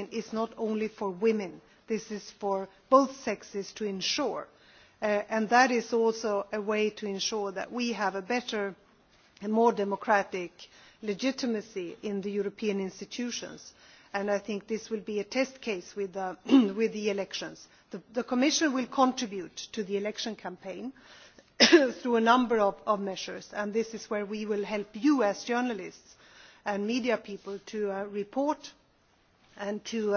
and it is not only for women this is for both sexes to ensure and that is also a way to ensure that we have a better and more democratic legitimacy in the european institutions and i think this will be a test case with the elections. the commission will contribute to the election campaign through a number of measures and this is where we will help you as journalists and media people to report and to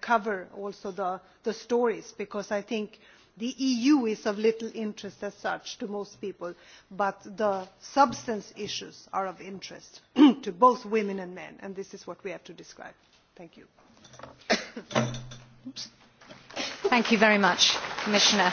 cover also the stories because i think the eu is of little interest as such to most people but the substance issues are of interest to both women and men and this is what we have to describe. thank you. thank you very much commissioner.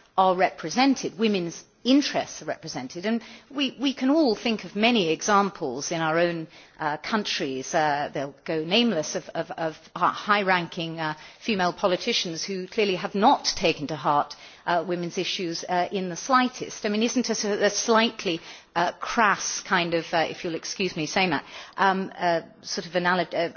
are represented women's interests are represented and we can all think of many examples in our own countries they will go nameless of high ranking female politicians who clearly have not taken to heart women's issues in the slightest. is it not a slightly crass kind of if you will excuse me saying that sort of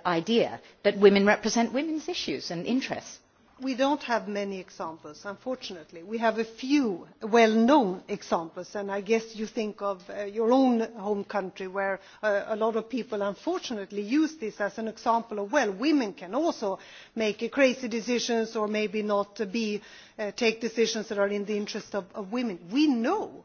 idea that women represent women's issues and interests? we do not have many examples unfortunately. we have a few well known examples and i guess you think of your own home country where a lot of people unfortunately use this as an example of well women can also make crazy decisions or maybe not take decisions that are in the interest of women. we know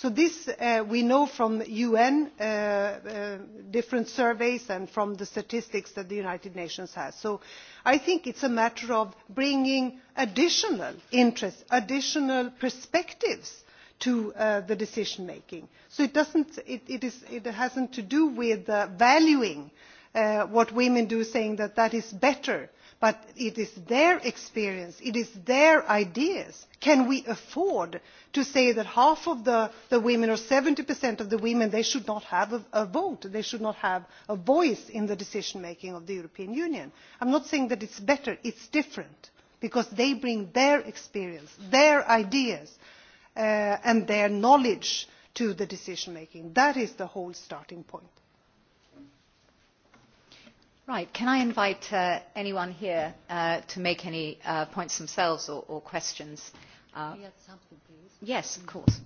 so this we know from un different surveys and from the statistics that the united nations has so i think it is a matter of bringing additional interests additional perspectives to the decision making so it has nothing to do with valuing what women do saying that that is better' but it is their experience it is their ideas. can we afford to say that half of the women or seventy of the women should not have a vote they should not have a voice in the decision making of the european union? i am not saying that it is better it is different because they bring their experience their ideas and their knowledge to the decision making. that is the whole starting point. Right. Can I invite uh, anyone here uh, to make any uh, points themselves or, or questions? Uh, yes, of course.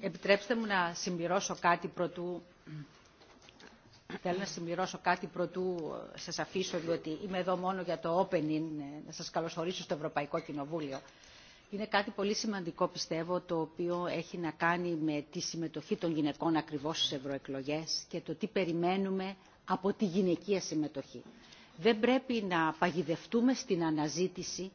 Επιτρέψτε μου να συμπληρώσω κάτι πρωτού. Θέλω να συμπληρώσω κάτι πρωτού σας αφήσω, διότι είμαι εδώ μόνο για το opening, να σας καλωσορίσω στο Ευρωπαϊκό Κοινοβούλιο. Είναι κάτι πολύ σημαντικό πιστεύω το οποίο έχει να κάνει με τη συμμετοχή των γυναικών ακριβώς στις ευρωεκλογές και το τι περιμένουμε από τη γυναικεία συμμετοχή. Δεν πρέπει να παγιδευτούμε στην αναζήτηση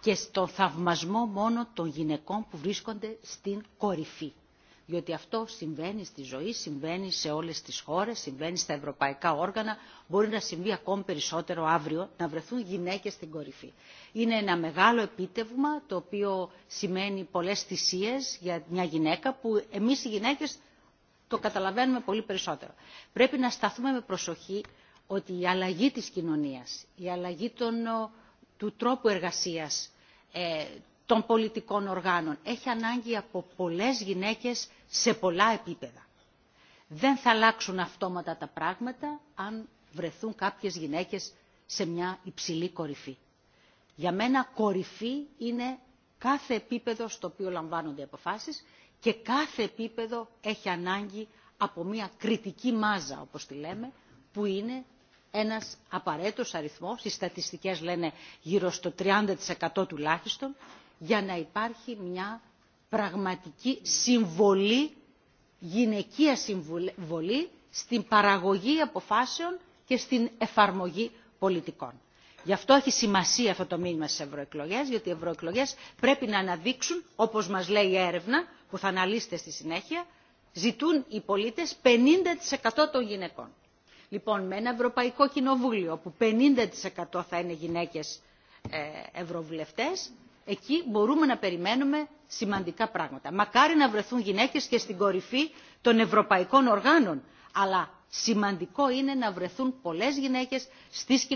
και στον θαυμασμό μόνο των γυναικών που βρίσκονται στην κορυφή διότι αυτό συμβαίνει στη ζωή, συμβαίνει σε όλες τις χώρες, συμβαίνει στα ευρωπαϊκά όργανα, μπορεί να συμβεί ακόμη περισσότερο αύριο, να βρεθούν γυναίκες στην κορυφή. Είναι ένα μεγάλο επίτευγμα το οποίο σημαίνει πολλές θυσίες για μια γυναίκα που εμείς οι γυναίκες το καταλαβαίνουμε πολύ περισσότερο. Πρέπει να σταθούμε με προσοχή ότι η αλλαγή της κοινωνίας, η αλλαγή των, του τρόπου εργασίας, των πολιτικών οργάνων. Έχει ανάγκη από πολλές γυναίκες σε πολλά επίπεδα. Δεν θα αλλάξουν αυτόματα τα πράγματα αν βρεθούν κάποιες γυναίκες σε μια υψηλή κορυφή. Για μένα κορυφή είναι κάθε επίπεδο στο οποίο λαμβάνονται αποφάσεις και κάθε επίπεδο έχει ανάγκη από μια κριτική μάζα, όπως τη λέμε, που είναι ένας απαραίτητος αριθμός, οι στατιστικές λένε γύρω στο 30% τουλάχιστον, για να υπάρχει μια πραγματική συμβολή, γυναικεία συμβολή στην παραγωγή αποφάσεων και στην εφαρμογή πολιτικών. Γι' αυτό έχει σημασία αυτό το μήνυμα στι ευρωεκλογέ, γιατί οι ευρωεκλογέ πρέπει να αναδείξουν, όπω μα λέει η έρευνα που θα αναλύσετε στη συνέχεια, ζητούν οι πολίτε 50% των γυναικών. Λοιπόν, με ένα Ευρωπαϊκό Κοινοβούλιο που 50% θα είναι γυναίκες ευρωβουλευτέ. ευρωβουλευτές, εκεί μπορούμε να περιμένουμε σημαντικά πράγματα. Μακάρι να βρεθούν γυναίκες και στην κορυφή των ευρωπαϊκών οργάνων, αλλά σημαντικό είναι να βρεθούν πολλές γυναίκες στις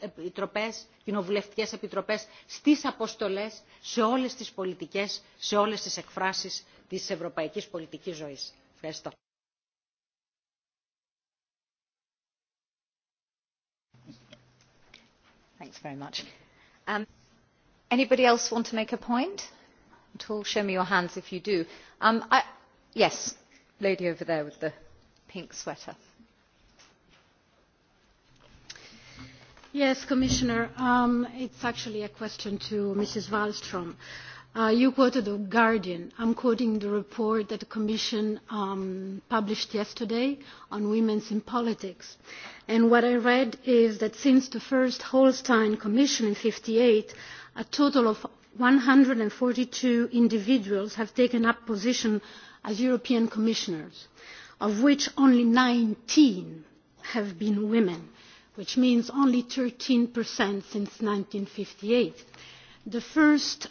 επιτροπές, κοινοβουλευτικές επιτροπές, στις αποστολές, σε όλες τις πολιτικές, σε όλες τις εκφράσεις της ευρωπαϊκής πολιτικής ζωής. Ευχαριστώ. Thanks very much. Um anybody else want to make a point at all? Show me your hands if you do. Um, I, yes, lady over there with the pink sweater. Yes, Commissioner, um, it's actually a question to Mrs. Wallstrom. Uh, you quoted The Guardian. I'm quoting the report that the Commission um, published yesterday on women in politics. And what I read is that since the first Holstein Commission in eight a total of one hundred and forty two individuals have taken up position as European commissioners, of which only nineteen have been women, which means only 13% since fifty eight. The first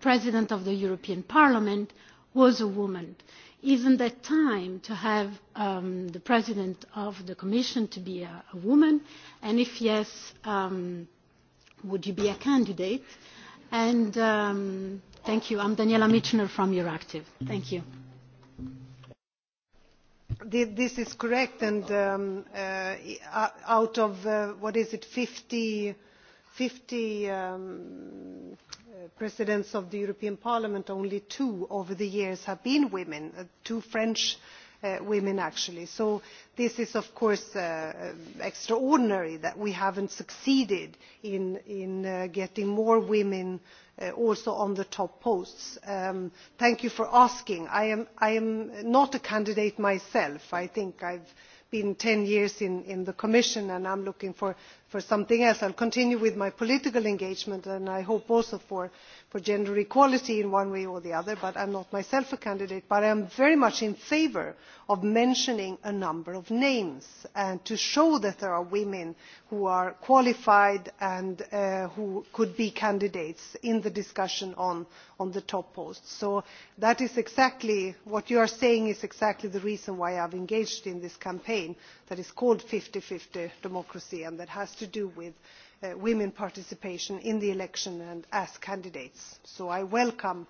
president of the European Parliament was a woman. Isn't that time to have the president of the Commission to be a, woman? And if yes, um, would you be a candidate? And um, thank you. I'm Daniela Michener from Active. Thank you. This is correct, and um, uh, out of, uh, what is it, 50, 50 um, presidents of the European Parliament, only two over the years have been women, uh, two French women actually. so this is of course extraordinary that we have not succeeded in getting more women also on the top posts. thank you for asking. i am not a candidate myself. i think i have been ten years in the commission and i am looking for something else. i will continue with my political engagement and i hope also for gender equality in one way or the other but i am not myself a candidate but i am very much in favour of mentioning a number of names to show that there are women who are qualified and who could be candidates in the discussion on the top posts. so that is exactly what you are saying is exactly the reason why i have engaged in this campaign that is called fifty fifty democracy' and that has to do with women participation in the election and as candidates so i welcome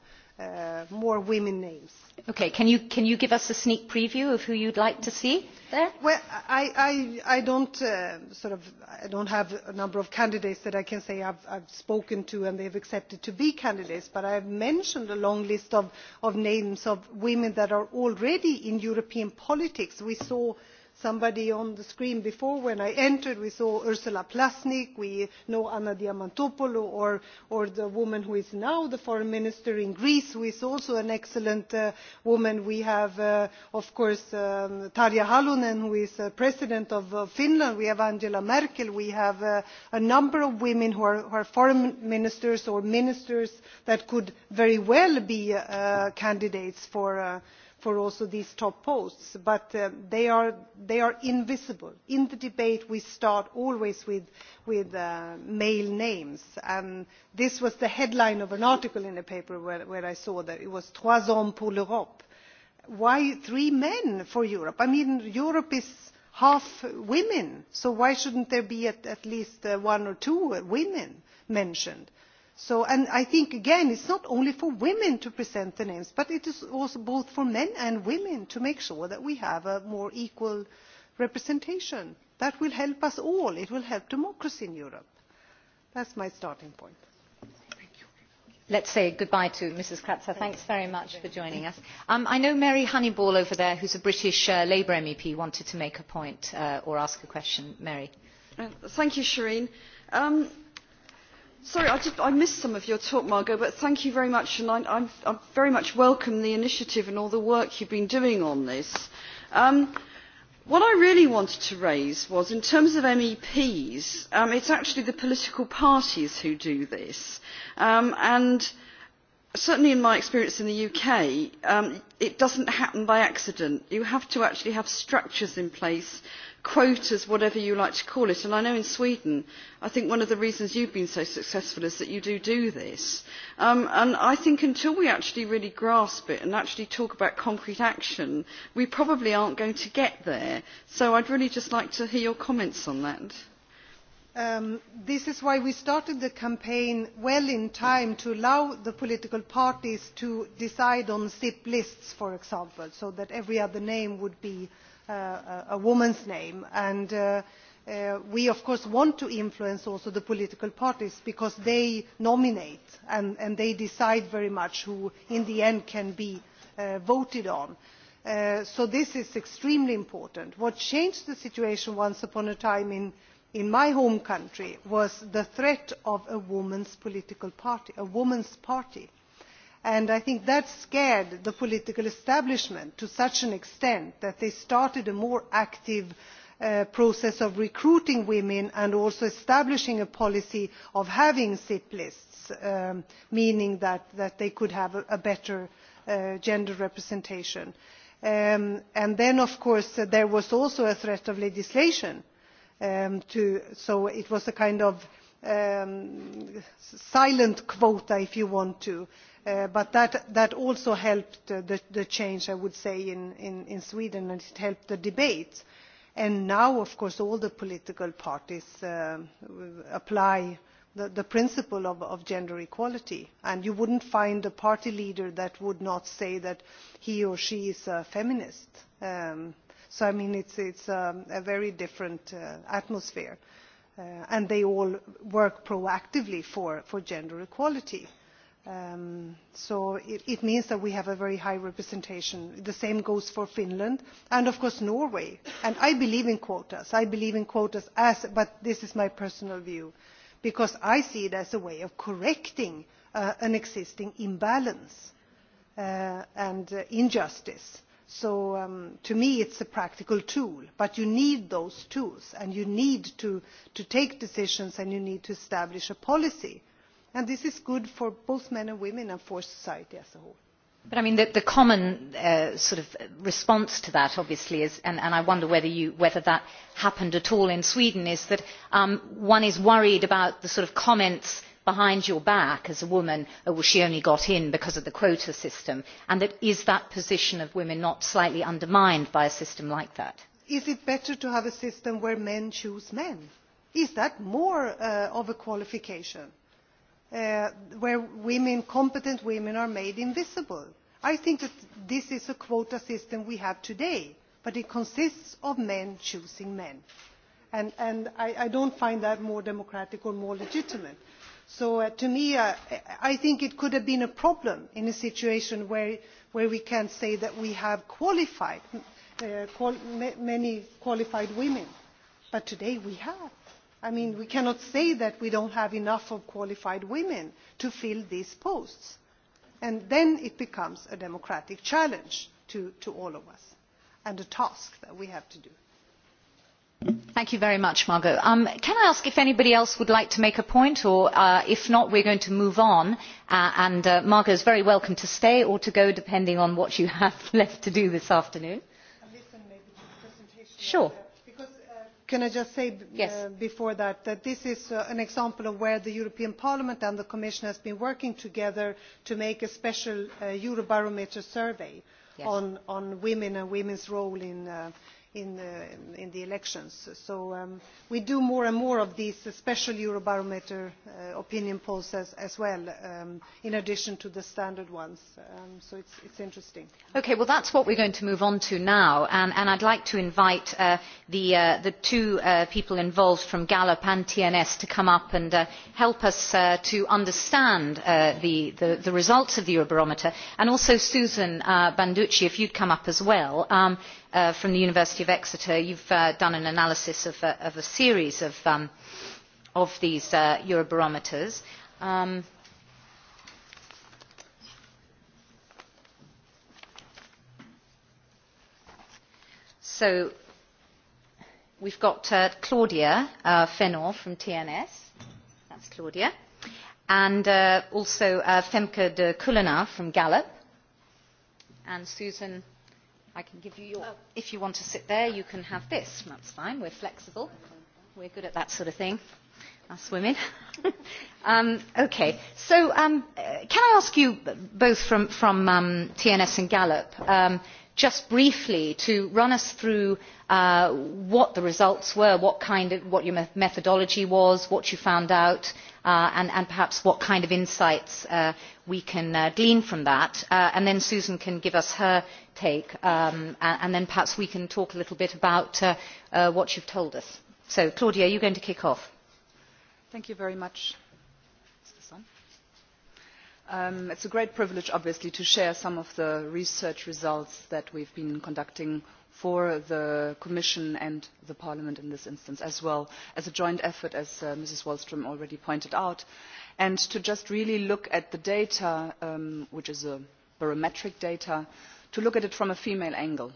more women names. can you give us a sneak preview of who you would like to see there? well i do not have a number of candidates that i can say i have spoken to and they have accepted to be candidates but i have mentioned a long list of names of women that are already in european politics. we saw somebody on the screen before when I entered, we saw Ursula Plasnik, we know Anna Diamantopoulou, or, or the woman who is now the foreign minister in Greece, who is also an excellent uh, woman. We have, uh, of course, um, Tarja Halonen, who is uh, president of uh, Finland. We have Angela Merkel. We have uh, a number of women who are, who are foreign ministers or ministers that could very well be uh, candidates for uh, for also these top posts but they are invisible. in the debate we start always with male names and this was the headline of an article in a paper where i saw that it was trois hommes pour l'europe' why three men for europe? i mean europe is half women so why should there not be at least one or two women mentioned? So, and I think, again, it is not only for women to present the names, but it is also both for men and women to make sure that we have a more equal representation. That will help us all. It will help democracy in Europe. That's my starting point let us say goodbye to mrs kratsa thanks very much for joining us. i know mary honeyball over there who is a british labour mep wanted to make a point or ask a question. mary. thank you shireen Sorry, I, did, I missed some of your talk, Margot, but thank you very much, and I, I, I very much welcome the initiative and all the work you have been doing on this. what I really wanted to raise was, in terms of MEPs, it is actually the political parties who do this, and certainly in my experience in the uk it does not happen by accident you have to actually have structures in place quotas whatever you like to call it and i know in sweden i think one of the reasons you have been so successful is that you do do this and i think until we actually really grasp it and actually talk about concrete action we probably are not going to get there so i would really just like to hear your comments on that. this is why we started the campaign well in time to allow the political parties to decide on sip lists for example so that every other name would be a woman's name and we of course want to influence also the political parties because they nominate and they decide very much who in the end can be voted on so this is extremely important. what changed the situation once upon a time in my home country was the threat of a woman's political party a woman's party and i think that scared the political establishment to such an extent that they started a more active process of recruiting women and also establishing a policy of having sip lists meaning that they could have a better gender representation. then of course there was also a threat of legislation so it was a kind silent quota if you want to but that also helped the change i would say in sweden and it helped the debate and now of course all the political parties apply the principle of gender equality and you would not find a party leader that would not say that he or she is a feminist so i mean it is a very different atmosphere and they all work proactively for, for gender equality. so it, it means that we have a very high representation. The same goes for Finland and of course Norway. And I believe in quotas. I believe in quotas as, but this is my personal view, because I see it as a way of correcting an existing imbalance and injustice so to me it is a practical tool but you need those tools and you need to take decisions and you need to establish a policy and this is good for both men and women and for society as a whole. But I mean, the, the common uh, sort of response to that, obviously, is, and, and I wonder whether, you, whether that happened at all in Sweden, is that um, one is worried about the sort of comments behind your back as a woman, oh, well, she only got in because of the quota system? And that is that position of women not slightly undermined by a system like that? Is it better to have a system where men choose men? Is that more uh, of a qualification? Uh, where women, competent women are made invisible? I think that this is a quota system we have today, but it consists of men choosing men. And, and I, I don't find that more democratic or more legitimate so to me i think it could have been a problem in a situation where we can say that we have many qualified women but today we have. i mean we cannot say that we do not have enough qualified women to fill these posts and then it becomes a democratic challenge to all of us and a task that we have to do. Thank you very much, Margot. Um, can I ask if anybody else would like to make a point, or uh, if not, we are going to move on. Uh, and uh, Margot is very welcome to stay or to go, depending on what you have left to do this afternoon. Sure. Can I just say before that that this is an example of where the European Parliament and the Commission have been working together to make a special Eurobarometer survey on, women and women's role in in, uh, in the elections. So um, we do more and more of these special Eurobarometer uh, opinion polls as, as well, um, in addition to the standard ones. Um, so it's, it's interesting. Okay, well that's what we're going to move on to now. And, and I'd like to invite uh, the, uh, the two uh, people involved from Gallup and TNS to come up and uh, help us uh, to understand uh, the, the, the results of the Eurobarometer. And also Susan uh, Banducci, if you'd come up as well. Um, from the University of Exeter, you've uh, done an analysis of a, of a series of, um, of these uh, Eurobarometers. Um, so we've got uh, Claudia uh, Fenor from TNS. That's Claudia. And uh, also uh, Femke de Kulina from Gallup. And Susan I can give you your. Oh. If you want to sit there, you can have this. That's fine. We're flexible. We're good at that sort of thing, us women. um, okay. So, um, uh, can I ask you both from from um, TNS and Gallup? Um, just briefly to run us through what the results were, what, kind of, what your methodology was, what you found out, and, and perhaps what kind of insights we can uh glean from that. and then Susan can give us her take, um, and then perhaps we can talk a little bit about uh, uh, what you've told us. So, Claudia, are you going to kick off. Thank you very much. Um, it's a great privilege, obviously, to share some of the research results that we've been conducting for the Commission and the Parliament in this instance, as well as a joint effort, as Mrs. Wallström already pointed out, and to just really look at the data, which is a barometric data, to look at it from a female angle.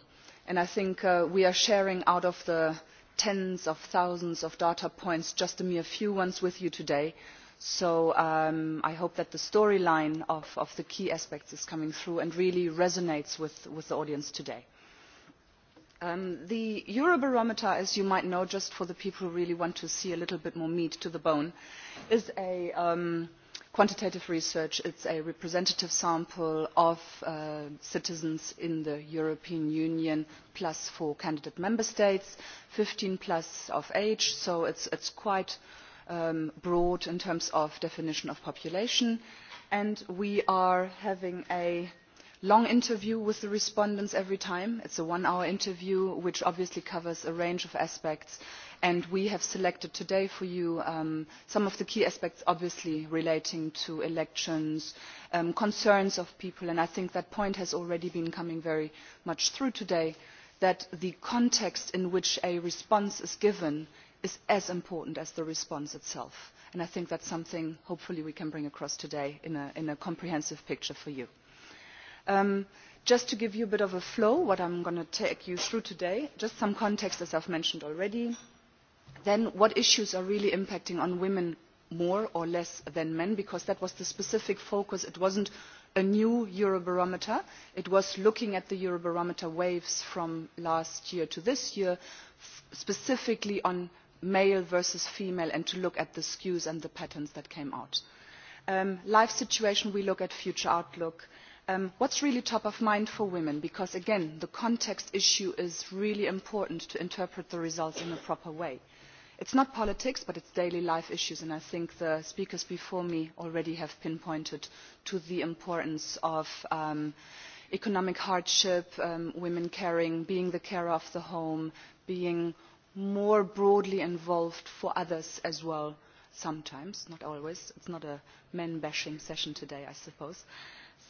And I think we are sharing out of the tens of thousands of data points, just a mere few ones with you today. So I hope that the storyline of, the key aspects is coming through and really resonates with, with the audience today. the Eurobarometer, as you might know, just for the people who really want to see a little bit more meat to the bone, is a quantitative research. is a representative sample of citizens in the European Union plus four candidate member states, fifteen plus of age, so it it's quite broad in terms of definition of population. And we are having a long interview with the respondents every time. It is a one-hour interview which obviously covers a range of aspects and we have selected today for you some of the key aspects obviously relating to elections, concerns of people and I think that point has already been coming very much through today that the context in which a response is given is as important as the response itself and i think that is something hopefully we can bring across today in a comprehensive picture for you just to give you a bit of a flow, what I'm going to take you through today, just some context as I've mentioned already. Then what issues are really impacting on women more or less than men, because that was the specific focus. It wasn't a new Eurobarometer. It was looking at the Eurobarometer waves from last year to this year, specifically on male versus female, and to look at the skews and the patterns that came out. life situation, we look at future outlook, what is really top of mind for women because again the context issue is really important to interpret the results in a proper way. it is not politics but it is daily life issues and i think the speakers before me already have pinpointed the importance of economic hardship women caring being the carer of the home being more broadly involved for others as well sometimes not always it is not a men bashing session today i suppose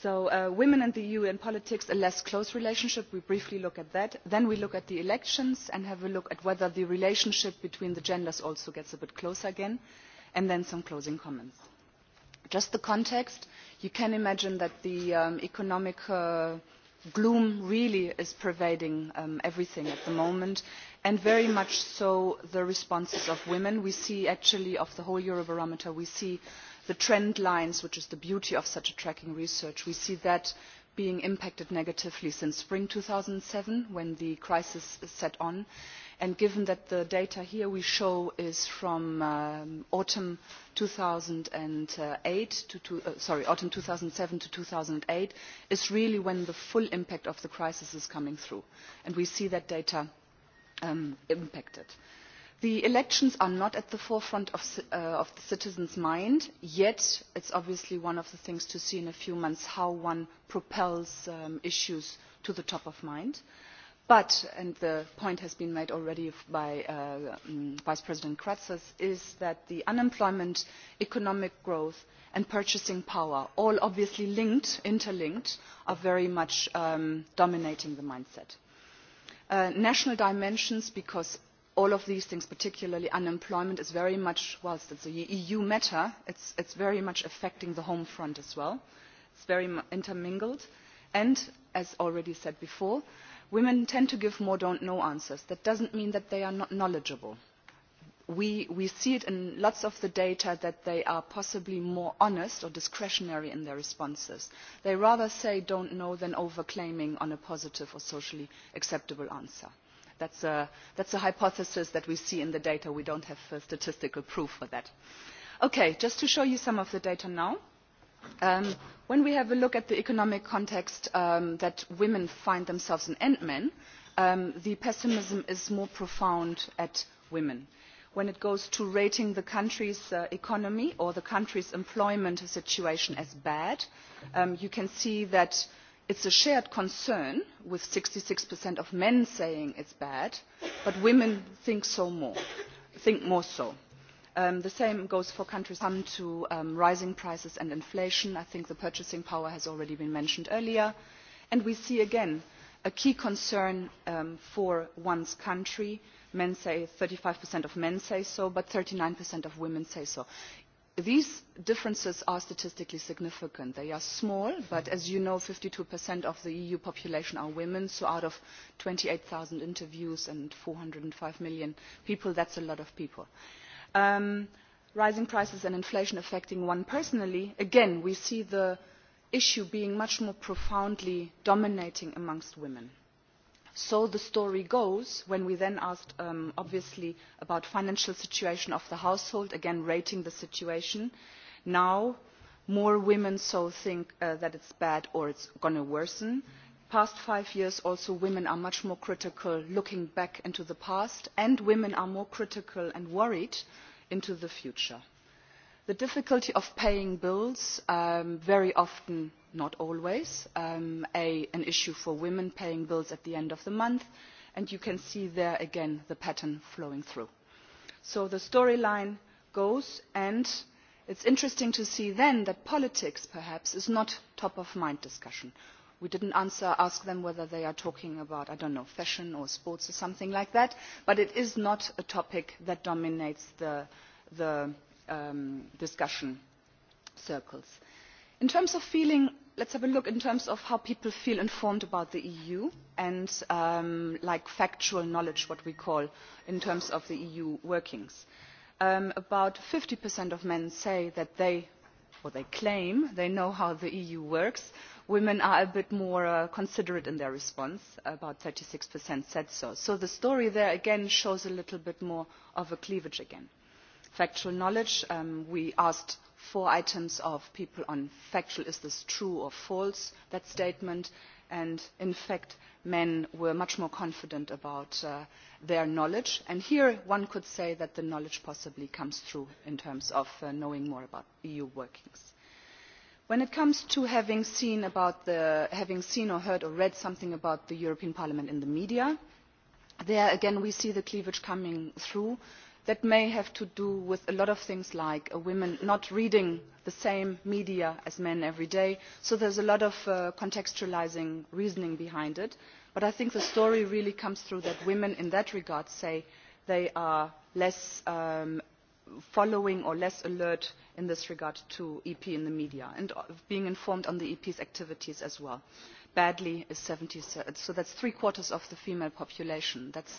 So women and the EU in politics, a less close relationship. We briefly look at that. Then we look at the elections and have a look at whether the relationship between the genders also gets a bit closer again. And then some closing comments. Just the context. You can imagine that the economic gloom really is pervading everything at the moment, and very much so the responses of women. We see actually of the whole Eurobarometer, we see the trend lines which is the beauty of such tracking research we see that being impacted negatively since spring two thousand and seven when the crisis set in and given that the data here we show is from autumn two thousand and seven to two thousand and eight is really when the full impact of the crisis is coming through and we see that data impacted the elections are not at the forefront of, the citizen's mind, yet it is obviously one of the things to see in a few months how one propels issues to the top of mind. But, and the point has been made already by Vice President Kratzas, is that the unemployment, economic growth and purchasing power, all obviously linked, interlinked, are very much dominating the mindset. national dimensions, because all of these things, particularly unemployment, is very much, whilst it is an EU matter, it is very much affecting the home front as well. It is very intermingled. And, as already said before, women tend to give more don't know answers. That does not mean that they are not knowledgeable. We, we see it in lots of the data that they are possibly more honest or discretionary in their responses. They rather say don't know than overclaiming on a positive or socially acceptable answer that is a hypothesis that we see in the data. we do not have statistical proof for that. just to show you some of the data now when we have a look at the economic context that women find themselves in and men the pessimism is more profound at women. when it goes to rating the country's economy or the country's employment situation as bad you can see that it is a shared concern with sixty six of men saying it is bad but women think more so. the same goes for countries when it comes to rising prices and inflation i think the purchasing power has already been mentioned earlier and we see again a key concern for one's country men say thirty five of men say so but thirty nine of women say so these differences are statistically significant. They are small, but as you know, fifty two of the EU population are women, so out of twenty eight zero interviews and four hundred and five million people, that is a lot of people. rising prices and inflation affecting one personally, again, we see the issue being much more profoundly dominating amongst women so the story goes when we then asked obviously about the financial situation of the household again rating the situation now more women think that it is bad or it is going to worsen. the past five years also women are much more critical looking back into the past and women are more critical and worried into the future. the difficulty of paying bills very often not always, um, a, an issue for women paying bills at the end of the month, and you can see there again the pattern flowing through. So the storyline goes, and it's interesting to see then that politics perhaps is not top of mind discussion. We didn't answer, ask them whether they are talking about, I don't know, fashion or sports or something like that, but it is not a topic that dominates the, the um, discussion circles in terms of feeling let us have a look in terms of how people feel informed about the eu and like factual knowledge what we call in terms of the eu workings about 50% of men say that they or they claim they know how the eu works women are a bit more considerate in their response about thirty 36% said so so the story there again shows a little bit more of a cleavage again factual knowledge we asked four items of people on factual is this true or false that statement and in fact men were much more confident about their knowledge and here one could say that the knowledge possibly comes through in terms of knowing more about eu workings. when it comes to having seen or heard or read something about the european parliament in the media there again we see the cleavage coming through that may have to do with a lot of things like women not reading the same media as men every day so there is a lot of contextualising reasoning behind it but i think the story really comes through that women in that regard say they are less following or less alert in this regard to ep in the media and being informed on the ep's activities as well badly is seventy so that is three quarters of the female population that is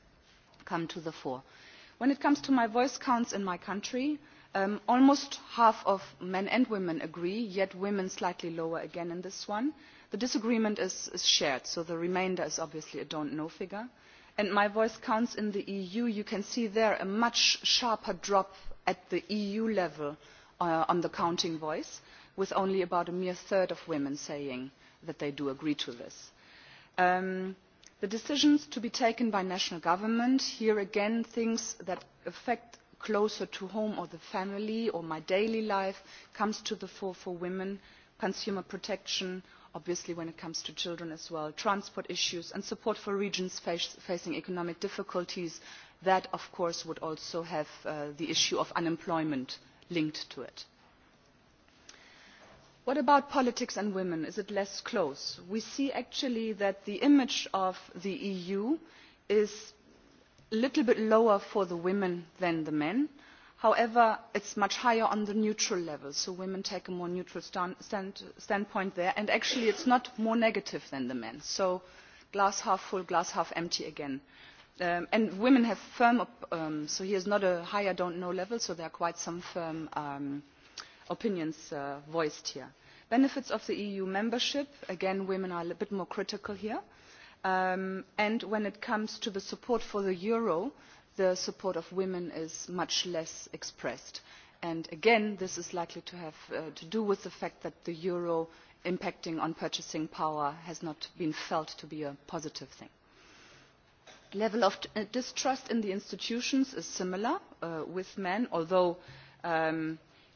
come to the fore. When it comes to my voice counts in my country, almost half of men and women agree, yet women slightly lower again in this one. The disagreement is, shared, so the remainder is obviously a don't know figure. And my voice counts in the EU, you can see there a much sharper drop at the EU level on the counting voice, with only about a mere third of women saying that they do agree to this the decisions to be taken by national governments here again things that affect closer to home or the family or my daily life come to the fore for women consumer protection obviously when it comes to children as well transport issues and support for regions facing economic difficulties that of course would also have the issue of unemployment linked to it what about politics and women? is it less close? we see actually that the image of the eu is a little bit lower for the women than the men. however it is much higher on the neutral level so women take a more neutral standpoint there and actually it is not more negative than the men so glass half full glass half empty again. and women have firm so here is not a high i don't know level so there are quite some firm opinions voiced here. benefits of the eu membership again women are a bit more critical here and when it comes to the support for the euro the support of women is much less expressed and again this is likely to have to do with the fact that the euro impacting on purchasing power has not been felt to be a positive thing. level of distrust in the institutions is similar with men although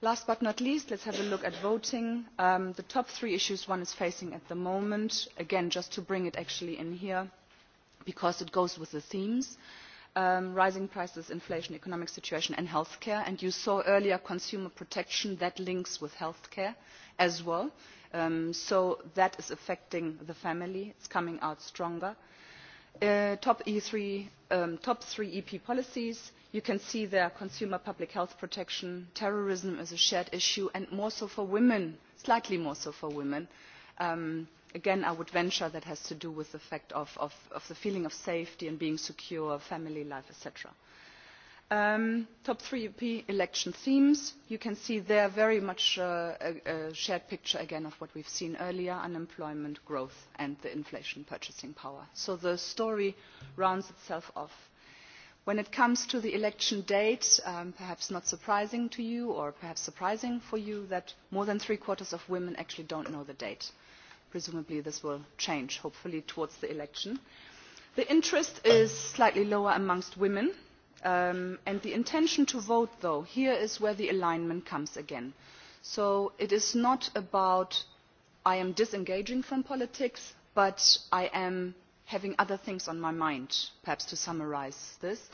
last but not least let us have a look at voting. the top three issues one is facing at the moment again just to bring it actually in here because it goes with the themes rising prices inflation economic situation and healthcare and you saw earlier consumer protection that links with healthcare as well so that is affecting the family it is coming out stronger. top three ep policies you can see there consumer public health protection terrorism is a shared issue and more so for women slightly more so for women again i would venture that has to do with the fact of, the feeling of safety and being secure family life etc top three EP election themes. You can see there very much a, shared picture again of what we have seen earlier, unemployment, growth and the inflation purchasing power. So the story rounds itself off when it comes to the election date perhaps not surprising to you or perhaps surprising for you that more than three quarters of women actually do not know the date. presumably this will change hopefully towards the election. the interest is slightly lower amongst women and the intention to vote though here is where the alignment comes again. so it is not about i am disengaging from politics but i am having other things on my mind, perhaps to summarise this,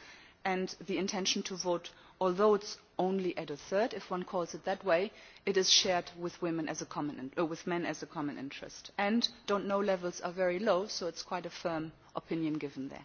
and the intention to vote, although it is only at a third, if one calls it that way, it is shared with, women as a common with men as a common interest. And don't know levels are very low, so it is quite a firm opinion given there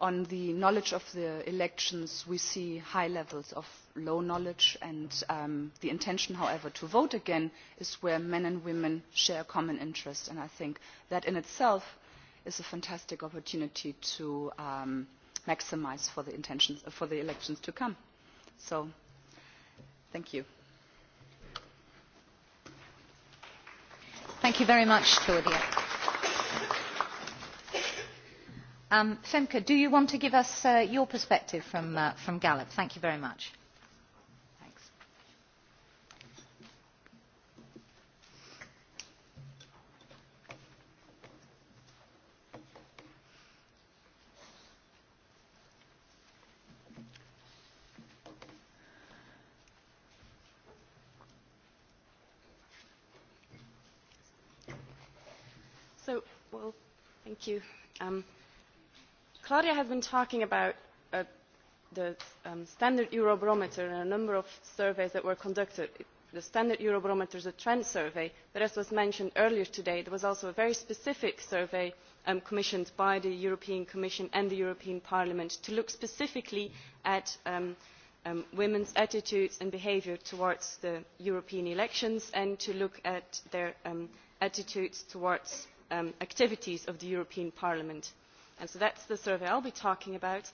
on the knowledge of the elections, we see high levels of low knowledge, and the intention, however, to vote again is where men and women share a common interest. And I think that in itself is a fantastic opportunity to um, maximize for the, intentions, for the elections to come. So, thank you. Thank you very much, Claudia Femke, do you want to give us uh, your perspective from, uh, from Gallup? Thank you very much. Thanks. So, well, thank you. Um, claudia has been talking about the standard eurobarometer and a number of surveys that were conducted. the standard eurobarometer is a trend survey but as was mentioned earlier today there was also a very specific survey commissioned by the european commission and the european parliament to look specifically at women's attitudes and behaviour towards the european elections and to look at their attitudes towards activities of the european parliament. And so is the survey I will be talking about.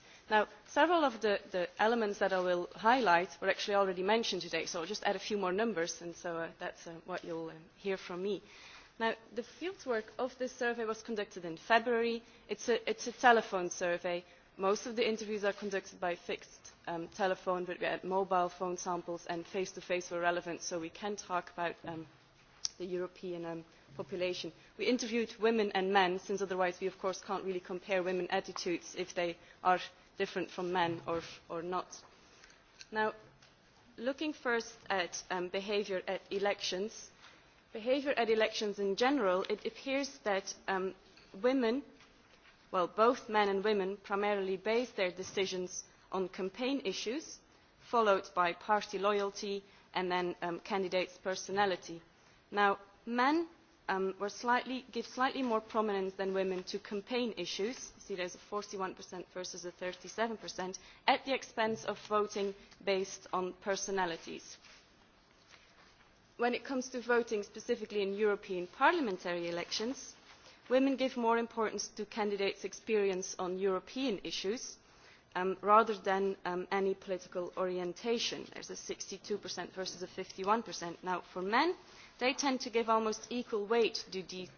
several of the, elements that I will highlight were actually already mentioned today, so I will just add a few more numbers, and so is what you will hear from me. the fieldwork of this survey was conducted in February. It is a telephone survey. Most of the interviews are conducted by fixed telephone, but we had mobile phone samples, and face-to-face where were relevant, so we can talk about the European population. We interviewed women and men, since otherwise we of course can't really compare women's attitudes if they are different from men or, not. Now, looking first at behaviour at elections, behaviour at elections in general, it appears that women, well, both men and women primarily base their decisions on campaign issues, followed by party loyalty and then candidates' personality now men give slightly more prominence than women to campaign issues. You see, is a forty one versus a thirty seven at the expense of voting based on personalities. When it comes to voting specifically in European parliamentary elections, women give more importance to candidates' experience on European issues rather than any political orientation. There is a sixty two versus a 51%. Now, for men, they tend to give almost equal weight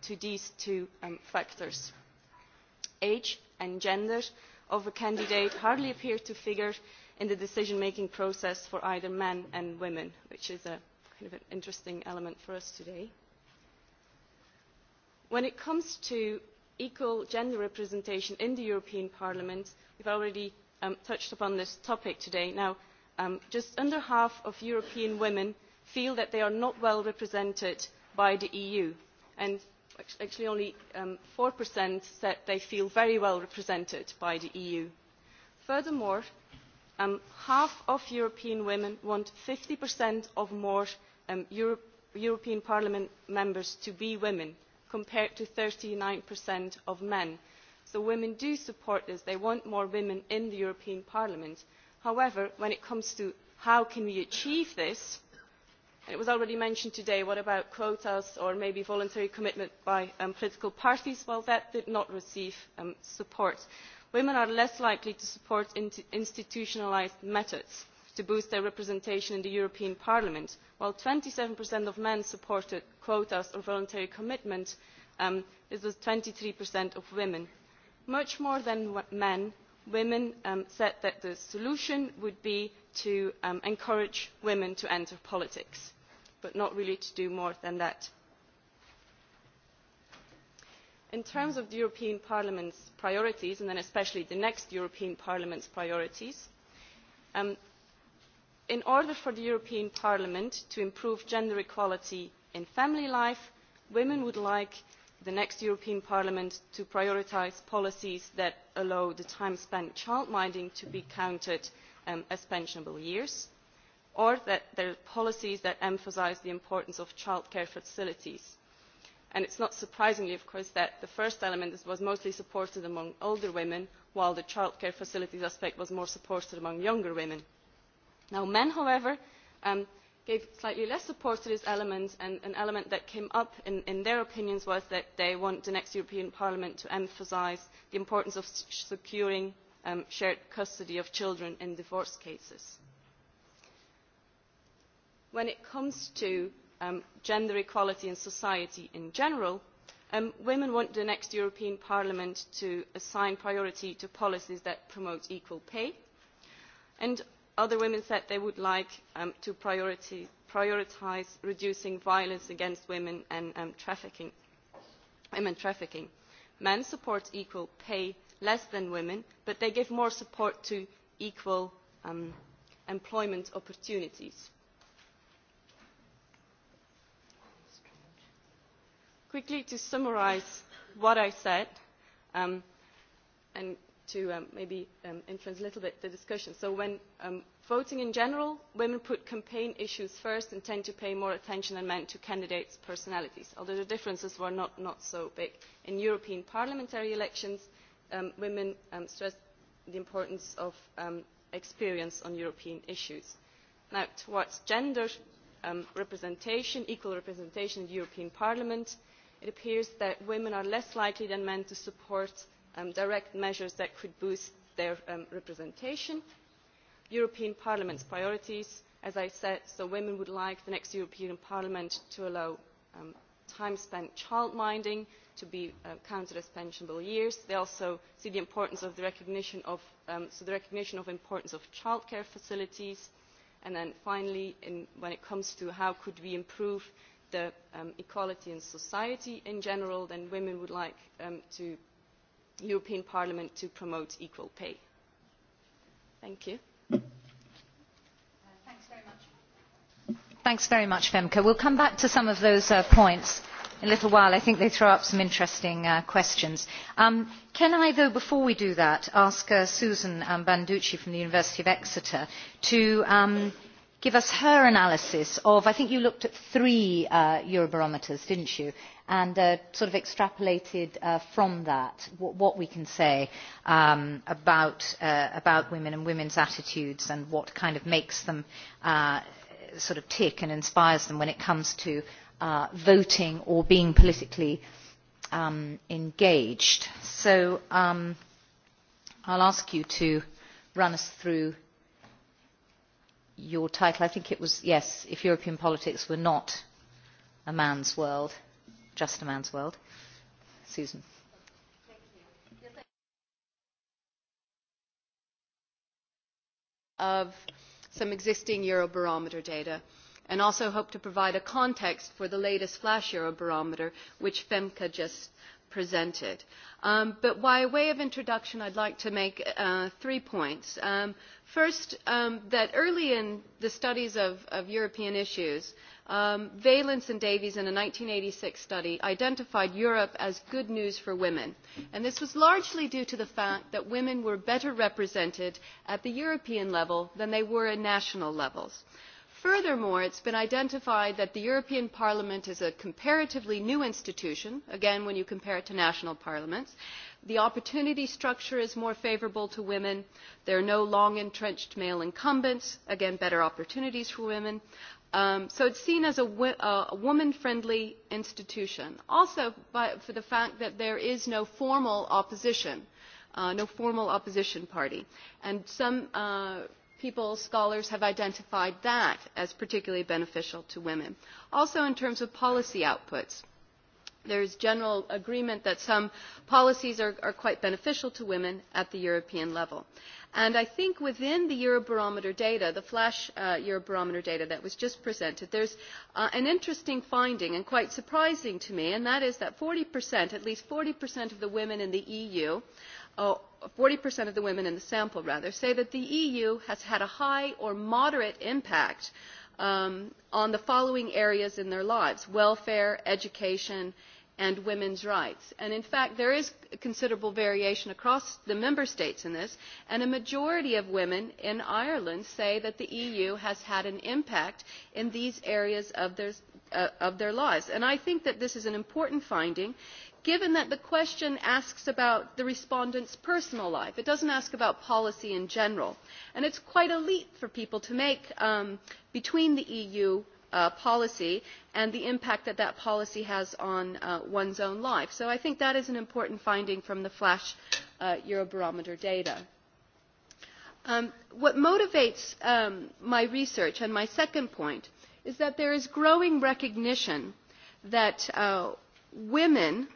to these two factors. age and gender of a candidate hardly appear to figure in the decision making process for either men and women which is a kind of an interesting element for us today. when it comes to equal gender representation in the european parliament we have already touched upon this topic today. now just under half of european women feel that they are not well represented by the eu and actually only four said they feel very well represented by the eu. furthermore half of european women want fifty or more european parliament members to be women compared to thirty nine of men so women do support this they want more women in the european parliament. however when it comes to how we can achieve this it was already mentioned today what about quotas or maybe voluntary commitment by political parties? well that did not receive support. women are less likely to support institutionalised methods to boost their representation in the european parliament while twenty seven of men supported quotas or voluntary commitment this was twenty three of women. much more than men women said that the solution would be to encourage women to enter politics but not really to do more than that. in terms of the european parliament's priorities and then especially the next european parliament's priorities in order for the european parliament to improve gender equality in family life women would like the next European Parliament to prioritise policies that allow the time spent childminding to be counted as pensionable years, or that there are policies that emphasise the importance of childcare facilities. It is not surprisingly, of course, that the first element was mostly supported among older women, while the childcare facilities aspect was more supported among younger women. men, however, gave slightly less support to this element, and an element that came up in, their opinions was that they want the next European Parliament to emphasise the importance of securing shared custody of children in divorce cases. When it comes to gender equality in society in general, women want the next European Parliament to assign priority to policies that promote equal pay. And other women said they would like to prioritise reducing violence against women and trafficking. men support equal pay less than women but they give more support to equal employment opportunities. quickly to summarise what i said and to um, maybe um, influence a little bit the discussion. So when um, voting in general, women put campaign issues first and tend to pay more attention than men to candidates' personalities, although the differences were not, not so big. In European parliamentary elections, um, women um, stressed the importance of um, experience on European issues. Now, towards gender um, representation, equal representation in the European Parliament, it appears that women are less likely than men to support direct measures that could boost their representation. European Parliament's priorities, as I said, so women would like the next European Parliament to allow time spent childminding to be counted as pensionable years. They also see the importance of the recognition of, the recognition of importance of childcare facilities. And then finally, when it comes to how could we improve the equality in society in general, then women would like to european parliament to promote equal pay. thank you. thanks very much femke. we will come back to some of those points in a little while. i think they throw up some interesting questions. can i though before we do that ask susan banducci from the university of exeter to give us her analysis of, I think you looked at three uh, Eurobarometers, didn't you? And uh, sort of extrapolated uh, from that what, what we can say um, about, uh, about women and women's attitudes and what kind of makes them uh, sort of tick and inspires them when it comes to uh, voting or being politically um, engaged. So um, I'll ask you to run us through your title, I think it was, yes, if European politics were not a man's world, just a man's world. Susan. Of some existing Eurobarometer data and also hope to provide a context for the latest Flash Eurobarometer, which FEMCA just presented. Um, but by way of introduction, I'd like to make uh, three points. Um, First, um, that early in the studies of, of European issues, um, Valence and Davies in a 1986 study identified Europe as good news for women. And this was largely due to the fact that women were better represented at the European level than they were at national levels. Furthermore, it has been identified that the European Parliament is a comparatively new institution, again, when you compare it to national parliaments, The opportunity structure is more favourable to women. There are no long entrenched male incumbents. Again, better opportunities for women. Um, so it's seen as a, a woman-friendly institution. Also, by, for the fact that there is no formal opposition, uh, no formal opposition party. And some uh, people, scholars, have identified that as particularly beneficial to women. Also in terms of policy outputs there is general agreement that some policies are, are quite beneficial to women at the European level. And I think within the Eurobarometer data, the flash uh, Eurobarometer data that was just presented, there's uh, an interesting finding and quite surprising to me, and that is that 40%, at least 40% of the women in the EU, uh, 40% of the women in the sample rather, say that the EU has had a high or moderate impact um, on the following areas in their lives, welfare, education, and women's rights. And in fact, there is considerable variation across the member states in this, and a majority of women in Ireland say that the EU has had an impact in these areas of their, uh, of their lives. And I think that this is an important finding given that the question asks about the respondent's personal life. It doesn't ask about policy in general. And it's quite a leap for people to make um, between the EU policy and the impact that that policy has on uh, one's own life. So I think that is an important finding from the Flash uh, Eurobarometer data. Um, what motivates um, my research and my second point is that there is growing recognition that uh, women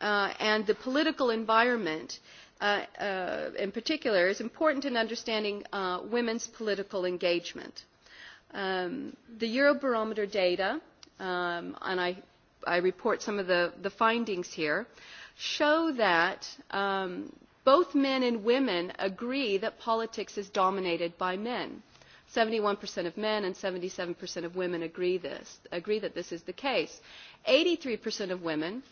uh, and the political environment uh, uh, in particular is important in understanding uh, women's political engagement Um, the Eurobarometer data, um, and I, I report some of the, the findings here, show that um, both men and women agree that politics is dominated by men. 71% of men and 77% of women agree, this, agree that this is the case. 83% of women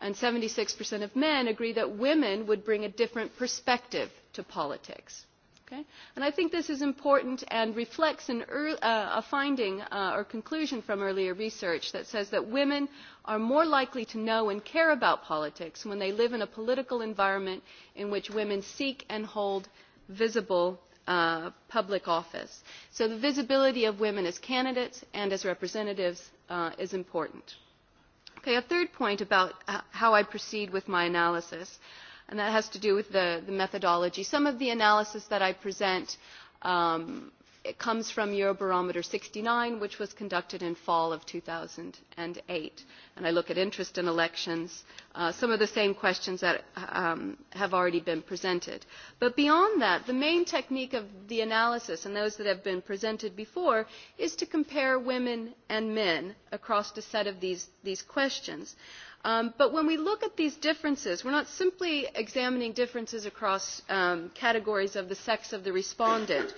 and 76% of men agree that women would bring a different perspective to politics Okay? And I think this is important and reflects an uh, a finding uh, or conclusion from earlier research that says that women are more likely to know and care about politics when they live in a political environment in which women seek and hold visible uh, public office. So the visibility of women as candidates and as representatives uh, is important. Okay, a third point about how I proceed with my analysis and that has to do with the, the methodology. Some of the analysis that I present um, it comes from Eurobarometer 69, which was conducted in fall of 2008. And I look at interest in elections, uh, some of the same questions that um, have already been presented. But beyond that, the main technique of the analysis, and those that have been presented before, is to compare women and men across a set of these, these questions. Um, but when we look at these differences, we're not simply examining differences across um, categories of the sex of the respondent.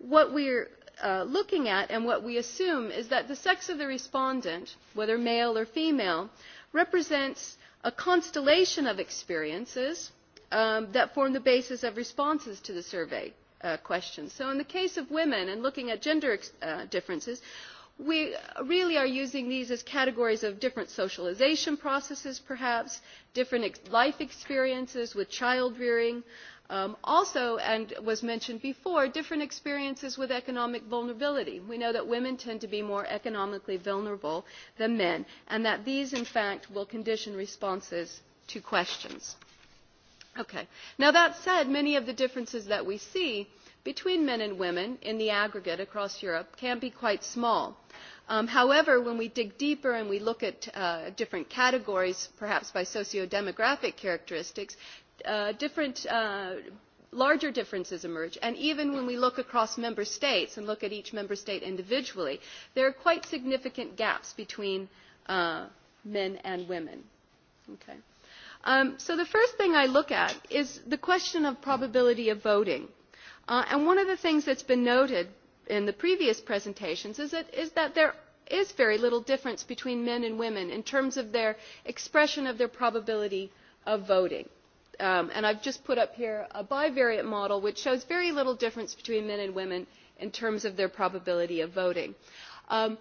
What we're uh, looking at and what we assume is that the sex of the respondent, whether male or female, represents a constellation of experiences um, that form the basis of responses to the survey uh, questions. So in the case of women and looking at gender uh, differences, we really are using these as categories of different socialization processes, perhaps, different ex- life experiences with child rearing, um, also, and was mentioned before, different experiences with economic vulnerability. We know that women tend to be more economically vulnerable than men, and that these, in fact, will condition responses to questions. Okay. Now, that said, many of the differences that we see between men and women in the aggregate across Europe can be quite small. Um, however, when we dig deeper and we look at uh, different categories, perhaps by socio-demographic characteristics, uh, different uh, larger differences emerge. And even when we look across member states and look at each member state individually, there are quite significant gaps between uh, men and women. Okay. Um, so the first thing I look at is the question of probability of voting and one of the things that's been noted in the previous presentations is that, is that there is very little difference between men and women in terms of their expression of their probability of voting. Um, and I've just put up here a bivariate model which shows very little difference between men and women in terms of their probability of voting. Um,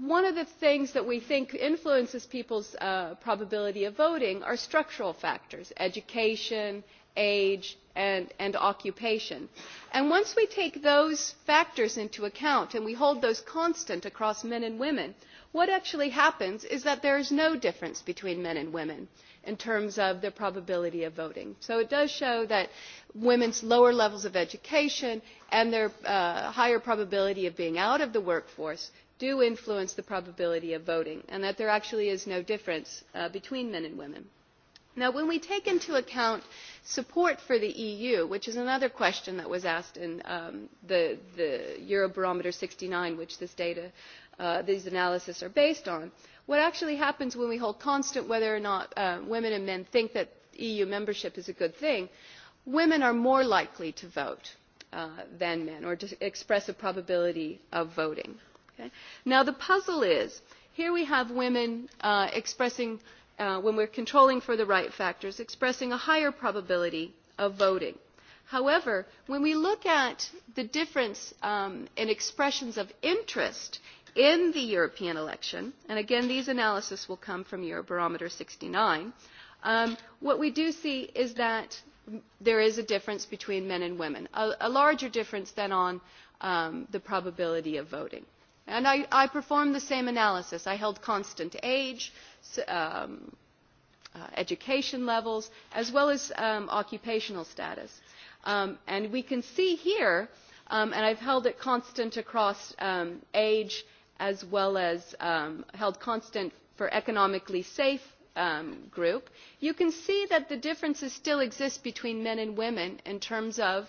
one of the things that we think influences people's uh, probability of voting are structural factors, education, age, and, and occupation. And once we take those factors into account and we hold those constant across men and women, what actually happens is that there is no difference between men and women in terms of the probability of voting. So it does show that women's lower levels of education and their uh, higher probability of being out of the workforce do influence the probability of voting, and that there actually is no difference uh, between men and women. Now, when we take into account support for the EU, which is another question that was asked in um, the, the Eurobarometer 69, which this data, uh, these analysis are based on, what actually happens when we hold constant whether or not uh, women and men think that EU membership is a good thing, women are more likely to vote uh, than men or to express a probability of voting. Okay? Now, the puzzle is here we have women uh, expressing uh, when we're controlling for the right factors, expressing a higher probability of voting. However, when we look at the difference um, in expressions of interest in the European election, and again, these analysis will come from Eurobarometer 69, um, what we do see is that there is a difference between men and women, a, a larger difference than on um, the probability of voting. And I, I performed the same analysis. I held constant age, um, uh, education levels, as well as um, occupational status. Um, and we can see here, um, and I've held it constant across um, age as well as um, held constant for economically safe group, you can see that the differences still exist between men and women in terms of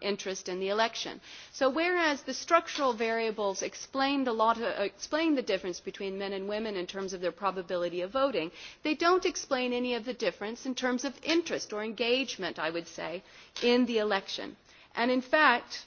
interest in the election. So whereas the structural variables explain the difference between men and women in terms of their probability of voting, they don't explain any of the difference in terms of interest or engagement, I would say, in the election. And in fact,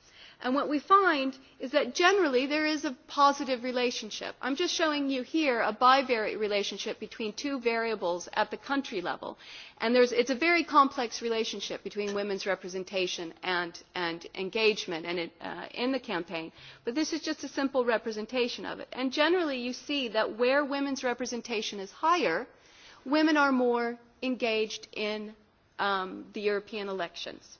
And what we find is that generally there is a positive relationship. I'm just showing you here a bivariate relationship between two variables at the country level. And there's, it's a very complex relationship between women's representation and, and engagement and it, uh, in the campaign. But this is just a simple representation of it. And generally you see that where women's representation is higher, women are more engaged in um, the European elections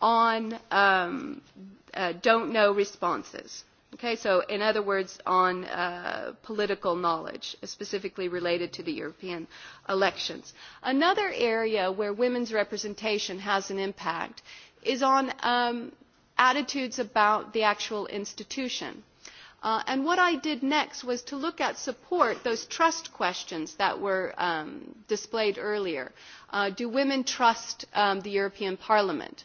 on um, uh, don't know responses. Okay, so in other words, on uh, political knowledge, specifically related to the European elections. Another area where women's representation has an impact is on um, attitudes about the actual institution. Uh, and what I did next was to look at support, those trust questions that were um, displayed earlier. Uh, do women trust um, the European Parliament?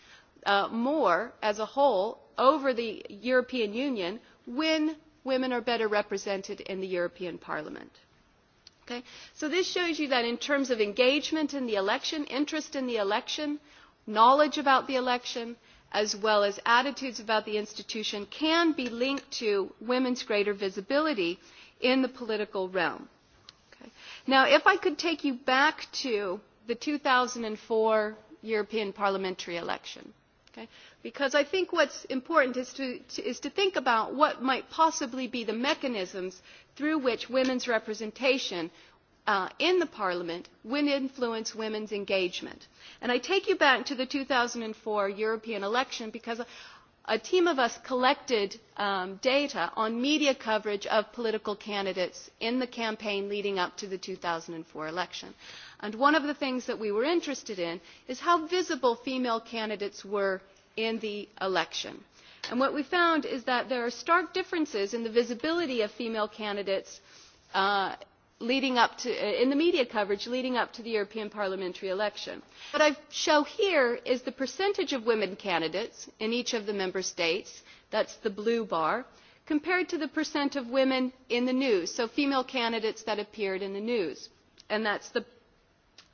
more as a whole over the European Union when women are better represented in the European Parliament. So this shows you that in terms of engagement in the election, interest in the election, knowledge about the election, as well as attitudes about the institution can be linked to women's greater visibility in the political realm. Now, if I could take you back to the two thousand four European parliamentary election, Okay? Because I think what's important is to, to, is to think about what might possibly be the mechanisms through which women's representation uh, in the parliament would influence women's engagement. And I take you back to the 2004 European election because a team of us collected um, data on media coverage of political candidates in the campaign leading up to the 2004 election. And one of the things that we were interested in is how visible female candidates were in the election. And what we found is that there are stark differences in the visibility of female candidates uh, leading up to, in the media coverage leading up to the European parliamentary election. What I show here is the percentage of women candidates in each of the member states, that's the blue bar, compared to the percent of women in the news, so female candidates that appeared in the news, and that's the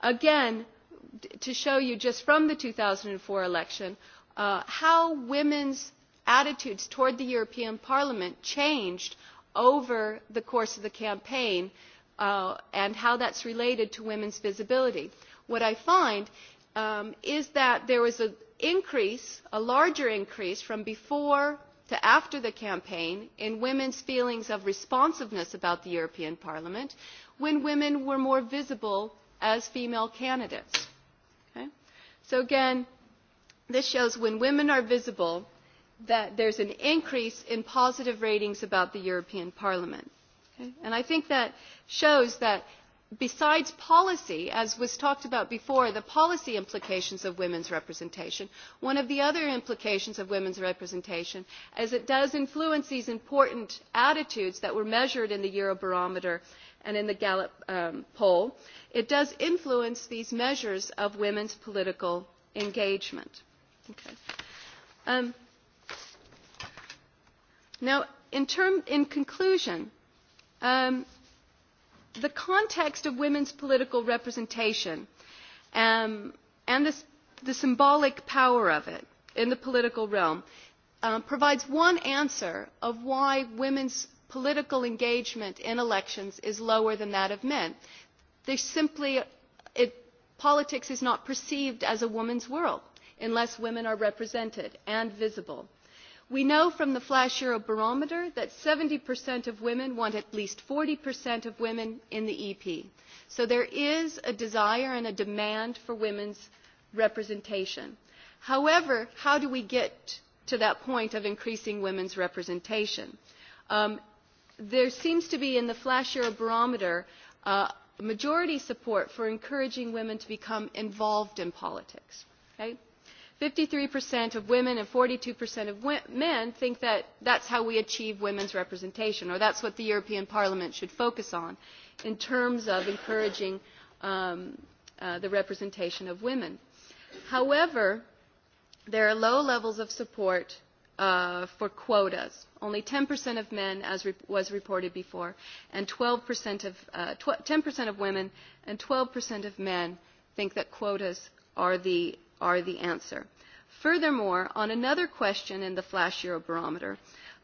Again, to show you just from the two thousand and four election how women's attitudes toward the European Parliament changed over the course of the campaign and how that is related to women's visibility. What I find is that there was an increase, a larger increase from before to after the campaign in women's feelings of responsiveness about the European Parliament when women were more visible as female candidates. Okay? So again, this shows when women are visible that there's an increase in positive ratings about the European Parliament. Okay? And I think that shows that besides policy, as was talked about before, the policy implications of women's representation, one of the other implications of women's representation is it does influence these important attitudes that were measured in the Eurobarometer and in the Gallup um, poll, it does influence these measures of women's political engagement. Okay. Um, now, in, term, in conclusion, um, the context of women's political representation um, and this, the symbolic power of it in the political realm um, provides one answer of why women's political engagement in elections is lower than that of men. They simply, it, politics is not perceived as a woman's world unless women are represented and visible. We know from the Flash Eurobarometer that 70% of women want at least 40% of women in the EP. So there is a desire and a demand for women's representation. However, how do we get to that point of increasing women's representation? Um, there seems to be in the Flash Euro Barometer uh, majority support for encouraging women to become involved in politics. Okay? 53% of women and 42% of men think that that's how we achieve women's representation, or that's what the European Parliament should focus on in terms of encouraging um, uh, the representation of women. However, there are low levels of support uh, for quotas. Only 10% of men, as re- was reported before, and 12% of, uh, tw- 10% of women and 12% of men think that quotas are the, are the answer. Furthermore, on another question in the Flash Eurobarometer,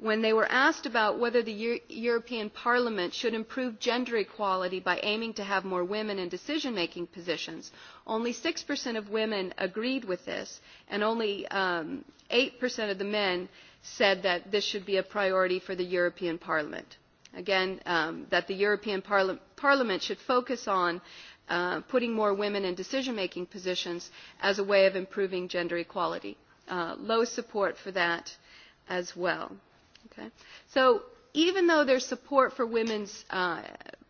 when they were asked about whether the European Parliament should improve gender equality by aiming to have more women in decision making positions, only six of women agreed with this, and only eight of the men said that this should be a priority for the European Parliament. Again, that the European Parliament should focus on putting more women in decision making positions as a way of improving gender equality. low support for that as well. Okay? So even though there's support for women's uh,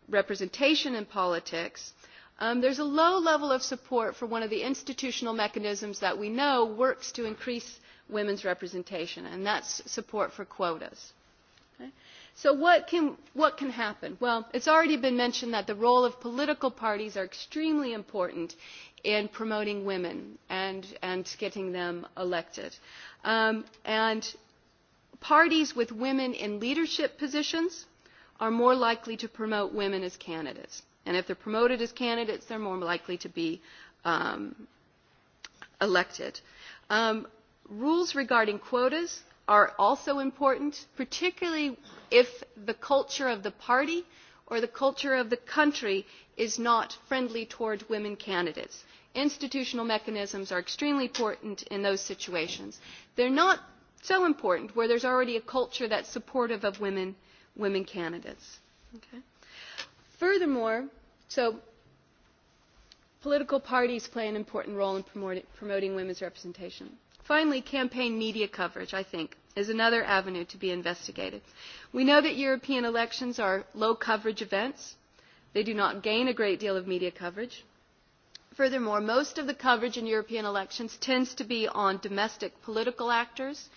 representation in politics, um, there's a low level of support for one of the institutional mechanisms that we know works to increase women's representation, and that's support for quotas. Okay? So what can, what can happen? Well, it's already been mentioned that the role of political parties are extremely important in promoting women and, and getting them elected. Um, and Parties with women in leadership positions are more likely to promote women as candidates. And if they're promoted as candidates, they're more likely to be um, elected. Um, rules regarding quotas are also important, particularly if the culture of the party or the culture of the country is not friendly toward women candidates. Institutional mechanisms are extremely important in those situations. They're not so important, where there's already a culture that's supportive of women, women candidates. Okay? Furthermore, so political parties play an important role in promoting women's representation. Finally, campaign media coverage, I think, is another avenue to be investigated. We know that European elections are low coverage events. They do not gain a great deal of media coverage. Furthermore, most of the coverage in European elections tends to be on domestic political actors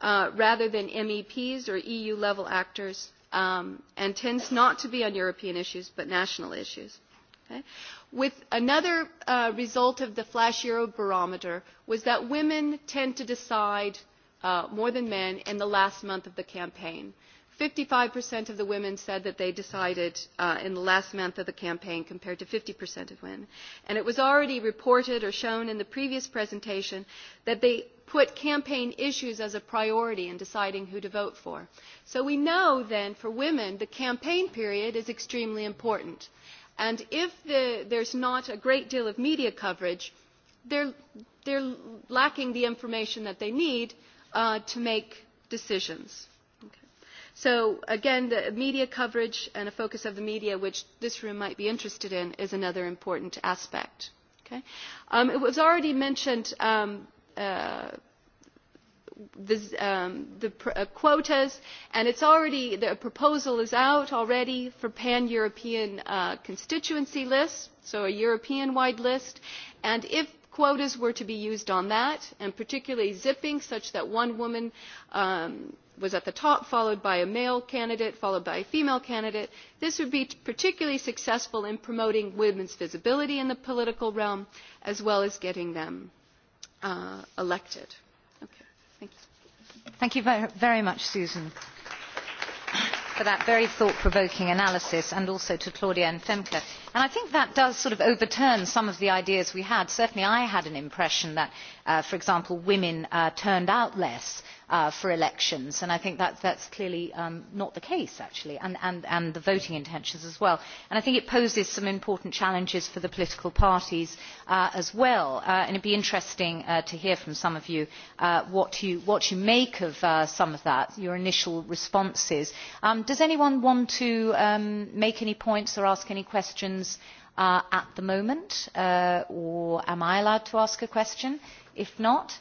uh, rather than MEPs or EU level actors um, and tends not to be on European issues but national issues. Okay? With another uh, result of the Flash Euro Barometer was that women tend to decide uh, more than men in the last month of the campaign. Uh, 55% of the women said that they decided uh, in the last month of the campaign compared to 50% of women. And it was already reported or shown in the previous presentation that they put campaign issues as a priority in deciding who to vote for. So we know then for women the campaign period is extremely important. And if the, there's not a great deal of media coverage, they're, they're lacking the information that they need uh, to make decisions. So again, the media coverage and a focus of the media, which this room might be interested in, is another important aspect. Okay? Um, it was already mentioned um, uh, this, um, the pr uh, quotas, and it's already the proposal is out already for pan-European uh, constituency lists, so a European-wide list, and if quotas were to be used on that, and particularly zipping, such that one woman um, was at the top, followed by a male candidate, followed by a female candidate. This would be particularly successful in promoting women's visibility in the political realm, as well as getting them uh, elected. Okay, thank you. Thank you very, very much, Susan, for that very thought-provoking analysis, and also to Claudia and Femke. And I think that does sort of overturn some of the ideas we had. Certainly I had an impression that, uh, for example, women uh, turned out less for elections. And I think that is clearly not the case, actually, and, the voting intentions as well. I think it poses some important challenges for the political parties as well. and it would be interesting to hear from some of you what you, what you make of some of that, your initial responses. does anyone want to make any points or ask any questions at the moment? or am I allowed to ask a question? If not,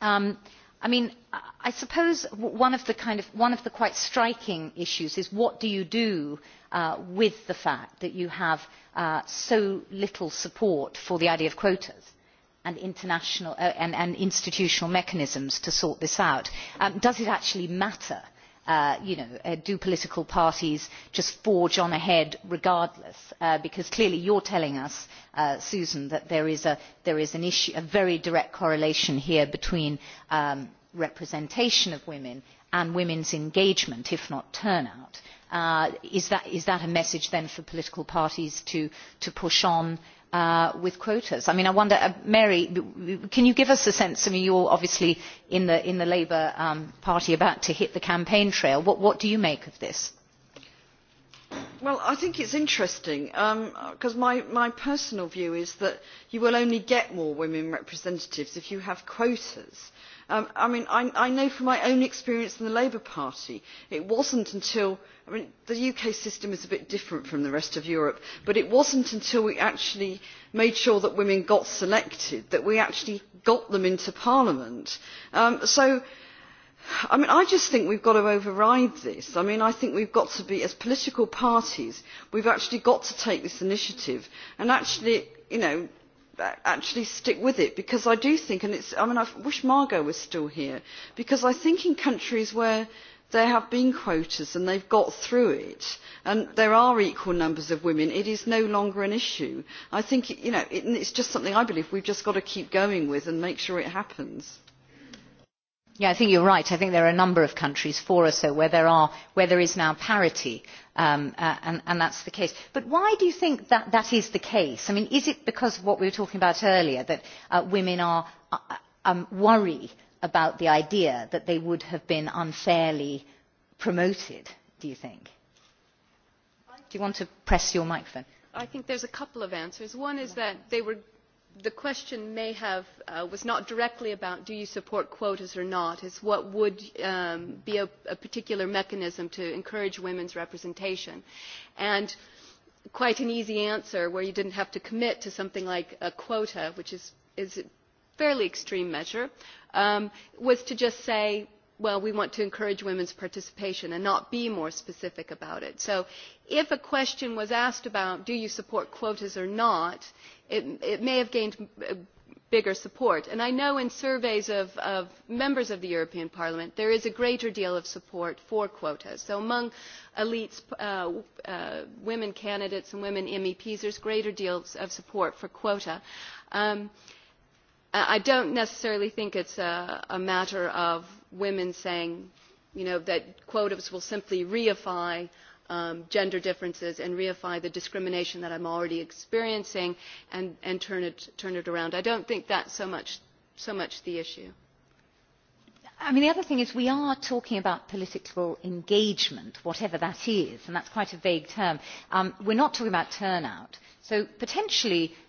um, I mean, I suppose one of the kind of one of the quite striking issues is what do you do with the fact that you have so little support for the idea of quotas and international and, institutional mechanisms to sort this out? does it actually matter? you know, do political parties just forge on ahead regardless? because clearly you're telling us, Susan, that there is, a, there is an issue, a very direct correlation here between representation of women and women's engagement, if not turnout. is, that, is that a message then for political parties to, to push on with quotas. I mean, I wonder, Mary, can you give us a sense? I mean, you are obviously in the in the Labour Party about to hit the campaign trail. What do you make of this? Well, I think is interesting because um, my, my personal view is that you will only get more women representatives if you have quotas i know from my own experience in the labour party it was not until the uk system is a bit different from the rest of europe but it was not until we actually made sure that women got selected that we actually got them into parliament. so i just think we have got to override this. i think we have got to be as political parties we have actually got to take this initiative and actually you know actually stick with it because I do think, and it's, I mean, I wish Margot was still here, because I think in countries where there have been quotas and they have got through it and there are equal numbers of women it is no longer an issue. i think it is just something i believe we have just got to keep going with and make sure it happens Yeah, I think you are right. I think there are a number of countries, four or so, where there, are, where there is now parity, um, uh, and, and that's the case. But why do you think that that is the case? I mean, is it because of what we were talking about earlier, that uh, women are, uh, um, worry about the idea that they would have been unfairly promoted, do you think? Do you want to press your microphone? I think there's a couple of answers. One is that they were the question may have uh, was not directly about do you support quotas or not. is what would um, be a, a particular mechanism to encourage women's representation, and quite an easy answer where you didn't have to commit to something like a quota, which is is a fairly extreme measure, um, was to just say well, we want to encourage women's participation and not be more specific about it. So if a question was asked about do you support quotas or not, it, it may have gained bigger support. And I know in surveys of, of members of the European Parliament, there is a greater deal of support for quotas. So among elites, uh, uh, women candidates and women MEPs, there's greater deals of support for quota. Um, I don't necessarily think it's a, a matter of women saying, you know, that quotas will simply reify um, gender differences and reify the discrimination that I'm already experiencing and, and turn, it, turn it around. I don't think that's so much, so much the issue. I mean, the other thing is we are talking about political engagement, whatever that is, and that's quite a vague term. Um, we're not talking about turnout. So potentially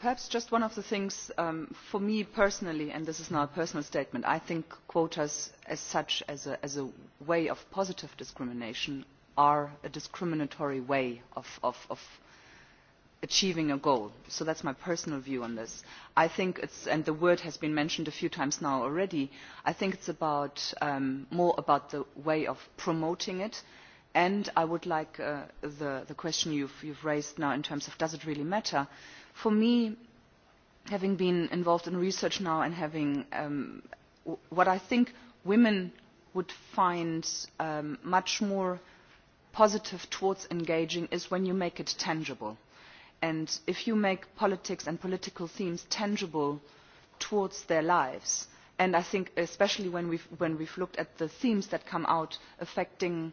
perhaps just one of the things for me personally and this is now a personal statement i think quotas as such as a way of positive discrimination are a discriminatory way of achieving a goal so that is my personal view on this. i think it's and the word has been mentioned a few times now already i think it's about more about the way of promoting it and i would like the question you have raised now in terms of does it really matter for me having been involved in research now and having what i think women would find much more positive towards engaging is when you make it tangible and if you make politics and political themes tangible towards their lives and i think especially when we have looked at the themes that come out affecting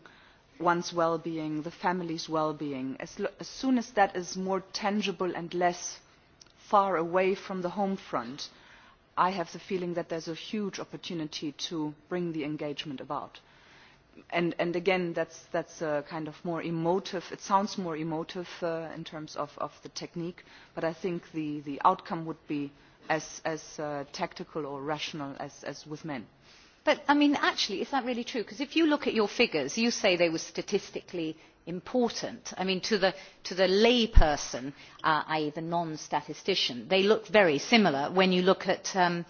one's well-being, the family's well-being, as, as soon as that is more tangible and less far away from the home front, I have the feeling that there's a huge opportunity to bring the engagement about. And, and again, that's, that's a kind of more emotive, it sounds more emotive uh, in terms of, of the technique, but I think the, the outcome would be as, as uh, tactical or rational as, as with men But, I mean, actually, is that really true? Because if you look at your figures, you say they were statistically important. I mean, to the, to the layperson, uh, i.e. the non-statistician, they look very similar when you look at um,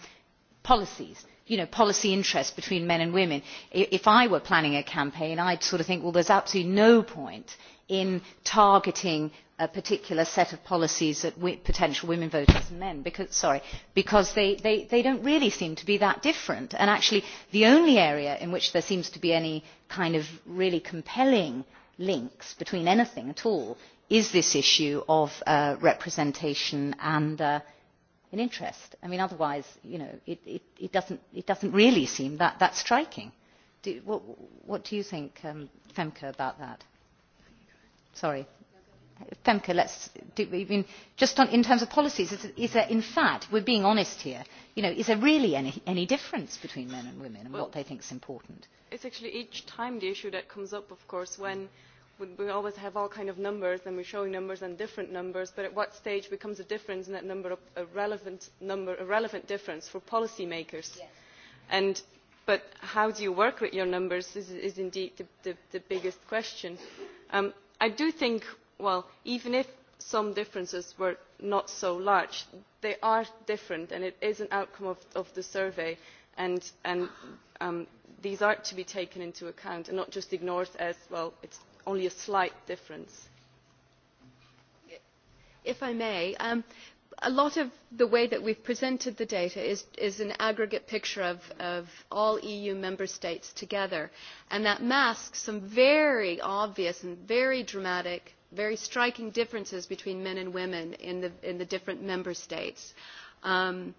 policies you know, policy interests between men and women. If I were planning a campaign, I'd sort of think, well, there's absolutely no point in targeting a particular set of policies at potential women voters and men because, sorry, because they, they, they don't really seem to be that different. And actually, the only area in which there seems to be any kind of really compelling links between anything at all is this issue of uh, representation and uh, an interest. I mean, otherwise, you know, it, it, it, doesn't, it doesn't really seem that, that striking. Do, what, what do you think, um, Femke, about that? Sorry femke let us just in terms of policies is there in fact we are being honest here is there really any difference between men and women and what they think is important? it's actually each time the issue that comes up of course when we always have all kinds of numbers and we showing numbers and different numbers but at what stage becomes a difference in that number a relevant number a relevant difference for policy makers and but how do you work with your numbers is, is indeed the, the, the biggest question um, I do think well, even if some differences were not so large, they are different, and it is an outcome of, the survey, and, and these are to be taken into account and not just ignored as, well, it's only a slight difference. If I may, um, a lot of the way that we have presented the data is, is an aggregate picture of, of all EU member states together. And that masks some very obvious and very dramatic very striking differences between men and women in the, in the different member states. Um,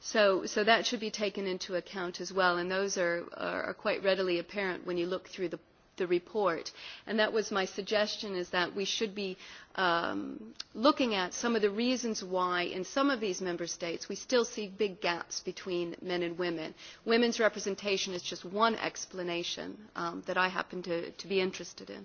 so, so that should be taken into account as well, and those are, are, are quite readily apparent when you look through the, the report. And that was my suggestion, is that we should be um, looking at some of the reasons why in some of these member states we still see big gaps between men and women. Women's representation is just one explanation um, that I happen to, to be interested in.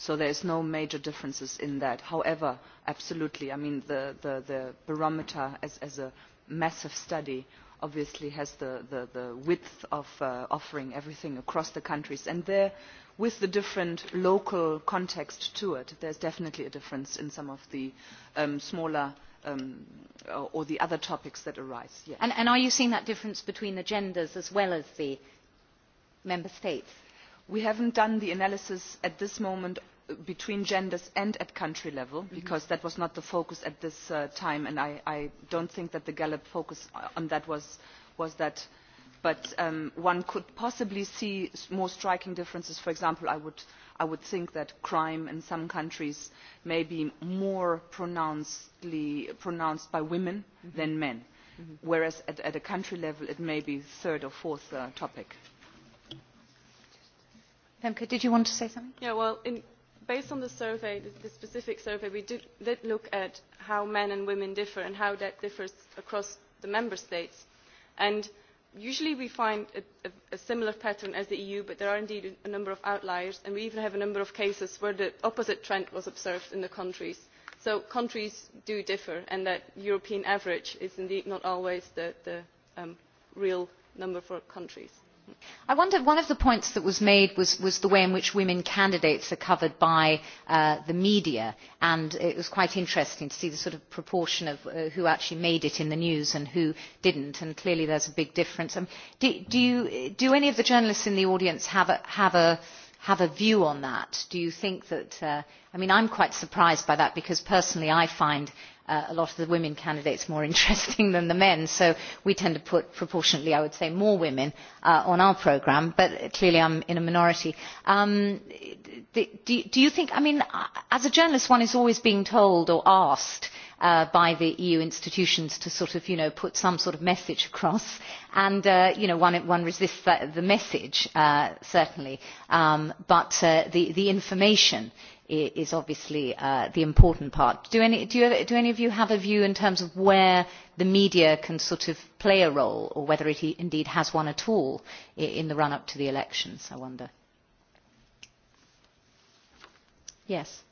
so there are no major differences in that. however absolutely i mean the, the, the barometer as, as a massive study obviously has the, the, the width of uh, offering everything across the countries and there with the different local context to it there is definitely a difference in some of the um, smaller um, or the other topics that arise. And, and are you seeing that difference between the genders as well as the member states? we have not done the analysis at this moment between genders and at country level because that was not the focus at this time and i, I do not think that the gallup focus on that was, that but one could possibly see more striking differences for example i would, I would think that crime in some countries may be more pronounced by women than men whereas at, a country level it may be the third or fourth topic Femke, did you want to say something? Yeah, well, in, based on the survey, the, the specific survey, we did, did look at how men and women differ and how that differs across the member states. And usually we find a, a, a similar pattern as the EU, but there are indeed a number of outliers, and we even have a number of cases where the opposite trend was observed in the countries. So countries do differ, and that European average is indeed not always the, the um, real number for countries. I wonder, one of the points that was made was, was the way in which women candidates are covered by uh, the media, and it was quite interesting to see the sort of proportion of uh, who actually made it in the news and who didn't, and clearly there's a big difference. Um, do, do, you, do any of the journalists in the audience have a, have a have a view on that? Do you think that, uh, I mean, I'm quite surprised by that because personally I find uh, a lot of the women candidates more interesting than the men, so we tend to put proportionately, I would say, more women uh, on our programme, but clearly I'm in a minority. Um, do, do you think, I mean, as a journalist one is always being told or asked uh, by the EU institutions to sort of, you know, put some sort of message across. And, uh, you know, one, one resists the the message, uh, certainly. Um, but uh, the, the information is obviously uh, the important part. Do any, do, you, do any of you have a view in terms of where the media can sort of play a role or whether it indeed has one at all in the run-up to the elections, I wonder? Yes.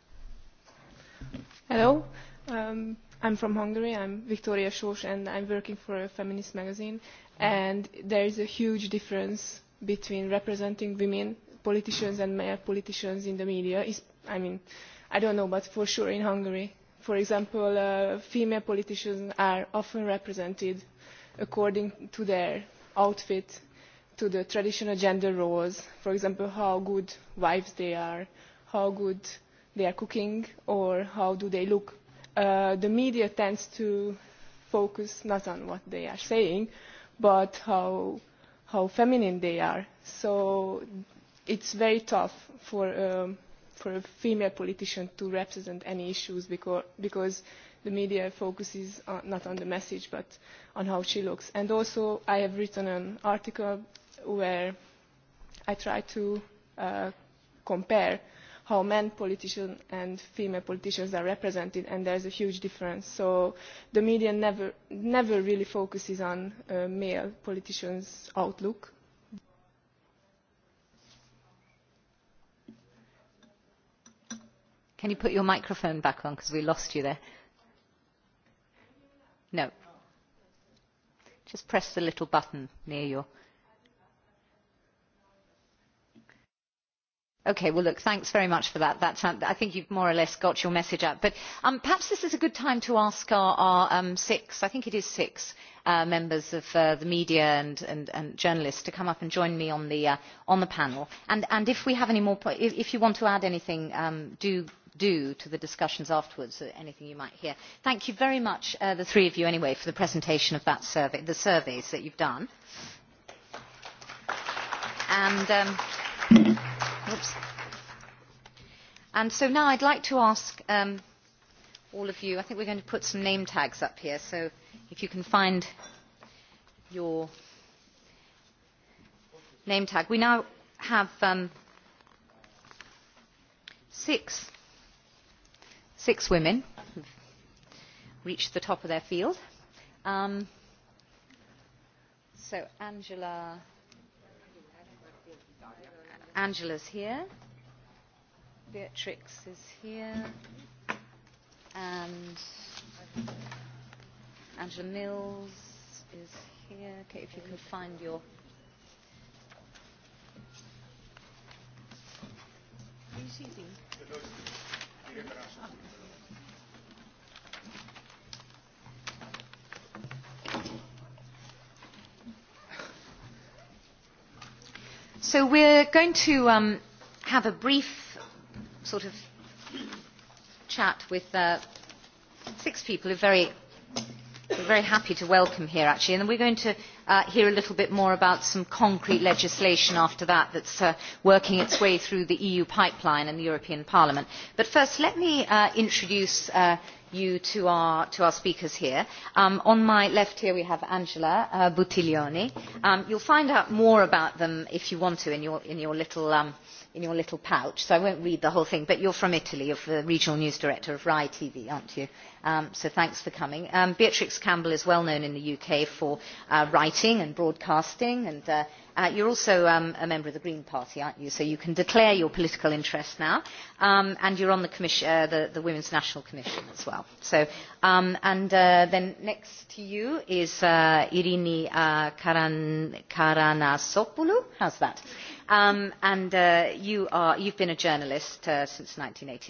Hello. Um, I'm from Hungary. I'm Victoria Sors, and I'm working for a feminist magazine. And there is a huge difference between representing women politicians and male politicians in the media. It's, I mean, I don't know, but for sure in Hungary, for example, uh, female politicians are often represented according to their outfit, to the traditional gender roles. For example, how good wives they are, how good they are cooking, or how do they look the media tends to focus not on what they are saying, but how how feminine they are. So it's very tough for um, for a female politician to represent any issues because because the media focuses on, not on the message but on how she looks. And also, I have written an article where I try to uh, compare how men politicians and female politicians are represented, and there is a huge difference. So the media never, never really focuses on uh, male politicians' outlook. Can you put your microphone back on because we lost you there? No. Just press the little button near your Okay, well, look, thanks very much for that. That's, I think you've more or less got your message out. But um, perhaps this is a good time to ask our, our um, six, I think it is six, uh, members of uh, the media and, and, and journalists to come up and join me on the, uh, on the panel. And, and if we have any more, if, if you want to add anything, um, do, do to the discussions afterwards, anything you might hear. Thank you very much, uh, the three of you anyway, for the presentation of that survey, the surveys that you've done. And... Um, And so now I'd like to ask um, all of you, I think we're going to put some name tags up here, so if you can find your name tag. We now have um, six, six women who've reached the top of their field. Um, so Angela Angela's here. Beatrix is here. And Angela Mills is here. Okay, if you can find your. Are you So we're going to um, have a brief sort of chat with uh, six people who are very, very happy to welcome here, actually. And we're going to hear a little bit more about some concrete legislation after that that is working its way through the EU pipeline and the European Parliament. But first, let me introduce you to our, to our speakers here. on my left here we have Angela Buttiglione. you you'll find out more about them if you want to in your, in your little um, in your little pouch, so I won't read the whole thing, but you're from Italy, are the regional news director of RAI TV, aren't you? not? so thanks for coming. Beatrix Campbell is well known in the UK for writing writing and broadcasting and uh, uh, you're also um, a member of the Green Party, aren't you? So you can declare your political interest now um, and you're on the, commission, uh, the, the Women's National Commission as well. So, um, and uh, then next to you is uh, Irini uh, Karan, Karanasopoulou. How's that? Um, and uh, you are, you've been a journalist uh, since hundred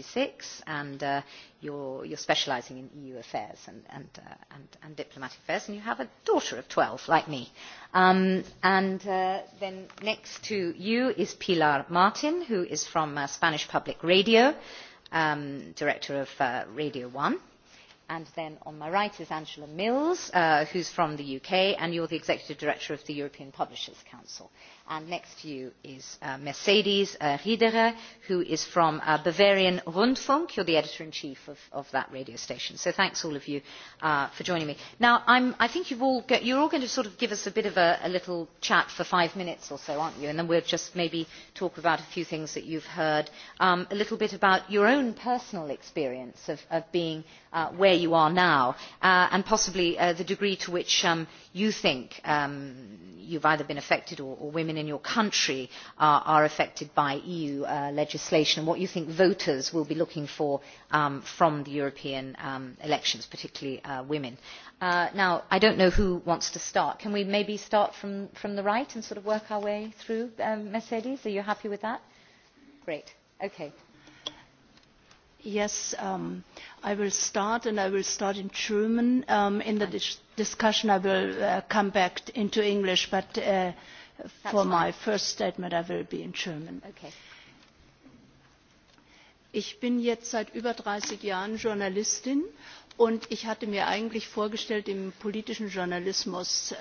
and uh, you're, you're specialising in EU affairs and, and, uh, and, and diplomatic affairs, and you have a daughter of twelve like me. Um, and uh, then next to you is Pilar Martin, who is from uh, Spanish Public Radio, director of uh, Radio One, And then on my right is Angela Mills, uh, who's from the UK, and you're the Executive Director of the European Publishers Council. And next to you is uh, Mercedes uh, Riederer, who is from uh, Bavarian Rundfunk. You're the editor-in-chief of, of that radio station. So thanks all of you uh, for joining me. Now, I'm, I think you've all got, you're all going to sort of give us a bit of a, a little chat for five minutes or so, aren't you? And then we'll just maybe talk about a few things that you've heard, um, a little bit about your own personal experience of, of being uh, where you are now, uh, and possibly uh, the degree to which um, you think um, you've either been affected or, or women in your country are affected by EU legislation and what you think voters will be looking for from the European elections, particularly women. now, I don't know who wants to start. Can we maybe start from, from the right and sort of work our way through? Mercedes, are you happy with that? Great. Okay. Yes, I will start, and I will start in German. in the discussion, I will come back into English, but for my first statement I will be in German. Ich bin jetzt seit über dreißig Jahren Journalistin und ich hatte mir eigentlich vorgestellt, im politischen Journalismus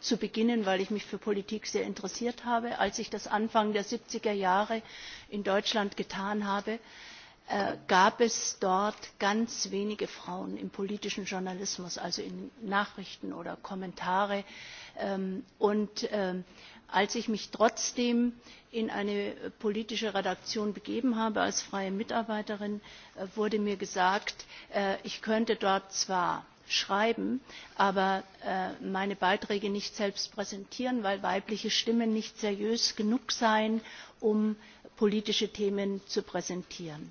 zu beginnen, weil ich mich für Politik sehr interessiert habe. Als ich das Anfang der siebzig er Jahre in Deutschland getan habe, gab es dort ganz wenige Frauen im politischen Journalismus, also in Nachrichten oder Kommentare. Und als ich mich trotzdem in eine politische redaktion begeben habe als freie mitarbeiterin wurde mir gesagt ich könnte dort zwar schreiben aber meine beiträge nicht selbst präsentieren weil weibliche stimmen nicht seriös genug seien um politische themen zu präsentieren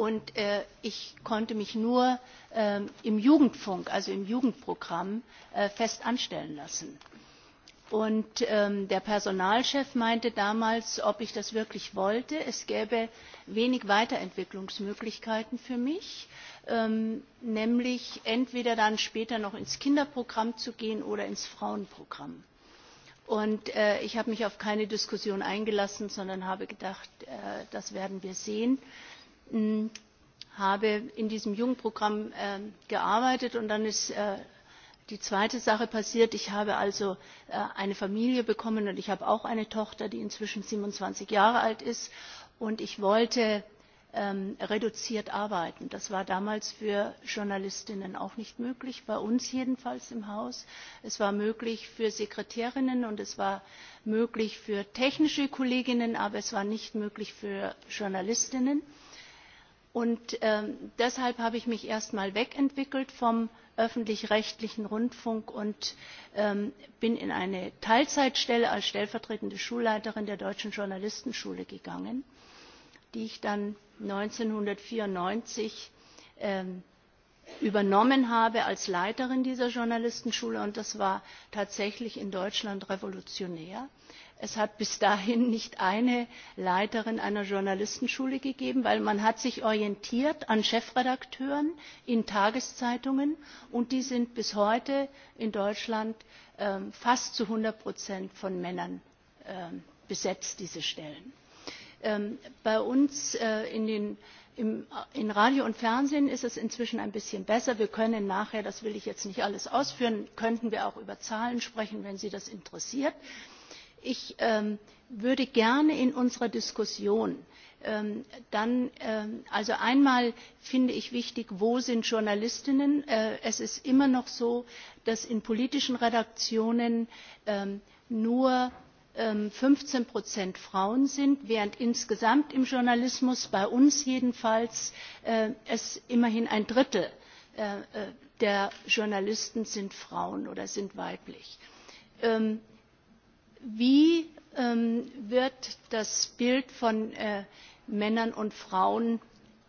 Und ich konnte mich nur im Jugendfunk, also im Jugendprogramm, fest anstellen lassen. Und der Personalchef meinte damals, ob ich das wirklich wollte. Es gäbe wenig Weiterentwicklungsmöglichkeiten für mich, nämlich entweder dann später noch ins Kinderprogramm zu gehen oder ins Frauenprogramm. Und ich habe mich auf keine Diskussion eingelassen, sondern habe gedacht, das werden wir sehen habe in diesem Jugendprogramm gearbeitet und dann ist die zweite Sache passiert. Ich habe also eine Familie bekommen und ich habe auch eine Tochter, die inzwischen siebenundzwanzig Jahre alt ist. Und ich wollte reduziert arbeiten. Das war damals für Journalistinnen auch nicht möglich, bei uns jedenfalls im Haus. Es war möglich für Sekretärinnen und es war möglich für technische Kolleginnen, aber es war nicht möglich für Journalistinnen. Und deshalb habe ich mich erst einmal wegentwickelt vom öffentlich rechtlichen rundfunk und bin in eine teilzeitstelle als stellvertretende schulleiterin der deutschen journalistenschule gegangen die ich dann eintausendneunhundertvierundneunzig übernommen habe als Leiterin dieser Journalistenschule und das war tatsächlich in Deutschland revolutionär. Es hat bis dahin nicht eine Leiterin einer Journalistenschule gegeben, weil man hat sich orientiert an Chefredakteuren in Tageszeitungen und die sind bis heute in Deutschland fast zu 100 Prozent von Männern besetzt, diese Stellen. bei uns in den in radio und fernsehen ist es inzwischen ein bisschen besser. wir können nachher das will ich jetzt nicht alles ausführen könnten wir auch über zahlen sprechen wenn sie das interessiert. ich würde gerne in unserer diskussion dann also einmal finde ich wichtig wo sind journalistinnen? es ist immer noch so dass in politischen redaktionen nur fünfzehn Frauen sind, während insgesamt im Journalismus bei uns jedenfalls es immerhin ein Drittel der Journalisten sind Frauen oder sind weiblich. Wie wird das Bild von Männern und Frauen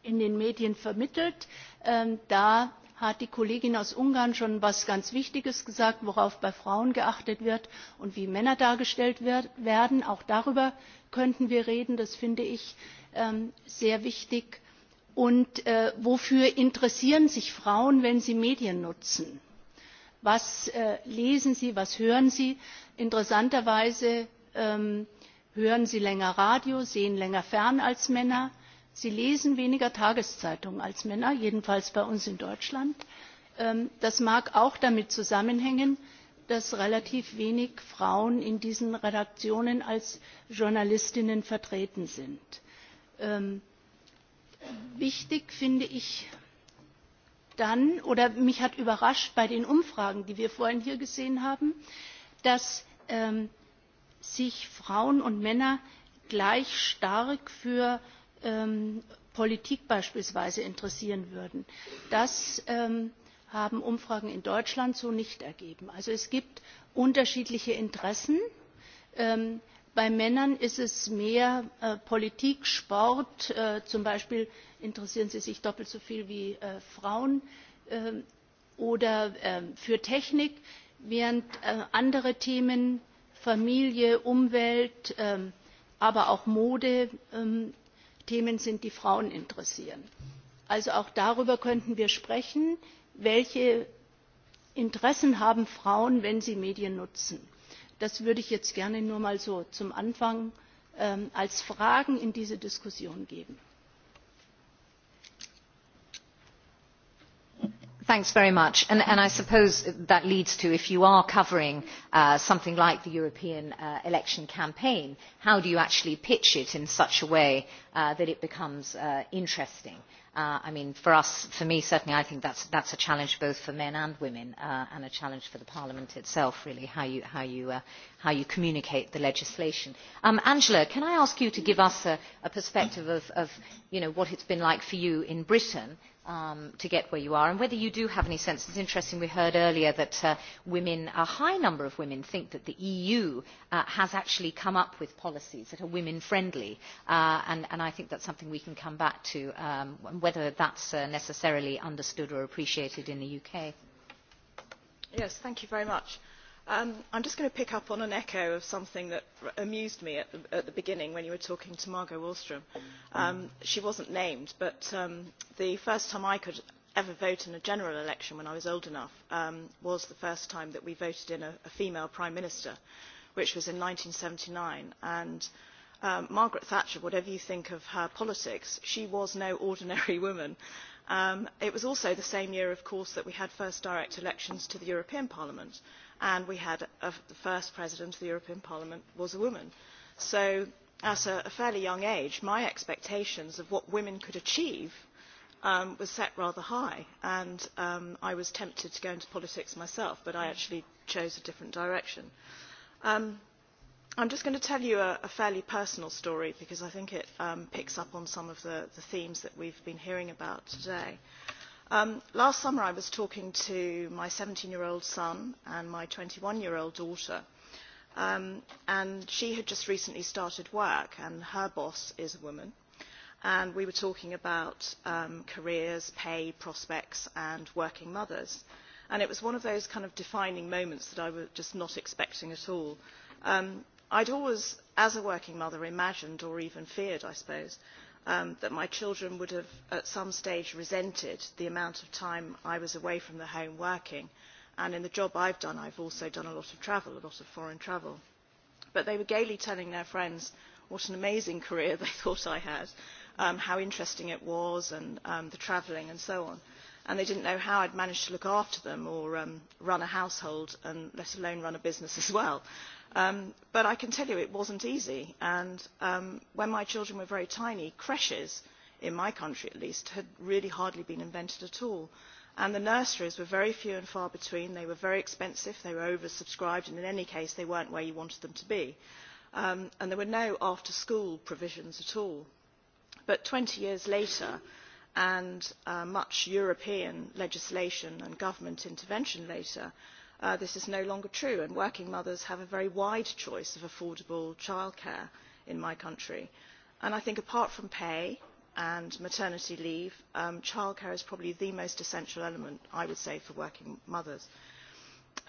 in den Medien vermittelt? Da hat die kollegin aus ungarn schon etwas ganz wichtiges gesagt worauf bei frauen geachtet wird und wie männer dargestellt werden. auch darüber könnten wir reden das finde ich sehr wichtig. und wofür interessieren sich frauen wenn sie medien nutzen? was lesen sie was hören sie? interessanterweise hören sie länger radio sehen länger fern als männer sie lesen weniger tageszeitungen als männer jedenfalls bei uns in deutschland. das mag auch damit zusammenhängen dass relativ wenig frauen in diesen redaktionen als journalistinnen vertreten sind. wichtig finde ich dann oder mich hat überrascht bei den umfragen die wir vorhin hier gesehen haben dass sich frauen und männer gleich stark für politik beispielsweise interessieren würden. das haben umfragen in deutschland so nicht ergeben. also es gibt unterschiedliche interessen. bei männern ist es mehr politik sport zum beispiel interessieren sie sich doppelt so viel wie frauen oder für technik während andere themen familie umwelt aber auch mode themen sind die frauen interessieren. also auch darüber könnten wir sprechen welche interessen haben frauen wenn sie medien nutzen? das würde ich jetzt gerne nur mal so zum anfang als fragen in diese diskussion geben. Thanks very much. And, and I suppose that leads to if you are covering uh, something like the European uh, election campaign, how do you actually pitch it in such a way uh, that it becomes uh, interesting? Uh, I mean, for us, for me certainly, I think that's, that's a challenge both for men and women, uh, and a challenge for the Parliament itself, really, how you, how you, uh, how you communicate the legislation. Um, Angela, can I ask you to give us a, a perspective of, of you know, what it's been like for you in Britain? um, to get where you are and whether you do have any sense. It's interesting, we heard earlier that uh, women, a high number of women think that the EU uh, has actually come up with policies that are women-friendly, uh, and, and I think that's something we can come back to, um, whether that's uh, necessarily understood or appreciated in the UK. Yes, thank you very much I am just going to pick up on an echo of something that amused me at the, at the beginning when you were talking to Margot wallstrm. she she wasn't named, but the first time I could ever vote in a general election when I was old enough was the first time that we voted in a, female prime minister, which was in hundred And and Margaret Thatcher, whatever you think of her politics, she was no ordinary woman. it was also the same year, of course, that we had first direct elections to the European Parliament and we had a, the first president of the European Parliament was a woman. So at a, a fairly young age, my expectations of what women could achieve um, was set rather high, and um, I was tempted to go into politics myself, but I actually chose a different direction. Um, I'm just going to tell you a, a fairly personal story because I think it um, picks up on some of the, the themes that we've been hearing about today last summer i was talking to my seventeen year old son and my twenty one year old daughter and she had just recently started work and her boss is a woman and we were talking about careers pay prospects and working mothers and it was one of those kind of defining moments that i was just not expecting at all. i had always as a working mother imagined or even feared i suppose that my children would have at some stage resented the amount of time I was away from the home working. And in the job I've done, I've also done a lot of travel, a lot of foreign travel. But they were gaily telling their friends what an amazing career they thought I had, um, how interesting it was, and um, the travelling and so on and they didn't know how I'd managed to look after them or run a household and let alone run a business as well. but I can tell you it wasn't easy. And when my children were very tiny, creches, in my country at least, had really hardly been invented at all. And the nurseries were very few and far between. They were very expensive. They were oversubscribed. And in any case, they weren't where you wanted them to be. and there were no after-school provisions at all. But twenty years later, and much European legislation and government intervention later, this is no longer true, and working mothers have a very wide choice of affordable childcare in my country. I think apart from pay and maternity leave, childcare is probably the most essential element, I would say, for working mothers.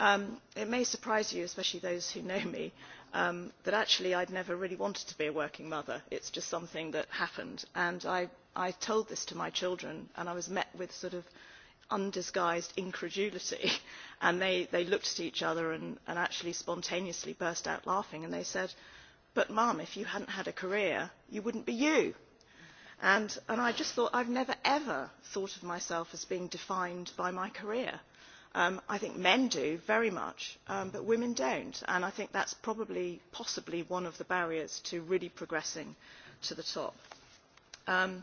it may surprise you, especially those who know me, that actually I would never really wanted to be a working mother. It is just something that happened. And I I told this to my children, and I was met with sort of undisguised incredulity. And they, they looked at each other and, and actually spontaneously burst out laughing. And they said, But, Mum, if you hadn't had a career, you wouldn't be you. And, and I just thought, I've never ever thought of myself as being defined by my career. Um, I think men do very much, um, but women don't. And I think that's probably, possibly, one of the barriers to really progressing to the top Um,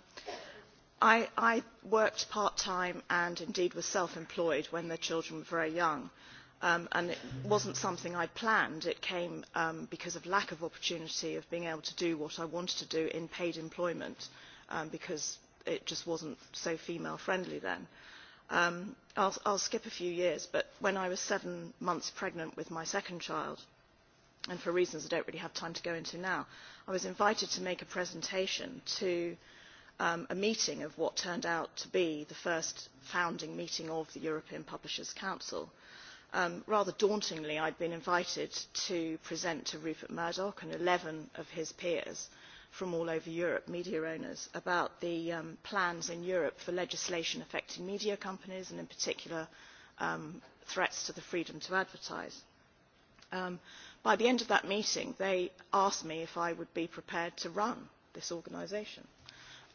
I, I worked part-time and indeed was self-employed when the children were very young. Um, and it wasn't something I planned. It came um, because of lack of opportunity of being able to do what I wanted to do in paid employment um, because it just wasn't so female-friendly then. Um, I'll, I'll skip a few years, but when I was seven months pregnant with my second child, and for reasons I don't really have time to go into now, I was invited to make a presentation to um, a meeting of what turned out to be the first founding meeting of the European Publishers Council. Um, rather dauntingly, I'd been invited to present to Rupert Murdoch and 11 of his peers from all over Europe, media owners, about the um, plans in Europe for legislation affecting media companies and in particular um, threats to the freedom to advertise. Um, by the end of that meeting, they asked me if I would be prepared to run this organisation,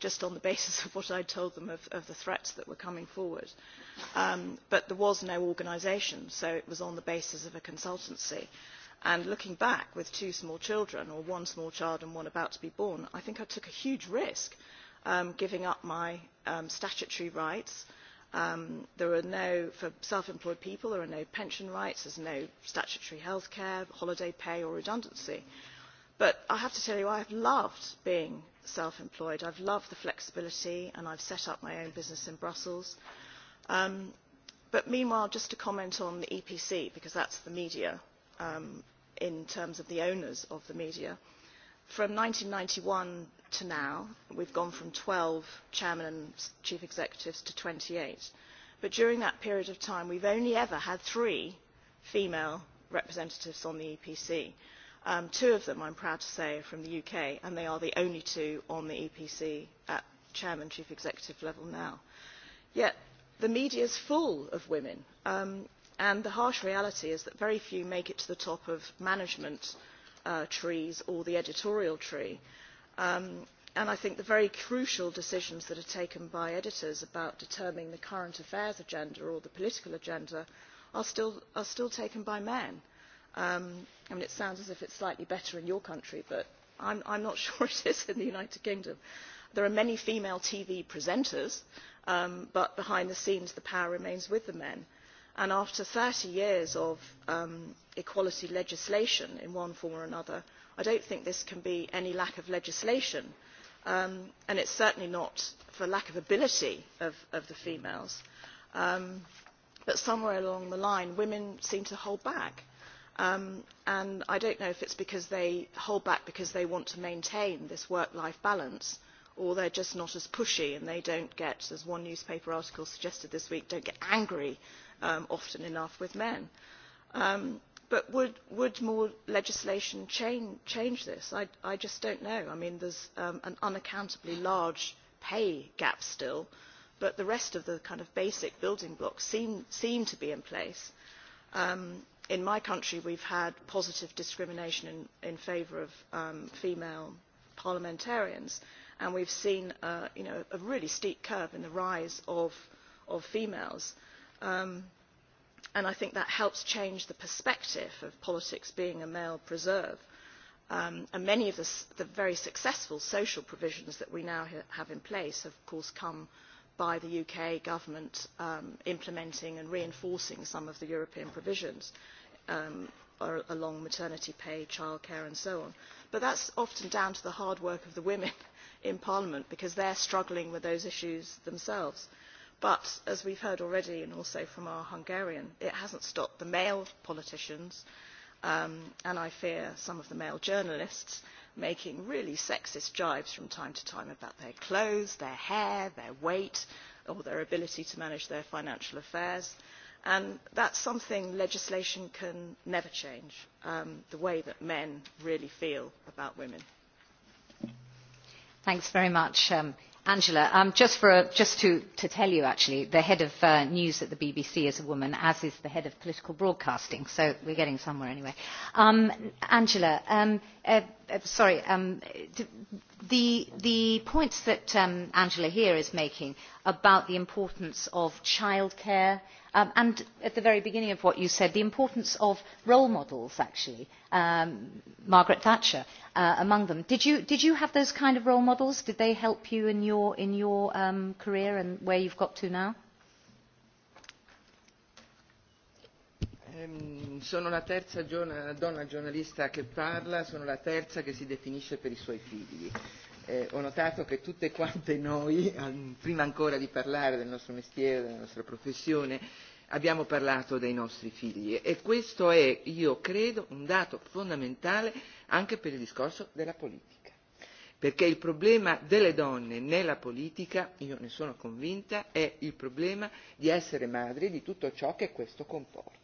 just on the basis of what I told them of, of the threats that were coming forward. Um, but there was no organisation, so it was on the basis of a consultancy. And looking back with two small children, or one small child and one about to be born, I think I took a huge risk um, giving up my um, statutory rights – Um, there are no, for self-employed people, there are no pension rights, there's no statutory health care, holiday pay or redundancy. But I have to tell you, I have loved being self-employed. I've loved the flexibility and I've set up my own business in Brussels. Um, but meanwhile, just to comment on the EPC, because that's the media um, in terms of the owners of the media, from ninety one to now. We've gone from 12 chairmen and chief executives to 28. But during that period of time, we've only ever had three female representatives on the EPC. Um, two of them, I'm proud to say, are from the UK, and they are the only two on the EPC at chairman, chief executive level now. Yet the media is full of women, um, and the harsh reality is that very few make it to the top of management uh, trees or the editorial tree and i think the very crucial decisions that are taken by editors about determining the current affairs agenda or the political agenda are still taken by men. it sounds as if it is slightly better in your country but i am not sure it is in the united kingdom. there are many female tv presenters but behind the scenes the power remains with the men and after thirty years of equality legislation in one form or another I do not think this can be any lack of legislation, and it is certainly not for lack of ability of, of the females. but somewhere along the line, women seem to hold back. and I don't know if it is because they hold back because they want to maintain this work-life balance or they are just not as pushy and they don't get, as one newspaper article suggested this week, don't get angry often enough with men but would more legislation change this? i just do not know. i mean there is an unaccountably large pay gap still but the rest of the kind of basic building blocks seem to be in place. in my country we have had positive discrimination in favour of female parliamentarians and we have seen a really steep curve in the rise of females and I think that helps change the perspective of politics being a male preserve. Um, and many of the, the very successful social provisions that we now ha have in place have, of course, come by the UK government um, implementing and reinforcing some of the European provisions um, along maternity pay, childcare and so on. But that's often down to the hard work of the women in Parliament because they're struggling with those issues themselves. But as we have heard already, and also from our Hungarian, it has not stopped the male politicians, and I fear some of the male journalists, making really sexist jibes from time to time about their clothes, their hair, their weight, or their ability to manage their financial affairs. And is something legislation can never change, the way that men really feel about women. Angela, just, to, tell you actually, the head of news at the BBC is a woman, as is the head of political broadcasting, so we're getting somewhere anyway. Angela, sorry, the, points that Angela here is making about the importance of childcare and at the very beginning of what you said, the importance of role models, actually, Um Margaret Thatcher uh among them. Did you, did you have those kind of role models? Did they help you in your, in your um career and where you've got to now? Sono la terza donna giornalista che parla, sono la terza che si definisce per i suoi figli eh, ho notato che tutte quante noi, prima ancora di parlare del nostro mestiere, della nostra professione, abbiamo parlato dei nostri figli e questo è, io credo, un dato fondamentale anche per il discorso della politica. Perché il problema delle donne nella politica, io ne sono convinta, è il problema di essere madri di tutto ciò che questo comporta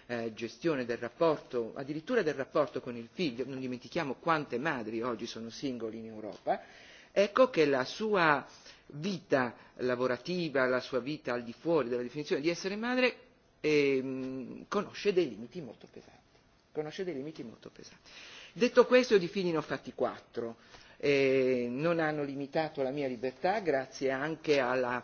gestione del rapporto, addirittura del rapporto con il figlio, non dimentichiamo quante madri oggi sono singoli in Europa, ecco che la sua vita lavorativa, la sua vita al di fuori della definizione di essere madre conosce dei limiti molto pesanti. Conosce dei limiti molto pesanti. Detto questo, di figli ne ho fatti quattro. Eh, non hanno limitato la mia libertà, grazie anche alla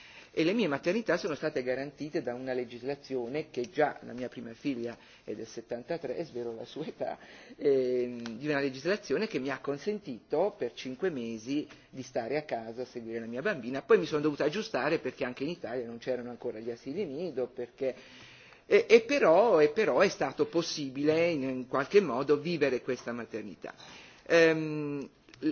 e le mie maternità sono state garantite da una legislazione che già la mia prima figlia è del 73, è svero la sua età, ehm, di una legislazione che mi ha consentito per cinque mesi di stare a casa a seguire la mia bambina. Poi mi sono dovuta aggiustare perché anche in Italia non c'erano ancora gli asili nido, perché e, e, però, e però è stato possibile in, in qualche modo vivere questa maternità. Ehm,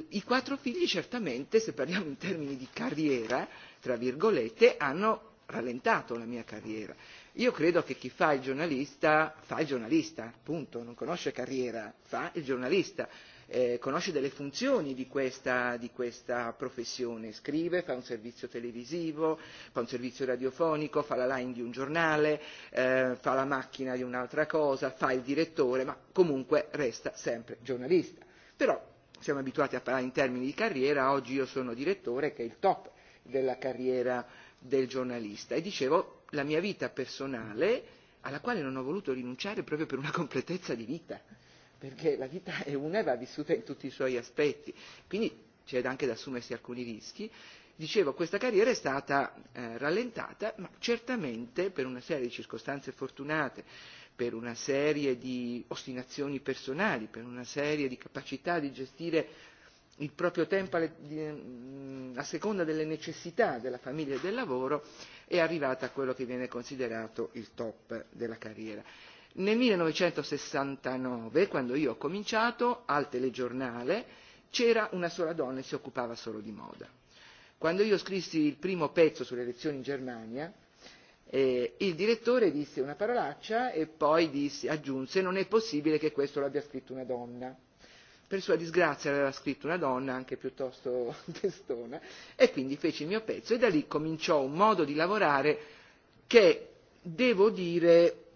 I quattro figli certamente, se parliamo in termini di carriera, tra virgolette, hanno rallentato la mia carriera. Io credo che chi fa il giornalista fa il giornalista, punto, non conosce carriera, fa il giornalista, eh, conosce delle funzioni di questa, di questa professione, scrive, fa un servizio televisivo, fa un servizio radiofonico, fa la line di un giornale, eh, fa la macchina di un'altra cosa, fa il direttore, ma comunque resta sempre giornalista. Però siamo abituati a parlare in termini di carriera, oggi io sono direttore che è il top della carriera del giornalista e dicevo la mia vita personale alla quale non ho voluto rinunciare proprio per una completezza di vita, perché la vita è una e va vissuta in tutti i suoi aspetti, quindi c'è anche da assumersi alcuni rischi. Dicevo, questa carriera è stata eh, rallentata, ma certamente per una serie di circostanze fortunate per una serie di ostinazioni personali, per una serie di capacità di gestire il proprio tempo a seconda delle necessità della famiglia e del lavoro, è arrivata a quello che viene considerato il top della carriera. Nel 1969, quando io ho cominciato, al telegiornale c'era una sola donna e si occupava solo di moda. Quando io scrissi il primo pezzo sulle elezioni in Germania, Eh, il direttore disse una parolaccia e poi disse, aggiunse non è possibile che questo l'abbia scritto una donna. Per sua disgrazia l'aveva scritto una donna, anche piuttosto testona, e quindi feci il mio pezzo e da lì cominciò un modo di lavorare che, devo dire,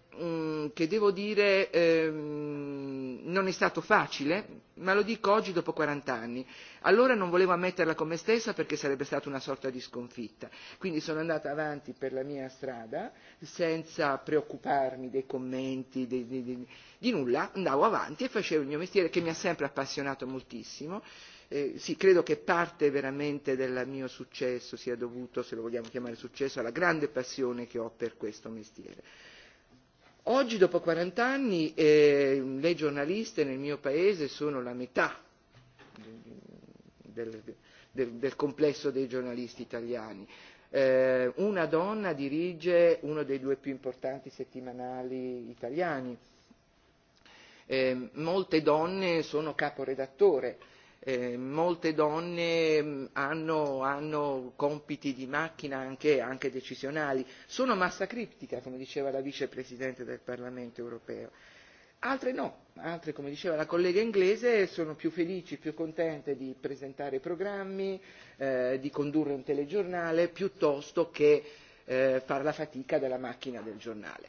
che devo dire non è stato facile, ma lo dico oggi dopo quarant'anni. Allora non volevo ammetterla con me stessa perché sarebbe stata una sorta di sconfitta. Quindi sono andata avanti per la mia strada senza preoccuparmi dei commenti, di, di, di, di nulla, andavo avanti e facevo il mio mestiere che mi ha sempre appassionato moltissimo. Eh, sì, credo che parte veramente del mio successo sia dovuto, se lo vogliamo chiamare successo, alla grande passione che ho per questo mestiere Oggi, dopo 40 anni, eh, le giornaliste nel mio paese sono la metà del, del, del complesso dei giornalisti italiani. Eh, una donna dirige uno dei due più importanti settimanali italiani. Eh, molte donne sono caporedattore eh, molte donne hanno, hanno compiti di macchina anche, anche decisionali, sono massa criptica, come diceva la vicepresidente del Parlamento europeo. Altre no, altre, come diceva la collega inglese, sono più felici, più contente di presentare programmi, eh, di condurre un telegiornale, piuttosto che eh, fare la fatica della macchina del giornale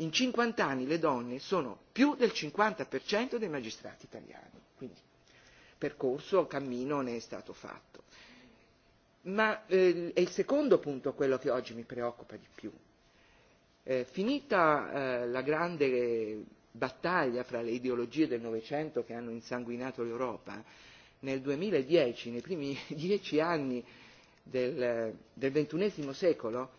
in 50 anni le donne sono più del 50% dei magistrati italiani. Quindi percorso, cammino ne è stato fatto. Ma eh, è il secondo punto quello che oggi mi preoccupa di più. Eh, finita eh, la grande battaglia fra le ideologie del Novecento che hanno insanguinato l'Europa, nel 2010, nei primi dieci anni del, del XXI secolo,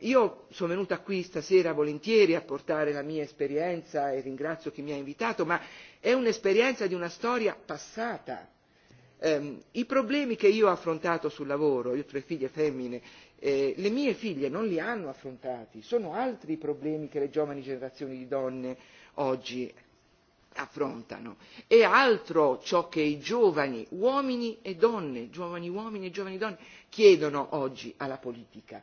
io sono venuta qui stasera volentieri a portare la mia esperienza e ringrazio chi mi ha invitato ma è un'esperienza di una storia passata i problemi che io ho affrontato sul lavoro io ho tre figlie femmine le mie figlie non li hanno affrontati sono altri i problemi che le giovani generazioni di donne oggi affrontano è altro ciò che i giovani uomini e donne giovani uomini e giovani donne chiedono oggi alla politica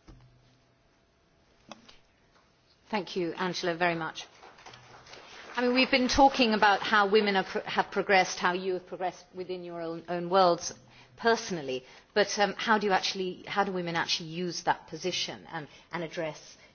Thank you, Angela, very much. I mean, we've been talking about how women are, have progressed, how you have progressed within your own, own worlds personally, but um, how, do you actually, how do women actually use that position and, and address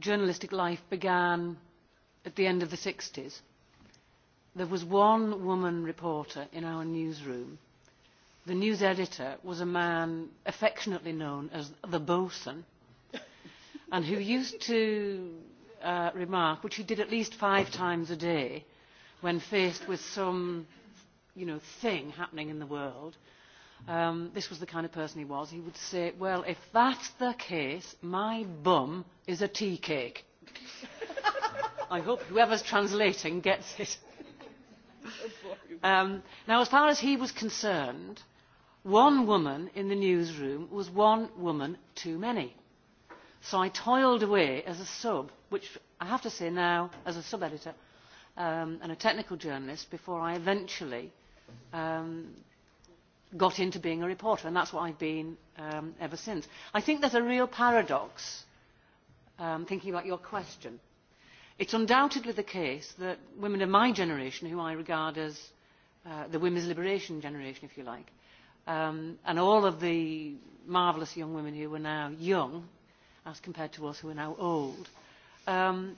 journalistic life began at the end of the 60s. There was one woman reporter in our newsroom. The news editor was a man affectionately known as the bosun, and who used to uh, remark, which he did at least five times a day, when faced with some you know, thing happening in the world, um, this was the kind of person he was. He would say, well, if that's the case, my bum is a tea cake. I hope whoever's translating gets it. Um, now, as far as he was concerned, one woman in the newsroom was one woman too many. So I toiled away as a sub, which I have to say now, as a sub-editor um, and a technical journalist, before I eventually um, got into being a reporter, and that's what I've been um, ever since. I think there's a real paradox, um, thinking about your question. It's undoubtedly the case that women of my generation, who I regard as uh, the women's liberation generation, if you like, um, and all of the marvellous young women who are now young, as compared to us who are now old, um,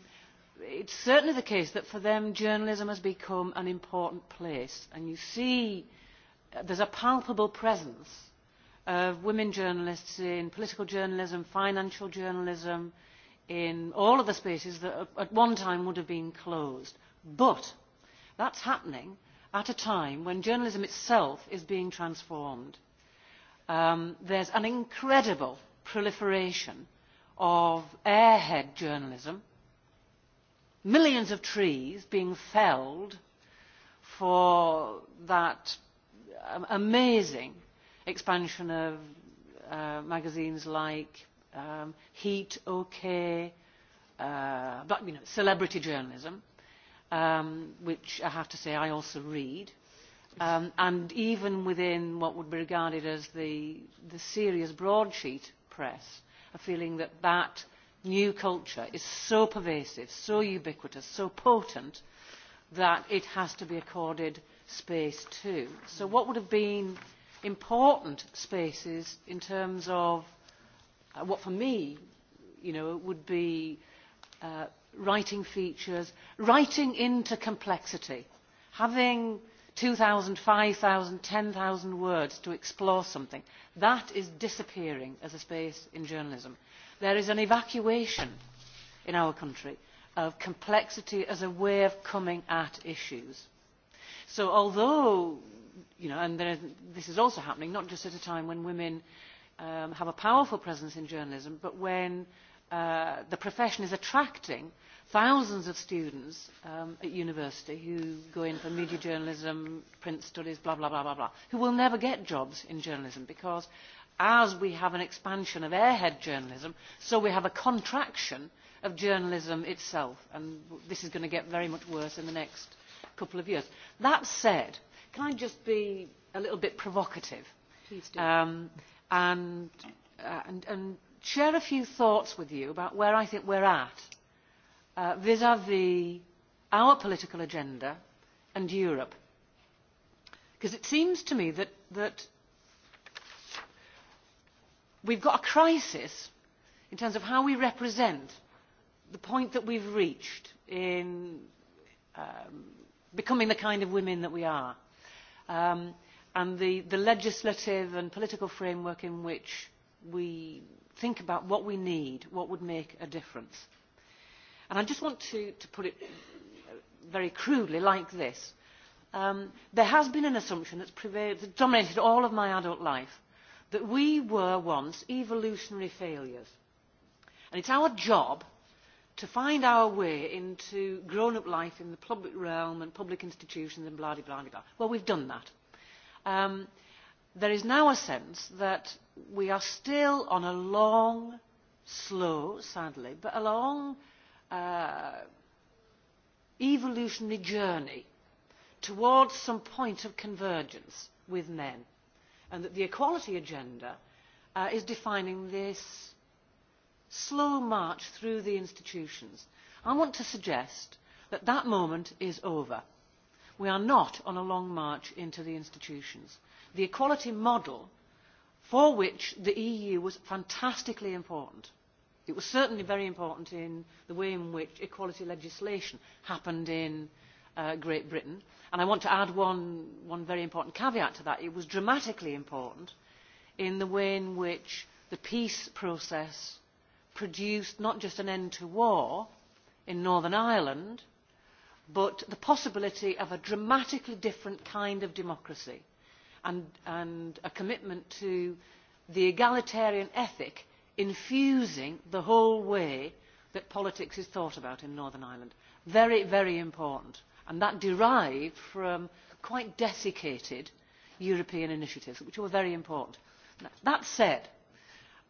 it's certainly the case that for them journalism has become an important place. And you see there's a palpable presence of women journalists in political journalism, financial journalism, in all of the spaces that at one time would have been closed. But that's happening at a time when journalism itself is being transformed. Um, there's an incredible proliferation of airhead journalism, millions of trees being felled for that amazing expansion of uh, magazines like um, Heat, OK, uh, but, you know, celebrity journalism, um, which I have to say I also read. Um, and even within what would be regarded as the, the serious broadsheet press, a feeling that that new culture is so pervasive, so ubiquitous, so potent, that it has to be accorded – space too. So what would have been important spaces in terms of uh, what for me, you know, would be uh, writing features, writing into complexity, having 2,000, 5,000, 10,000 words to explore something. That is disappearing as a space in journalism. There is an evacuation in our country of complexity as a way of coming at issues So although, you know, and there, this is also happening not just at a time when women um, have a powerful presence in journalism, but when uh, the profession is attracting thousands of students um, at university who go in for media journalism, print studies, blah, blah, blah, blah, blah, who will never get jobs in journalism because as we have an expansion of airhead journalism, so we have a contraction of journalism itself. And this is going to get very much worse in the next couple of years. That said, can I just be a little bit provocative? Please do. Um, and, uh, and, and share a few thoughts with you about where I think we're at vis-à-vis uh, -vis our political agenda and Europe. Because it seems to me that, that we've got a crisis in terms of how we represent the point that we've reached in um, becoming the kind of women that we are. Um, and the, the legislative and political framework in which we think about what we need, what would make a difference. And I just want to, to put it very crudely like this. Um, there has been an assumption that's prevailed, that dominated all of my adult life that we were once evolutionary failures. And it's our job to find our way into grown-up life in the public realm and public institutions and blah, blah, blah. Well, we've done that. Um, there is now a sense that we are still on a long, slow, sadly, but a long uh, evolutionary journey towards some point of convergence with men, and that the equality agenda uh, is defining this slow march through the institutions. I want to suggest that that moment is over. We are not on a long march into the institutions. The equality model for which the EU was fantastically important. It was certainly very important in the way in which equality legislation happened in uh, Great Britain. And I want to add one, one very important caveat to that. It was dramatically important in the way in which the peace process produced not just an end to war in Northern Ireland, but the possibility of a dramatically different kind of democracy and, and a commitment to the egalitarian ethic infusing the whole way that politics is thought about in Northern Ireland. Very, very important. And that derived from quite desiccated European initiatives, which were very important. That said,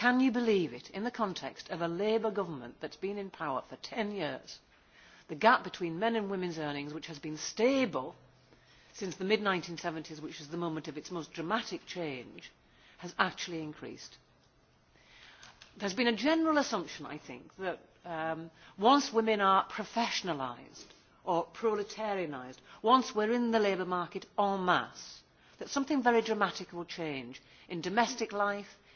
Can you believe it, in the context of a Labour government that has been in power for ten years, the gap between men and women's earnings, which has been stable since the mid-1970s, which was the moment of its most dramatic change, has actually increased. There's been a general assumption, I think, that um, once women are professionalised or proletarianised, once we're in the labour market en masse, that something very dramatic will change in domestic life,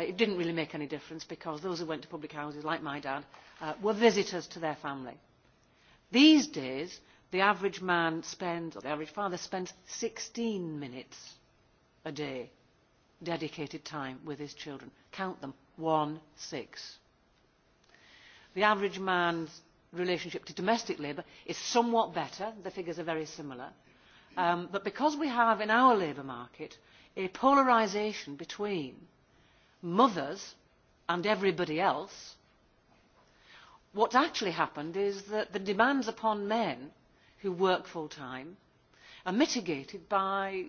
it did not really make any difference because those who went to public houses, like my dad, were visitors to their family. These days, the average man spends, or the average father spends 16 minutes a day dedicated time with his children. Count them, one, six. The average man's relationship to domestic labour is somewhat better, the figures are very similar. Um, but because we have in our labour market a polarisation between mothers and everybody else, what's actually happened is that the demands upon men who work full time are mitigated by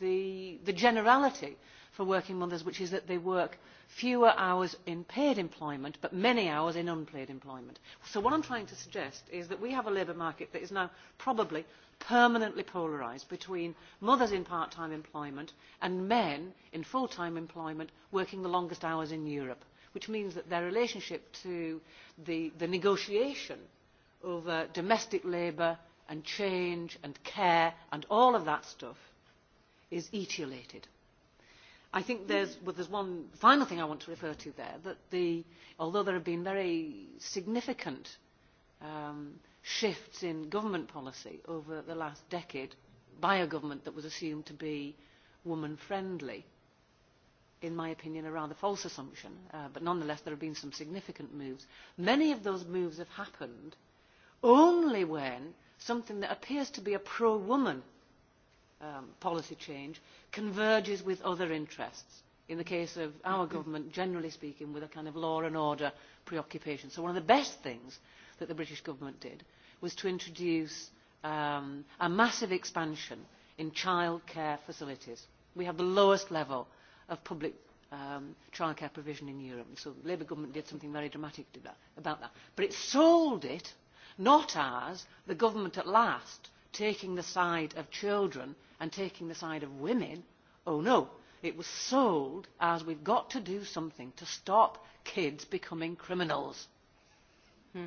the, the generality for working mothers, which is that they work fewer hours in paid employment but many hours in unpaid employment. So what I am trying to suggest is that we have a labour market that is now probably permanently polarised between mothers in part-time employment and men in full-time employment working the longest hours in Europe, which means that their relationship to the, the negotiation over domestic labour and change and care and all of that stuff is etiolated I think there's, well, there's one final thing I want to refer to there, that the, although there have been very significant um, shifts in government policy over the last decade by a government that was assumed to be woman-friendly, in my opinion, a rather false assumption, uh, but nonetheless there have been some significant moves. Many of those moves have happened only when something that appears to be a pro-woman policy change converges with other interests. In the case of our government, generally speaking, with a kind of law and order preoccupation. So one of the best things that the British government did was to introduce um, a massive expansion in childcare facilities. We have the lowest level of public um, childcare provision in Europe. So the Labour government did something very dramatic about that. But it sold it not as the government at last taking the side of children and taking the side of women, oh no, it was sold as we've got to do something to stop kids becoming criminals. Hmm.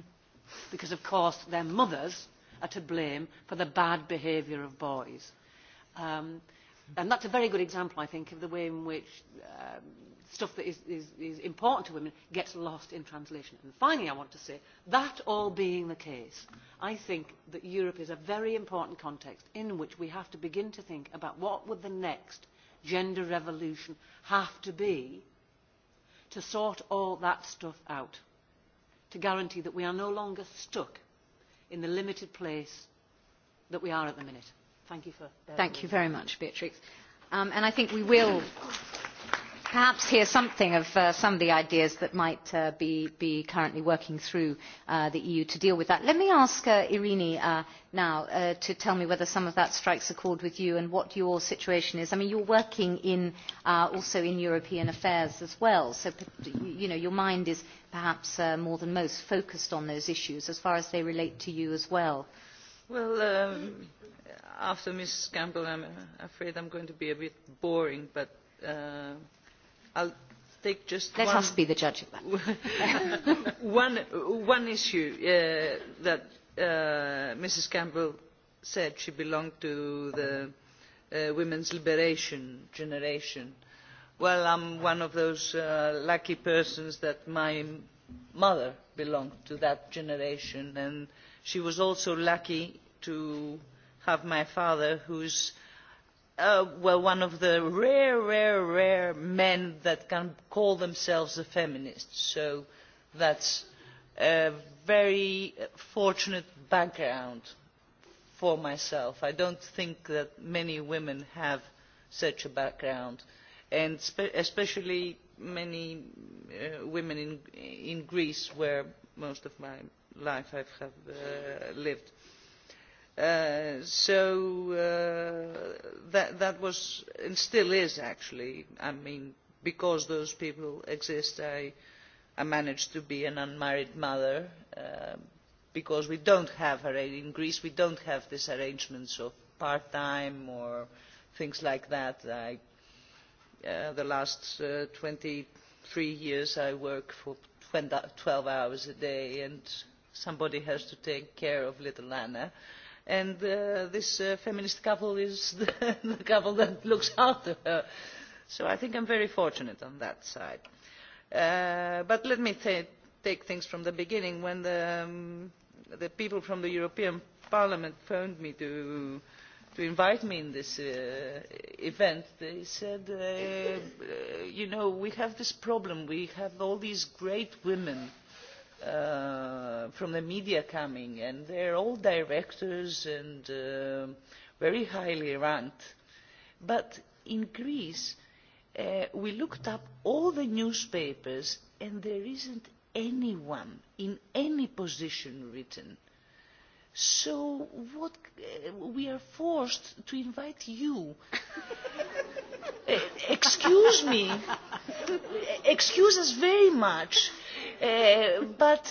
Because, of course, their mothers are to blame for the bad behaviour of boys. Um, And is a very good example, I think, of the way in which um, stuff that is, is, is important to women gets lost in translation. And finally, I want to say, that all being the case, I think that Europe is a very important context in which we have to begin to think about what would the next gender revolution have to be to sort all that stuff out, to guarantee that we are no longer stuck in the limited place that we are at the minute. Thank you for Thank you very much, Beatrix. Um, and I think we will perhaps hear something of uh, some of the ideas that might uh, be, be currently working through uh, the EU to deal with that. Let me ask uh, Irini uh, now uh, to tell me whether some of that strikes a chord with you and what your situation is. I mean, you're working in, uh, also in European affairs as well, so you know, your mind is perhaps uh, more than most focused on those issues as far as they relate to you as well. Well, um, after Mrs. Campbell, I'm afraid I'm going to be a bit boring, but uh, I'll take just Let one... us be the judge of that. one, one issue uh, that uh, Mrs. Campbell said she belonged to the uh, women's liberation generation. Well, I'm one of those uh, lucky persons that my mother belonged to that generation, and she was also lucky to uh, have my father who's uh, well, one of the rare, rare, rare men that can call themselves a feminist. So that's a very fortunate background for myself. I don't think that many women have such a background, and especially many uh, women in, in Greece, where most of my life I have uh, lived so that, that was, and still is actually, I mean, because those people exist, I, I managed to be an unmarried mother uh, because we don't have, in Greece, we don't have these arrangements of part-time or things like that. I, uh, the last uh, 23 years I work for 12 hours a day and somebody has to take care of little Anna. Uh, and uh this uh feminist couple is the the couple that looks after her. So I think I'm very fortunate on that side. Uh but let me take things from the beginning. When the, the people from the European Parliament phoned me to to invite me in this uh, event, they said, uh, you know, we have this problem. We have all these great women uh, from the media coming, and they're all directors and uh, very highly ranked. But in Greece, uh, we looked up all the newspapers, and there isn't anyone in any position written. So what uh, we are forced to invite you. uh, excuse me. Excuse us very much but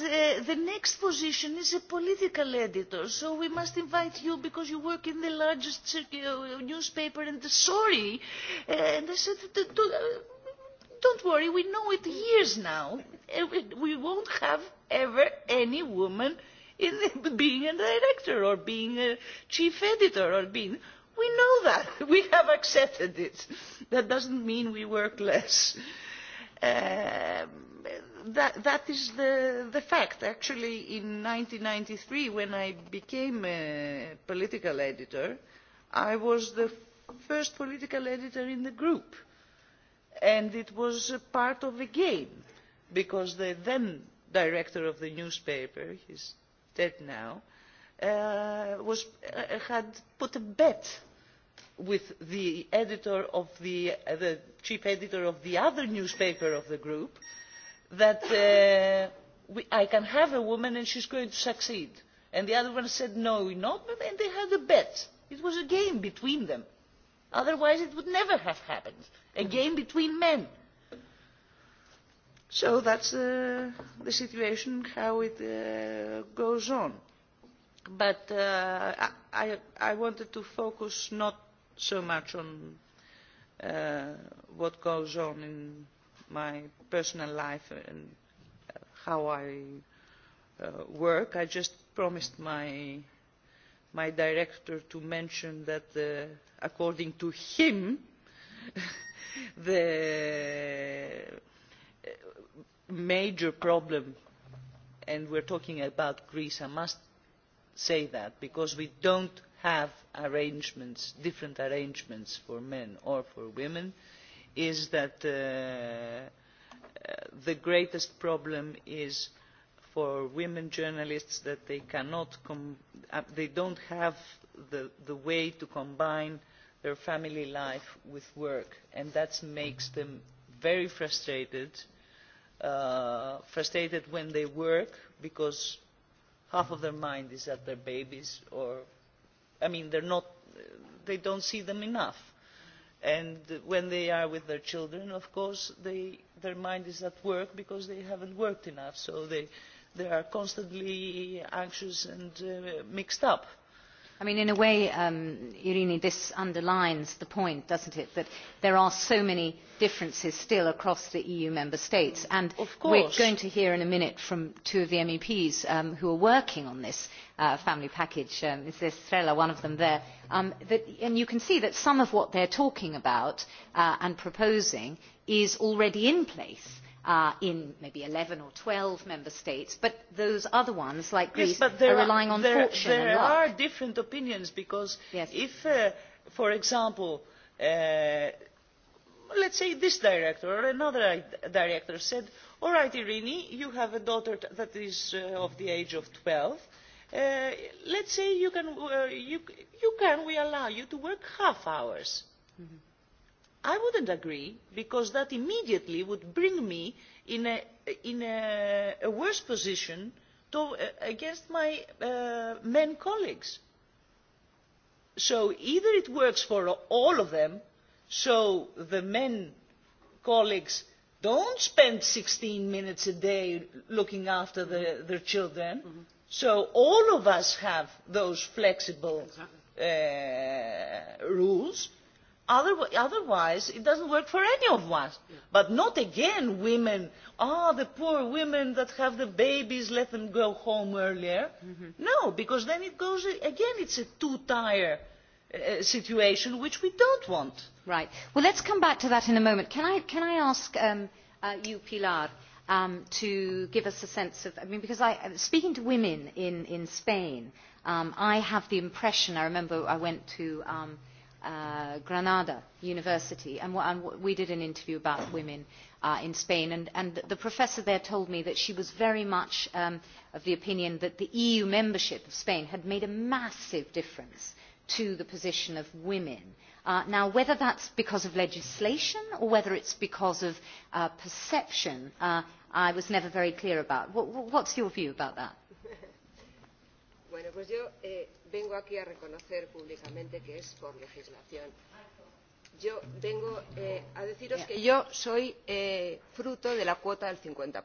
the next position is a political editor, so we must invite you because you work in the largest newspaper. And sorry, and I said, don't worry, we know it years now. We won't have ever any woman in the, being a director or being a chief editor or being. We know that. We have accepted it. That doesn't mean we work less. Um, that is the, the fact. Actually, in ninety three when I became a political editor, I was the first political editor in the group. And it was a part of a game, because the then director of the newspaper, he's dead now, uh, was, uh, had put a bet with the editor of the, uh, the chief editor of the other newspaper of the group that I can have a woman and she's going to succeed. And the other one said, no, not, and they had a bet. It was a game between them. Otherwise it would never have happened. A game between men. So that's uh, the situation, how it uh, goes on. But uh, I, I wanted to focus not so much on uh, what goes on in my personal life and how I uh, work. I just promised my my director to mention that uh, according to him the major problem and we're talking about Greece, I must say that because we don't have arrangements, different arrangements for men or for women. Uh, is that the greatest problem is for women journalists that they cannot com they don't have the, the way to combine their family life with work and that makes them very frustrated uh, frustrated when they work because half of their mind is at their babies or I mean they're not they don't see them enough and when they are with their children of course they, their mind is at work because they haven't worked enough so they, they are constantly anxious and uh, mixed up I mean, in a way, Irini, this underlines the point, does it, not, that there are so many differences still across the EU member states. And of course. going to hear in a minute from two of the MEPs who are working on this family package, Ms. Estrella, one of them there. and you can see that some of what they are talking about and proposing is already in place uh, in maybe 11 or 12 member states, but those other ones, like Greece, but there are relying on there, fortune there and luck. There are different opinions because yes. if, uh, for example, uh, let's say this director or another director said, all right, Irene, you have a daughter that is uh, of the age of 12, uh, let's say you can, uh, you, you can, we allow you to work half hours. Mm-hmm i would not agree because that immediately would bring me in a worse position against my men colleagues. so either it works for all of them so the men colleagues do not spend sixteen minutes a day looking after their children so all of us have those flexible rules Otherwise, it doesn't work for any of us. But not again women, ah, the poor women that have the babies, let them go home earlier. No, because then it goes, again, it's a two-tire uh, situation, which we don't want. Right. Well, let's come back to that in a moment. Can I, can I ask um, uh, you, Pilar, um, to give us a sense of, I mean, because I, speaking to women in, in Spain, um, I have the impression, I remember I went to... Um, uh, Granada University, and, and we did an interview about women uh, in Spain, and, and the professor there told me that she was very much um, of the opinion that the EU membership of Spain had made a massive difference to the position of women. Uh, now, whether that's because of legislation or whether it's because of uh, perception, uh, I was never very clear about. What, what's your view about that? bueno, pues yo, eh, vengo aquí a reconocer públicamente que es por legislación. Yo vengo a deciros que yo soy fruto de la cuota del cincuenta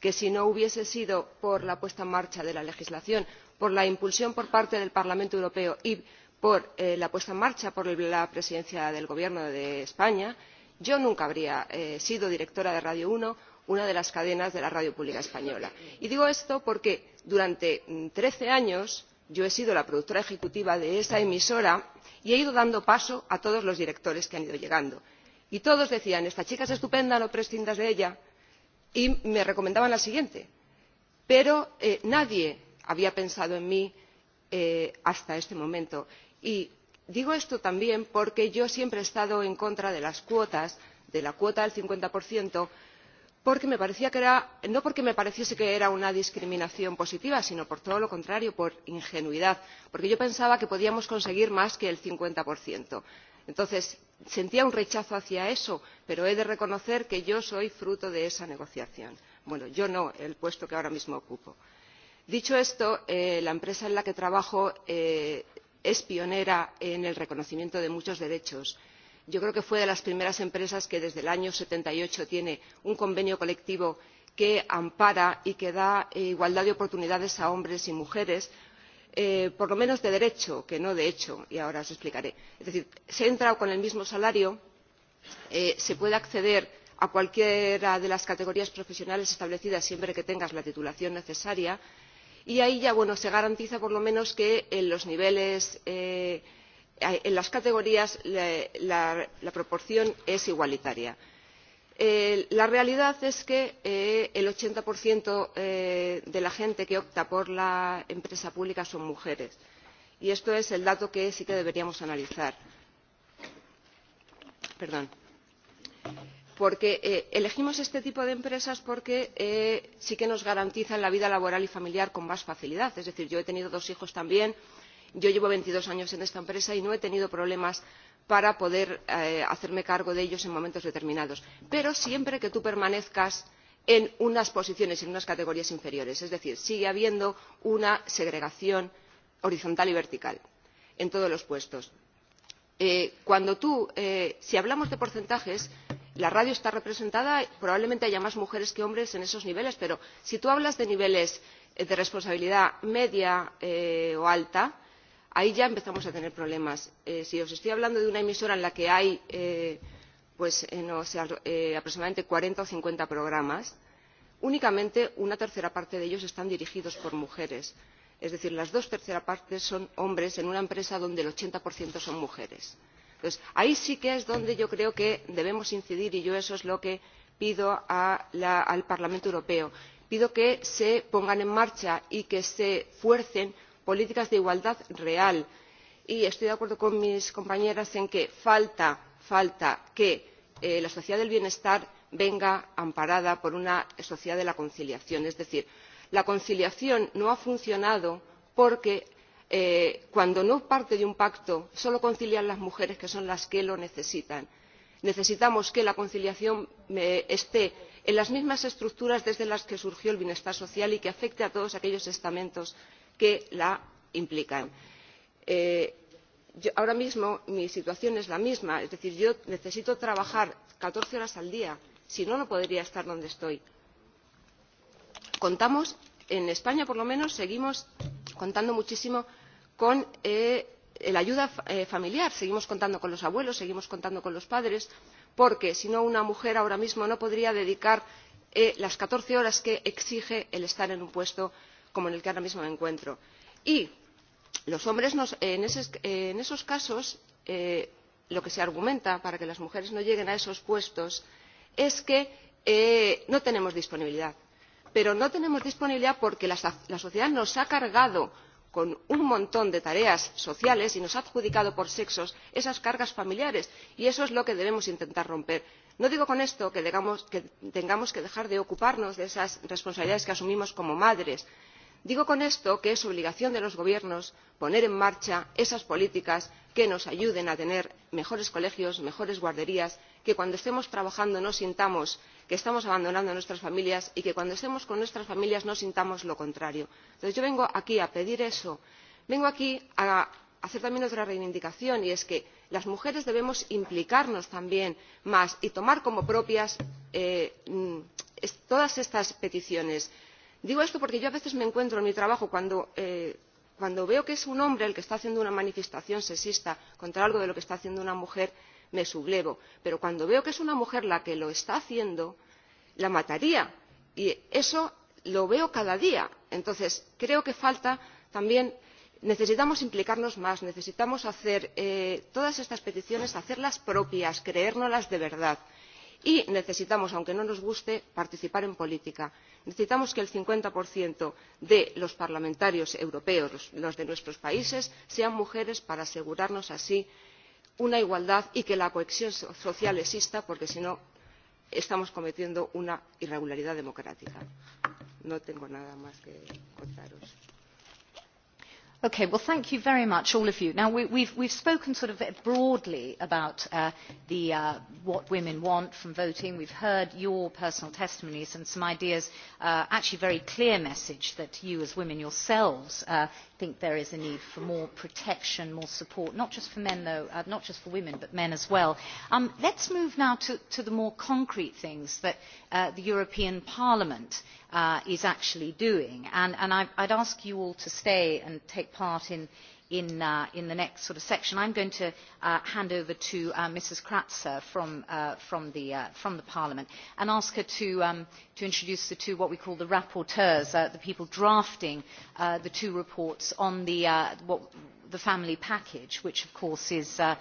que si no hubiese sido por la puesta en marcha de la legislación por la impulsión por parte del parlamento europeo y por la puesta en marcha por la presidencia del gobierno de españa yo nunca habría sido directora de radio uno una de las cadenas de la radio pública española. y digo esto porque durante trece años yo he sido la productora ejecutiva de esa emisora y he ido dando paso a todos los directores que han ido llegando y todos decían esta chica es estupenda no prescindas de ella y me recomendaban la siguiente pero nadie había pensado en mí hasta este momento y digo esto también porque yo siempre he estado en contra de las cuotas de la cuota del cincuenta porque me parecía que era no porque me pareciese que era una discriminación positiva sino por todo lo contrario por ingenuidad porque yo pensaba que podíamos conseguir más que el cincuenta entonces sentía un rechazo hacia eso pero he de reconocer que yo soy fruto de esa negociación bueno yo no el puesto que ahora mismo ocupo. dicho esto la empresa en la que trabajo es pionera en el reconocimiento de muchos derechos y yo creo que fue de las primeras empresas que desde el año setenta y ocho tiene un convenio colectivo que ampara y que da igualdad de oportunidades a hombres y mujeres por lo menos de derecho que no de hecho y ahora os explicaré. es decir se entra con el mismo salario se puede acceder a cualquiera de las categorías profesionales establecidas siempre que tengas la titulación necesaria y ahí ya se garantiza por lo menos que en los niveles en las categorías la proporción es igualitaria. la realidad es que el ochenta de la gente que opta por la empresa pública son mujeres y esto es el dato que sí que deberíamos analizar porque elegimos este tipo de empresas porque sí que nos garantizan la vida laboral y familiar con más facilidad es decir yo he tenido dos hijos también y yo llevo veintidós años en esta empresa y no he tenido problemas para poder hacerme cargo de ellos en momentos determinados pero siempre que tú permanezcas en unas posiciones en unas categorías inferiores es decir sigue habiendo una segregación horizontal y vertical en todos los puestos. si hablamos de porcentajes la radio está representada probablemente haya más mujeres que hombres en esos niveles pero si tú hablas de niveles de responsabilidad media o alta ahí ya empezamos a tener problemas. si os estoy hablando de una emisora en la que hay aproximadamente cuarenta o cincuenta programas, únicamente una tercera parte de ellos están dirigidos por mujeres. Es decir, las dos terceras partes son hombres en una empresa donde el ochenta son mujeres. Entonces, ahí sí que es donde yo creo que debemos incidir y yo eso es lo que pido al Parlamento Europeo. Pido que se pongan en marcha y que se fuercen políticas de igualdad real y estoy de acuerdo con mis compañeras en que falta que la sociedad del bienestar venga amparada por una sociedad de la conciliación es decir la conciliación no ha funcionado porque cuando no parte de un pacto solo concilian las mujeres que son las que lo necesitan. necesitamos que la conciliación esté en las mismas estructuras desde las que surgió el bienestar social y que afecte a todos aquellos estamentos que la implican. ahora mismo mi situación es la misma, es decir, yo necesito trabajar catorce horas al día, si no, no podría estar donde estoy. Contamos, en España por lo menos, seguimos contando muchísimo con la ayuda familiar, seguimos contando con los abuelos, seguimos contando con los padres, porque si no una mujer ahora mismo no podría dedicar las catorce horas que exige el estar en un puesto como en el que ahora mismo me encuentro. y los hombres en esos casos lo que se argumenta para que las mujeres no lleguen a esos puestos es que no tenemos disponibilidad pero no tenemos disponibilidad porque la sociedad nos ha cargado con un montón de tareas sociales y nos ha adjudicado por sexos esas cargas familiares y eso es lo que debemos intentar romper. no digo con esto que tengamos que dejar de ocuparnos de esas responsabilidades que asumimos como madres digo con esto que es obligación de los gobiernos poner en marcha esas políticas que nos ayuden a tener mejores colegios mejores guarderías que cuando estemos trabajando no sintamos que estamos abandonando a nuestras familias y que cuando estemos con nuestras familias no sintamos lo contrario. entonces yo vengo aquí a pedir eso vengo aquí a hacer también otra reivindicación y es que las mujeres debemos implicarnos también más y tomar como propias todas estas peticiones digo esto porque yo a veces me encuentro en mi trabajo cuando veo que es un hombre el que está haciendo una manifestación sexista contra algo de lo que está haciendo una mujer me sublevo pero cuando veo que es una mujer la que lo está haciendo la mataría y eso lo veo cada día. entonces creo que falta también necesitamos implicarnos más necesitamos hacer todas estas peticiones hacerlas propias creérnoslas de verdad y necesitamos aunque no nos guste participar en política. necesitamos que el cincuenta de los parlamentarios europeos los de nuestros países sean mujeres para asegurarnos así una igualdad y que la cohesión social exista porque si no estamos cometiendo una irregularidad democrática. no tengo nada más que contaros. Okay, well, thank you very much, all of you. Now, we, we've, we've spoken sort of broadly about uh, the, uh, what women want from voting. We've heard your personal testimonies and some ideas, uh, actually very clear message that you as women yourselves uh, think there is a need for more protection, more support, not just for men, though, uh, not just for women, but men as well. Um, let's move now to, to the more concrete things that uh, the European Parliament is actually doing. I I, would ask you all to stay and take part in, in, uh, in the next sort of section. am going to uh, hand over to uh, Mrs. Kratzer from, uh, from, the, uh, from the Parliament and ask her to, um, to introduce the two, what we call the rapporteurs, uh, the people drafting uh, the two reports on the, uh, what, the family package, which of course is, uh,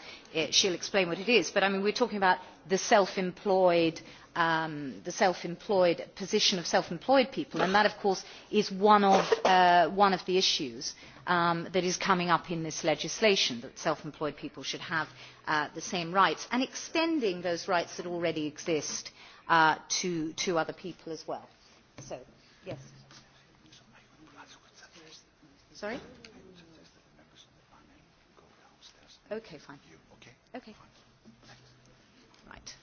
she'll explain what it is, but I mean are talking about the self-employed, the self-employed position of self-employed people, and that, of course, is one of, uh, one of the issues um, that is coming up in this legislation, that self-employed people should have uh, the same rights, and extending those rights that already exist uh, to, to other people as well. So, yes. Sorry? Okay, fine. Okay. Right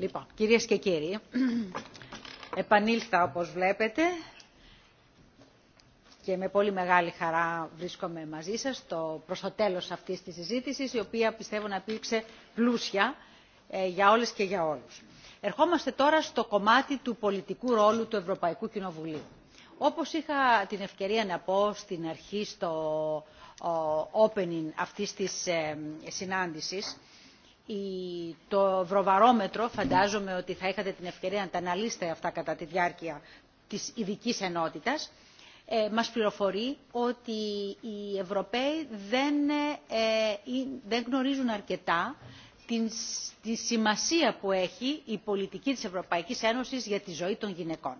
Λοιπόν, κυρίες και κύριοι, επανήλθα όπως βλέπετε και με πολύ μεγάλη χαρά βρίσκομαι μαζί σας στο, προς το τέλος αυτής της συζήτησης, η οποία πιστεύω να υπήρξε πλούσια ε, για όλες και για όλους. Ερχόμαστε τώρα στο κομμάτι του πολιτικού ρόλου του Ευρωπαϊκού Κοινοβουλίου. Όπως είχα την ευκαιρία να πω στην αρχή στο opening αυτής της ε, συνάντησης, το Ευρωβαρόμετρο, φαντάζομαι ότι θα είχατε την ευκαιρία να τα αναλύσετε αυτά κατά τη διάρκεια της ειδική ενότητας, ε, μας πληροφορεί ότι οι Ευρωπαίοι δεν, ε, δεν γνωρίζουν αρκετά την, τη σημασία που έχει η πολιτική της Ευρωπαϊκής Ένωσης για τη ζωή των γυναικών.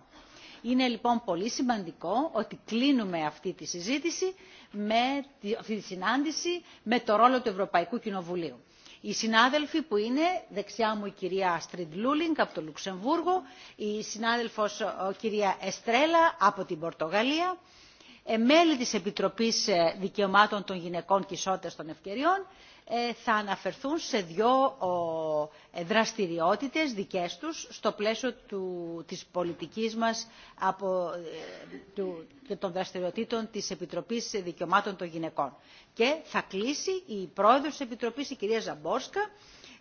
Είναι λοιπόν πολύ σημαντικό ότι κλείνουμε αυτή τη συζήτηση, με, αυτή τη συνάντηση με το ρόλο του Ευρωπαϊκού Κοινοβουλίου. Οι συνάδελφοι που είναι, δεξιά μου η κυρία Αστριντ Λούλινγκ από το Λουξεμβούργο, η συνάδελφος ο κυρία Εστρέλα από την Πορτογαλία, μέλη της Επιτροπής Δικαιωμάτων των Γυναικών και Ισότητας των Ευκαιριών θα αναφερθούν σε δύο δραστηριότητες δικές τους στο πλαίσιο του, της πολιτικής μας από, του, και των δραστηριοτήτων της Επιτροπής Δικαιωμάτων των Γυναικών. Και θα κλείσει η πρόεδρος της Επιτροπής, η κυρία Ζαμπόρσκα,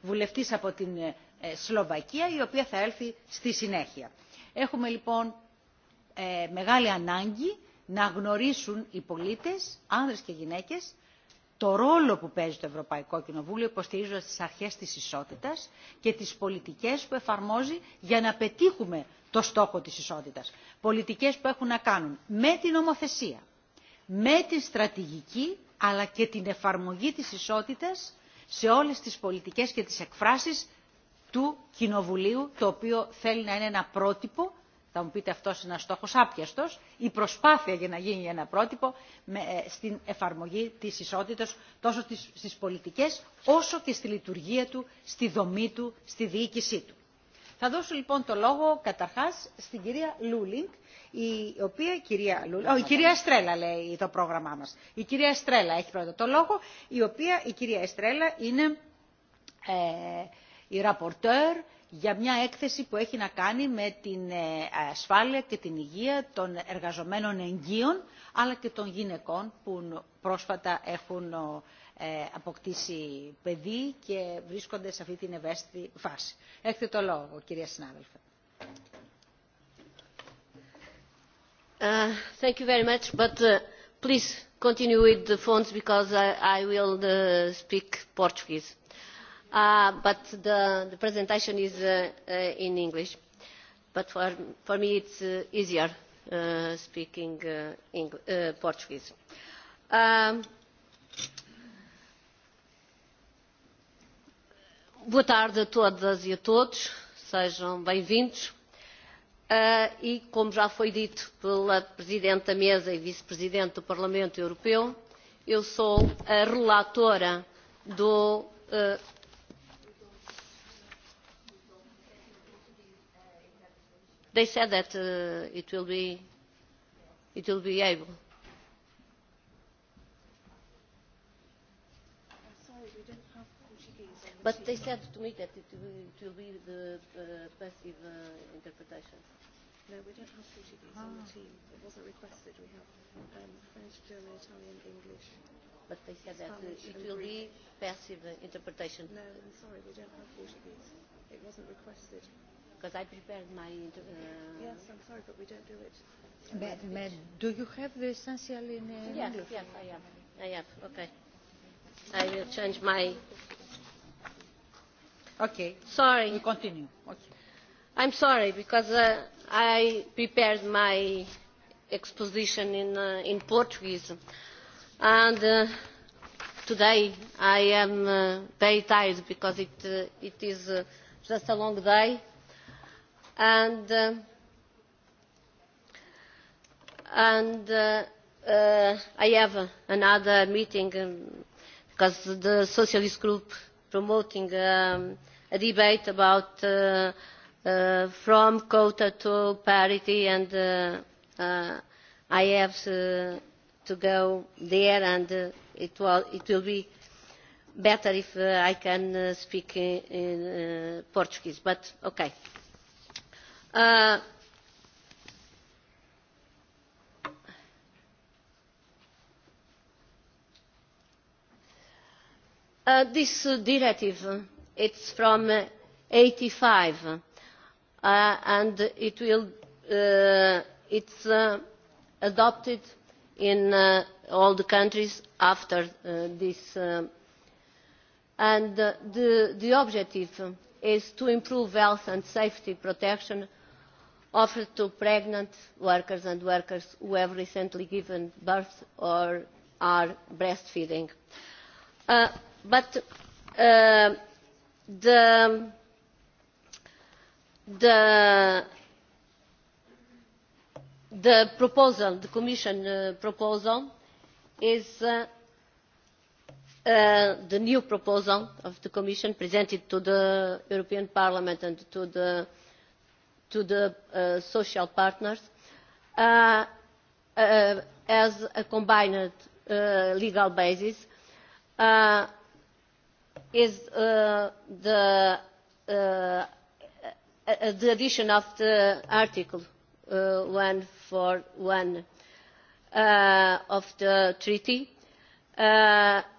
βουλευτής από την Σλοβακία, η οποία θα έλθει στη συνέχεια. Έχουμε λοιπόν μεγάλη ανάγκη να γνωρίσουν οι πολίτες, άνδρες και γυναίκες, το ρόλο που παίζει το Ευρωπαϊκό Κοινοβούλιο υποστηρίζοντας τις αρχές της ισότητας και τις πολιτικές που εφαρμόζει για να πετύχουμε το στόχο της ισότητας. Πολιτικές που έχουν να κάνουν με την ομοθεσία, με την στρατηγική αλλά και την εφαρμογή της ισότητας σε όλες τις πολιτικές και τις εκφράσεις του Κοινοβουλίου, το οποίο θέλει να είναι ένα πρότυπο θα μου πείτε αυτός είναι ένας στόχος άπιαστος, η προσπάθεια για να γίνει ένα πρότυπο με, στην εφαρμογή της ισότητας τόσο στις, στις πολιτικές όσο και στη λειτουργία του, στη δομή του, στη διοίκησή του. Θα δώσω λοιπόν το λόγο καταρχάς στην κυρία Λούλινγκ, η οποία η κυρία, Λούλινγκ, η κυρία Εστρέλα λέει το πρόγραμμά μας. Η κυρία Εστρέλα έχει πρώτα το λόγο, η οποία η κυρία Εστρέλα είναι ε, η ραπορτέρ για μια έκθεση που έχει να κάνει με την ασφάλεια και την υγεία των εργαζομένων εγγύων αλλά και των γυναικών που πρόσφατα έχουν αποκτήσει παιδί και βρίσκονται σε αυτή την ευαίσθητη φάση. Έχετε το λόγο, κυρία συνάδελφε. Uh, thank you very much, but uh, please continue with the phones because I, I will uh, speak Portuguese but the, the presentation is in English. But for, for me it's uh, easier uh, speaking uh, uh, Portuguese. Um, boa tarde a todas e a todos, sejam bem-vindos. Uh, e, como já foi dito pela Presidente da Mesa e Vice-Presidente do Parlamento Europeu, eu sou a relatora do uh, They said that uh, it will be it will be able. But they said to me that it will, it will be the uh, passive uh, interpretation. No, we don't have Portuguese ah. on the team. It wasn't requested. We have um, French, German, Italian, English. But they said that uh, it will be passive interpretation. No, I'm sorry, we don't have Portuguese. It wasn't requested because I prepared my... Uh, yes, I'm sorry, but we don't do it. But, but do you have the essential in uh, yes, English? Yes, I have. I have, okay. I will change my... Okay. Sorry. We continue. Okay. I'm sorry, because uh, I prepared my exposition in, uh, in Portuguese. And... Uh, today I am uh, very tired because it, uh, it is uh, just a long day and uh, and uh, uh, I have another meeting um, because the socialist group promoting um, a debate about uh, uh, from quota to parity and uh, uh, I have uh, to go there and uh, it, will, it will be better if uh, I can uh, speak in, in uh, Portuguese, but okay this directive, it's from uh, 85, uh, and it will, uh, it's uh, adopted in uh, all the countries after uh, this. Uh, and uh, the, the objective is to improve health and safety protection offered to pregnant workers and workers who have recently given birth or are breastfeeding. but the, proposal, the Commission proposal, is the new proposal of the Commission presented to the European Parliament and to the to the social partners as a combined legal basis is the addition of the article one for one of the treaty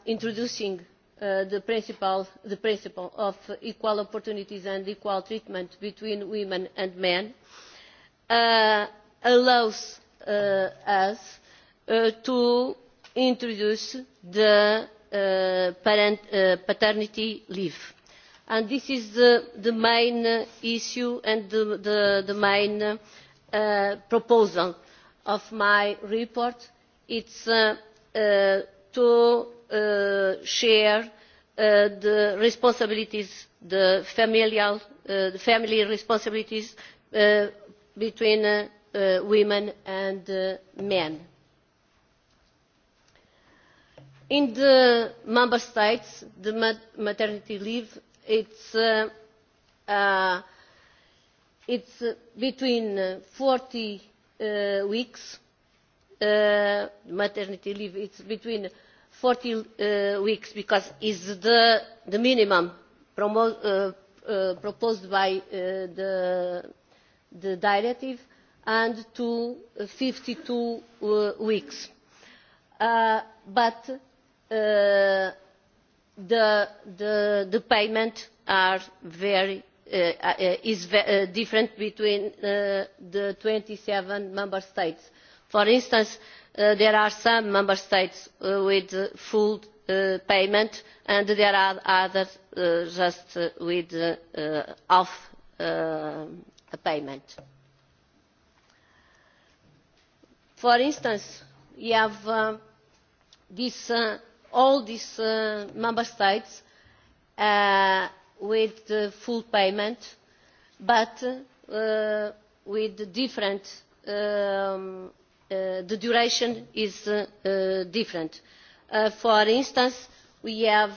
introducing the principle of equal opportunities and equal treatment between women and men allows us to introduce the paternity leave. And this is the main issue and the main proposal of my report. It's to share the responsibilities, the familial, family responsibilities between women and men. In the member states, the maternity leave it's uh, uh, it's between 40 uh, weeks. Uh, maternity leave it's between forty weeks because it is the minimum proposed by the directive and to fifty two weeks. but the payment is different between the twenty seven member states. for instance there are some member states with full payment and there are others just with half a payment. For instance, we have this, all these member states with full payment, but with different the duration is different. for instance, we have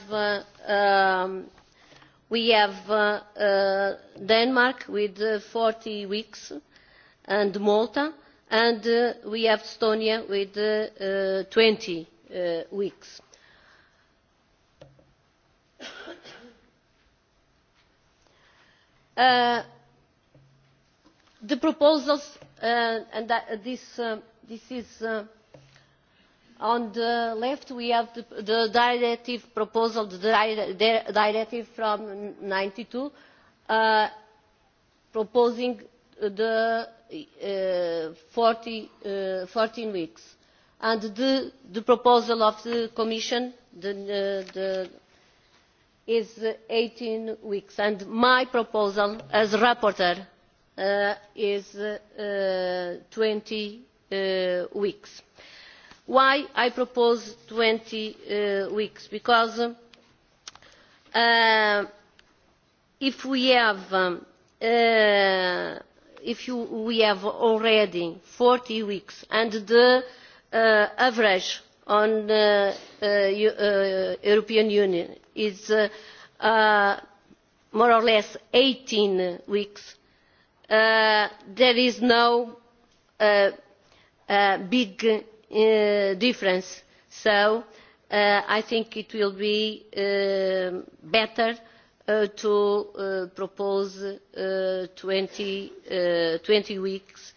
Denmark with forty weeks and Malta, and we have Estonia with twenty weeks. the proposals and this this is uh, on the left we have the, the directive proposal, the directive from 92, uh, proposing the uh, 40, uh, 14 weeks. And the, the proposal of the Commission the, the, is 18 weeks. And my proposal as rapporteur uh, is uh, 20 weeks. Why I propose twenty weeks? Because if we have if we have already forty weeks and the average on the European Union is more or less eighteen weeks, there is no a big difference so i think it will be better to propose twenty weeks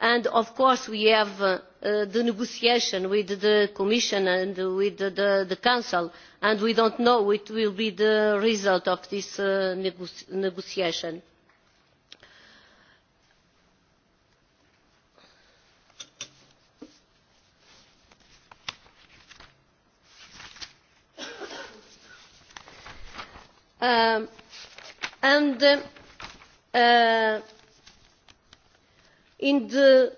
and of course we have the negotiation with the commission and with the council and we do not know what will be the result of this negotiation and in the,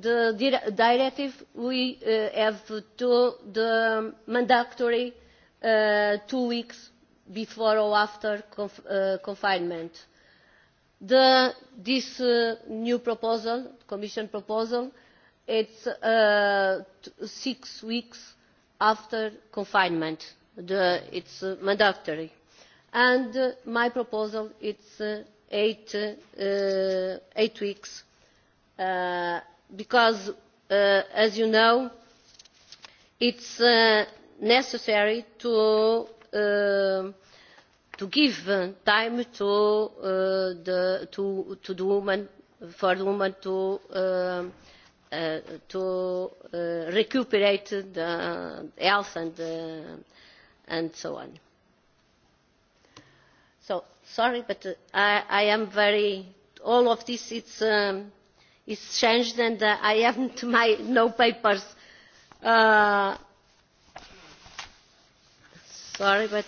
the directive we have to the mandatory two weeks before or after confinement. The, this new proposal, Commission proposal, it's six weeks after confinement. The, it's mandatory and my proposal is eight, weeks because, as you know, it's is necessary to, give time to, the, to, the woman, for the woman to, recuperate the health and, and so on sorry, but I, I am very, all of this is um, changed and uh, I haven't my, no papers. Uh, sorry, but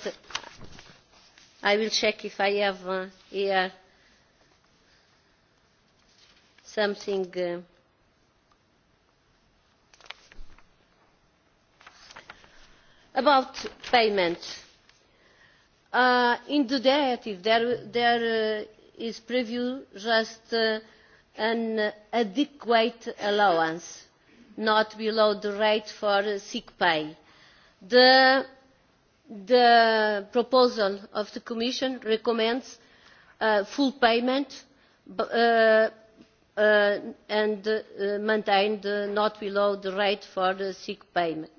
I will check if I have uh, here something. Uh, about payments Uh, in the directive, there, there uh, is preview just uh, an adequate allowance, not below the rate for sick pay. The, the proposal of the Commission recommends uh, full payment uh, uh, and uh, maintained not below the rate for the sick payment.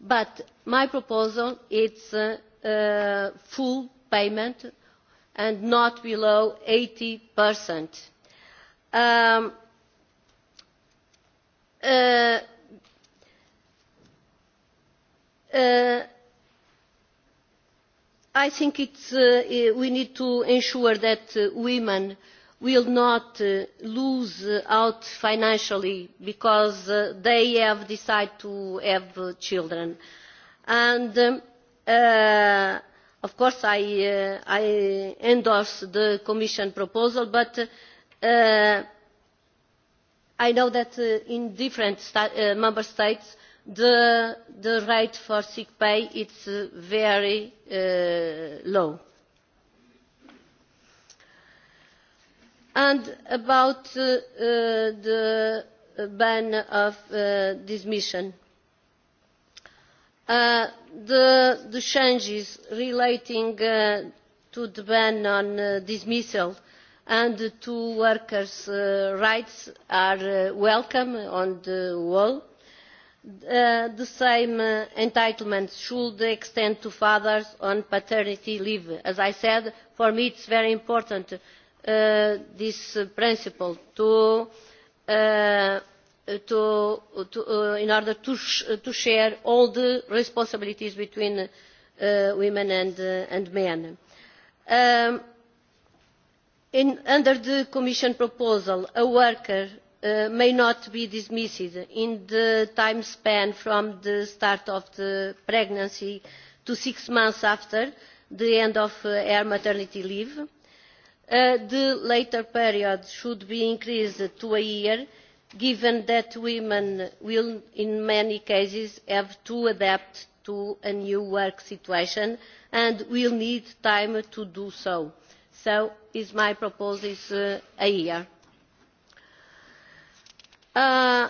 But my proposal is uh, full payment and not below 80%. Um, uh, uh, I think it's, uh, we need to ensure that uh, women will not lose out financially because they have decided to have children. And of course, I, uh, I endorse the Commission proposal, but uh, I know that uh, in different sta uh, member states the, the rate for sick pay is uh, very uh, low. And about uh, uh, the ban of uh, dismission. Uh, the, the changes relating uh, to the ban on uh, dismissal and to workers' uh, rights are uh, welcome on the whole. Uh, the same uh, entitlements should extend to fathers on paternity leave. As I said, for me it's very important uh, this principle to uh, to, in order to, to share all the responsibilities between women and, men. under the Commission proposal, a worker may not be dismissed in the time span from the start of the pregnancy to six months after the end of her maternity leave. the later period should be increased to a year given that women will in many cases have to adapt to a new work situation and will need time to do so. So is my proposal is uh, a year. Uh,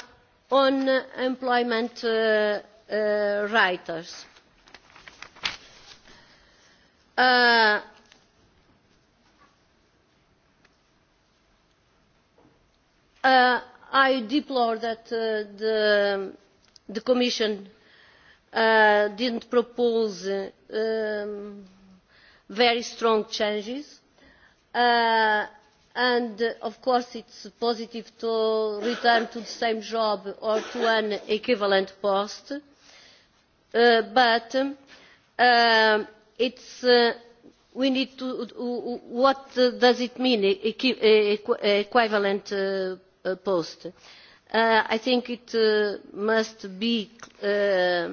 on employment uh, uh, writers. Uh, uh, I deplore that the, Commission did didn't propose very strong changes. and of course it's positive to return to the same job or to an equivalent post. but it's we need to what does it mean equivalent post. I think it must be clear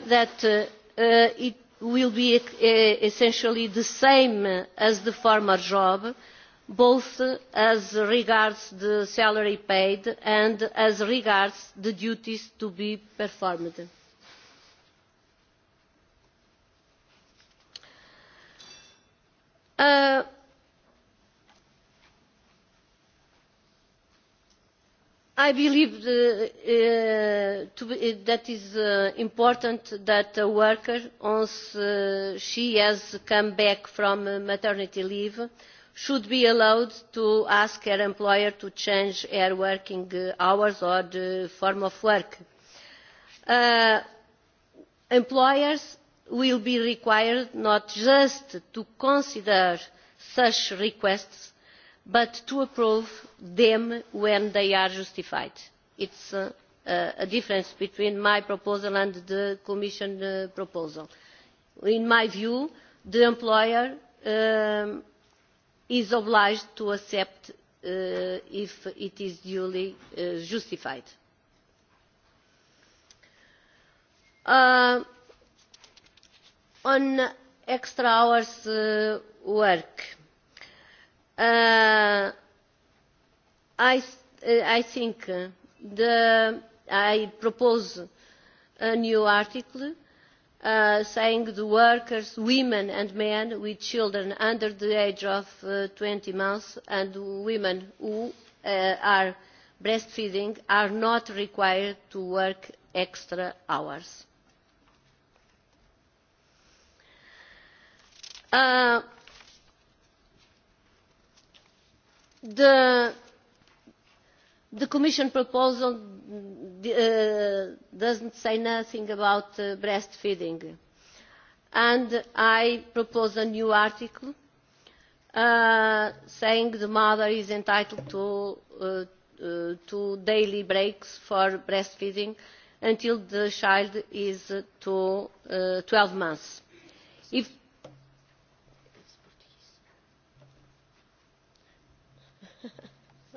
that it will be essentially the same as the former job, both as regards the salary paid and as regards the duties to be performed. I believe that it is important that a worker, once she has come back from maternity leave, should be allowed to ask her employer to change her working hours or the form of work. employers will be required not just to consider such requests but to approve them when they are justified. it is a difference between my proposal and the commission proposal. in my view the employer is obliged to accept if it is duly justified. on extra hours worked Uh, I, I think the, I propose a new article uh, saying the workers, women and men with children under the age of uh, 20 months and women who uh, are breastfeeding are not required to work extra hours. Uh, the the commission proposal uh, doesn't say nothing about uh, breastfeeding and i propose a new article uh, saying the mother is entitled to uh, uh, to daily breaks for breastfeeding until the child is to uh, 12 months if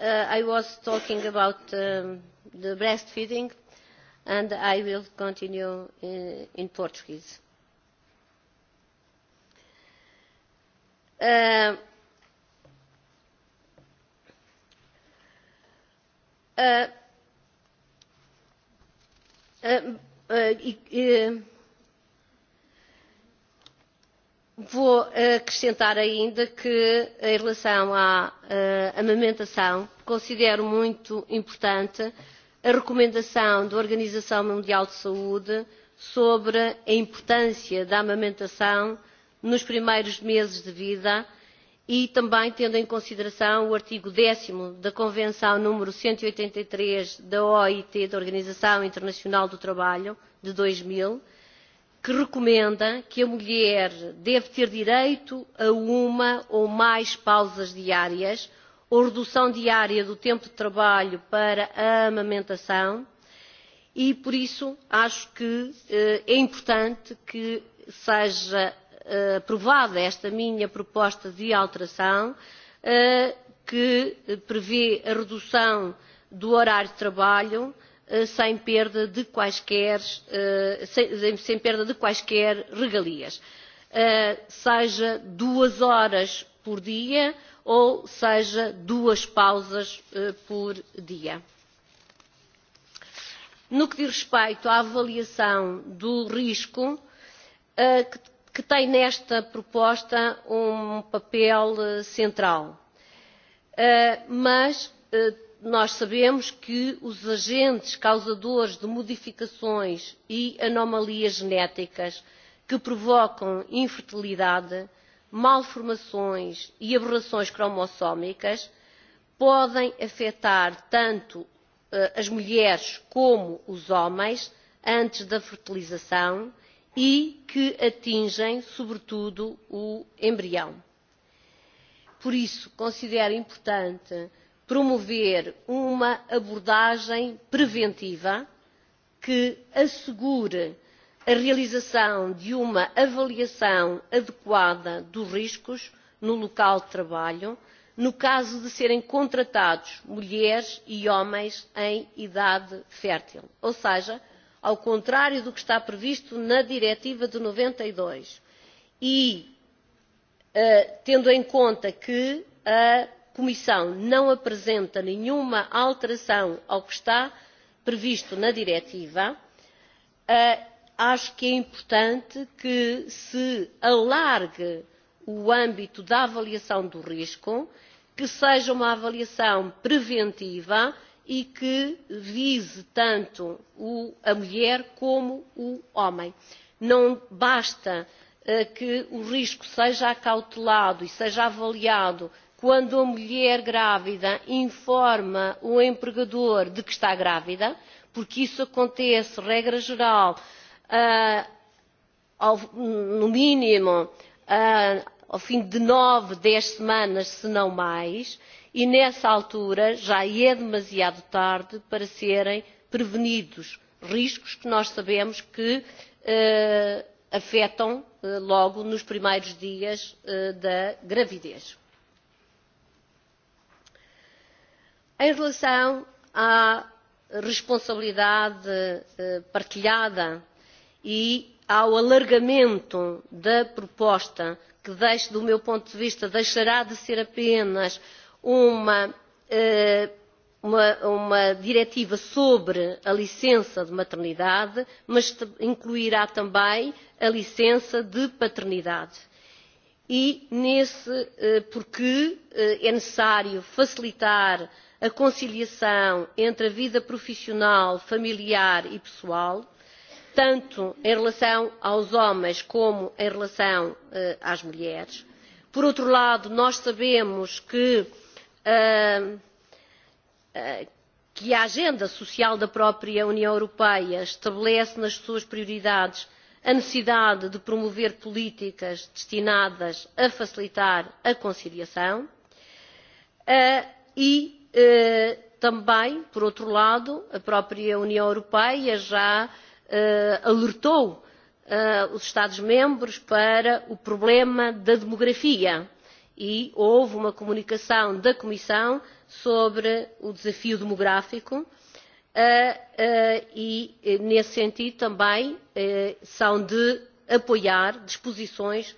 I was talking about um, breastfeeding, and I will continue in, in Portuguese. uh, uh, uh, uh, Vou acrescentar ainda que, em relação à amamentação, considero muito importante a recomendação da Organização Mundial de Saúde sobre a importância da amamentação nos primeiros meses de vida e também tendo em consideração o artigo 10 da Convenção número 183 da OIT, da Organização Internacional do Trabalho, de 2000, que recomenda que a mulher deve ter direito a uma ou mais pausas diárias ou redução diária do tempo de trabalho para a amamentação e, por isso, acho que é importante que seja aprovada esta minha proposta de alteração que prevê a redução do horário de trabalho sem perda de quaisquer, sem perda de quaisquer regalias, seja duas horas por dia ou seja duas pausas por dia. No que diz respeito à avaliação do risco, que tem nesta proposta um papel central. Mas nós sabemos que os agentes causadores de modificações e anomalias genéticas que provocam infertilidade, malformações e aberrações cromossómicas podem afetar tanto as mulheres como os homens antes da fertilização e que atingem, sobretudo, o embrião. Por isso, considero importante promover uma abordagem preventiva que assegure a realização de uma avaliação adequada dos riscos no local de trabalho, no caso de serem contratados mulheres e homens em idade fértil. Ou seja, ao contrário do que está previsto na Diretiva de noventa e dois e tendo em conta que a comissão não apresenta nenhuma alteração ao que está previsto na diretiva, acho que é importante que se alargue o âmbito da avaliação do risco, que seja uma avaliação preventiva e que vise tanto a mulher como o homem. Não basta que o risco seja acautelado e seja avaliado quando a mulher grávida informa o empregador de que está grávida, porque isso acontece, regra geral, no mínimo ao fim de nove, dez semanas, se não mais, e nessa altura já é demasiado tarde para serem prevenidos riscos que nós sabemos que afetam logo nos primeiros dias da gravidez Em relação à responsabilidade partilhada e ao alargamento da proposta, que deixe, do meu ponto de vista, deixará de ser apenas uma, uma, uma diretiva sobre a licença de maternidade, mas incluirá também a licença de paternidade. E nesse, porque é necessário facilitar a conciliação entre a vida profissional, familiar e pessoal, tanto em relação aos homens como em relação às mulheres. Por outro lado, nós sabemos que que a agenda social da própria União Europeia estabelece nas suas prioridades a necessidade de promover políticas destinadas a facilitar a conciliação e Também, por outro lado, a própria União Europeia já alertou os Estados-membros para o problema da demografia e houve uma comunicação da Comissão sobre o desafio demográfico e, nesse sentido, também são de apoiar disposições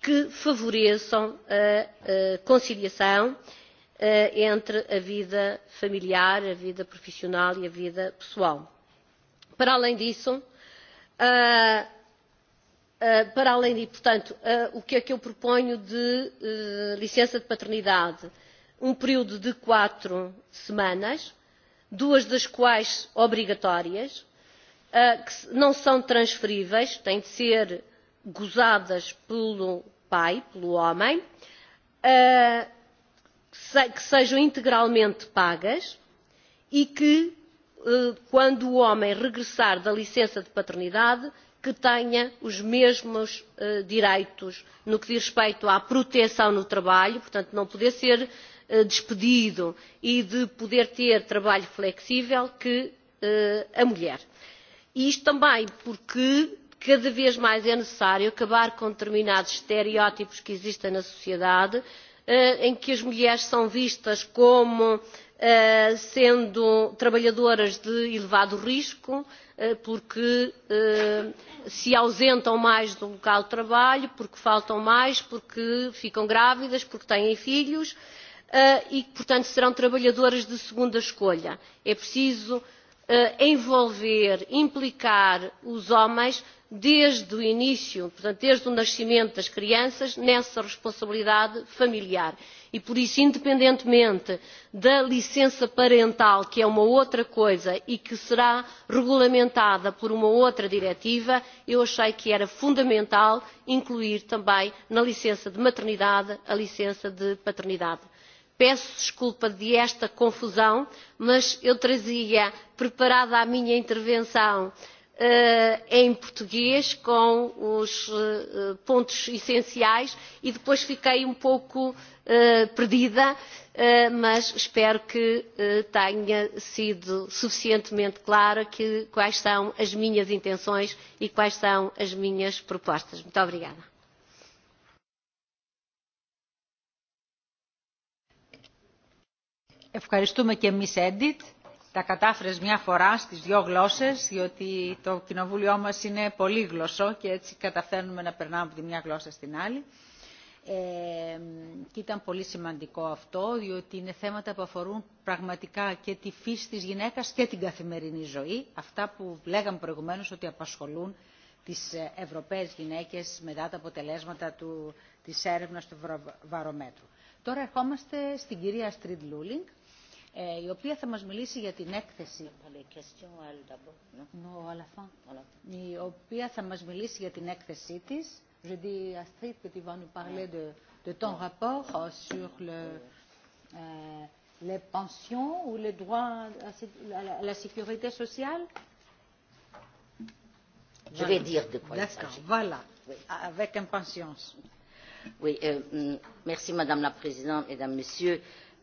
que favoreçam a conciliação e entre a vida familiar, a vida profissional e a vida pessoal. Para além disso, para além de, portanto, o que é que eu proponho de licença de paternidade? Um período de quatro semanas, duas das quais obrigatórias, que não são transferíveis, têm de ser gozadas pelo pai, pelo homem, que sejam integralmente pagas e que, quando o homem regressar da licença de paternidade, que tenha os mesmos direitos no que diz respeito à proteção no trabalho, portanto não poder ser despedido e de poder ter trabalho flexível que a mulher. E isto também porque cada vez mais é necessário acabar com determinados estereótipos que existem na sociedade em que as mulheres são vistas como sendo trabalhadoras de elevado risco, porque se ausentam mais do local de trabalho, porque faltam mais, porque ficam grávidas, porque têm filhos e que, portanto, serão trabalhadoras de segunda escolha. É preciso envolver, implicar os homens desde o início, portanto, desde o nascimento das crianças, nessa responsabilidade familiar. E por isso, independentemente da licença parental, que é uma outra coisa e que será regulamentada por uma outra diretiva, eu achei que era fundamental incluir também na licença de maternidade a licença de paternidade peço desculpa de esta confusão mas eu trazia preparada a minha intervenção em português com os pontos essenciais e depois fiquei um pouco perdida, mas espero que tenha sido suficientemente clara que, quais são as minhas intenções e quais são as minhas propostas. Muito obrigada. Ευχαριστούμε και εμείς, Edith τα κατάφερες μια φορά στις δύο γλώσσες, διότι το κοινοβούλιο μας είναι πολύγλωσσο και έτσι καταφέρνουμε να περνάμε από τη μια γλώσσα στην άλλη. Ε, και ήταν πολύ σημαντικό αυτό, διότι είναι θέματα που αφορούν πραγματικά και τη φύση της γυναίκας και την καθημερινή ζωή, αυτά που λέγαμε προηγουμένως ότι απασχολούν τις Ευρωπαίες γυναίκες μετά τα αποτελέσματα του, της έρευνας του βαρομέτρου. Τώρα ερχόμαστε στην κυρία Στριντ Λούλινγκ, η οποία θα μας μιλήσει για την έκθεση η οποία θα μας μιλήσει για την έκθεσή της je dis à Astrid que tu vas nous parler de, de ton rapport sur le, euh, les pensions ou les droits à, à la sécurité sociale Je vais voilà. dire de quoi D'accord, voilà, oui. avec impatience. Oui, euh, merci Madame la Présidente, Mesdames, Messieurs. Euh,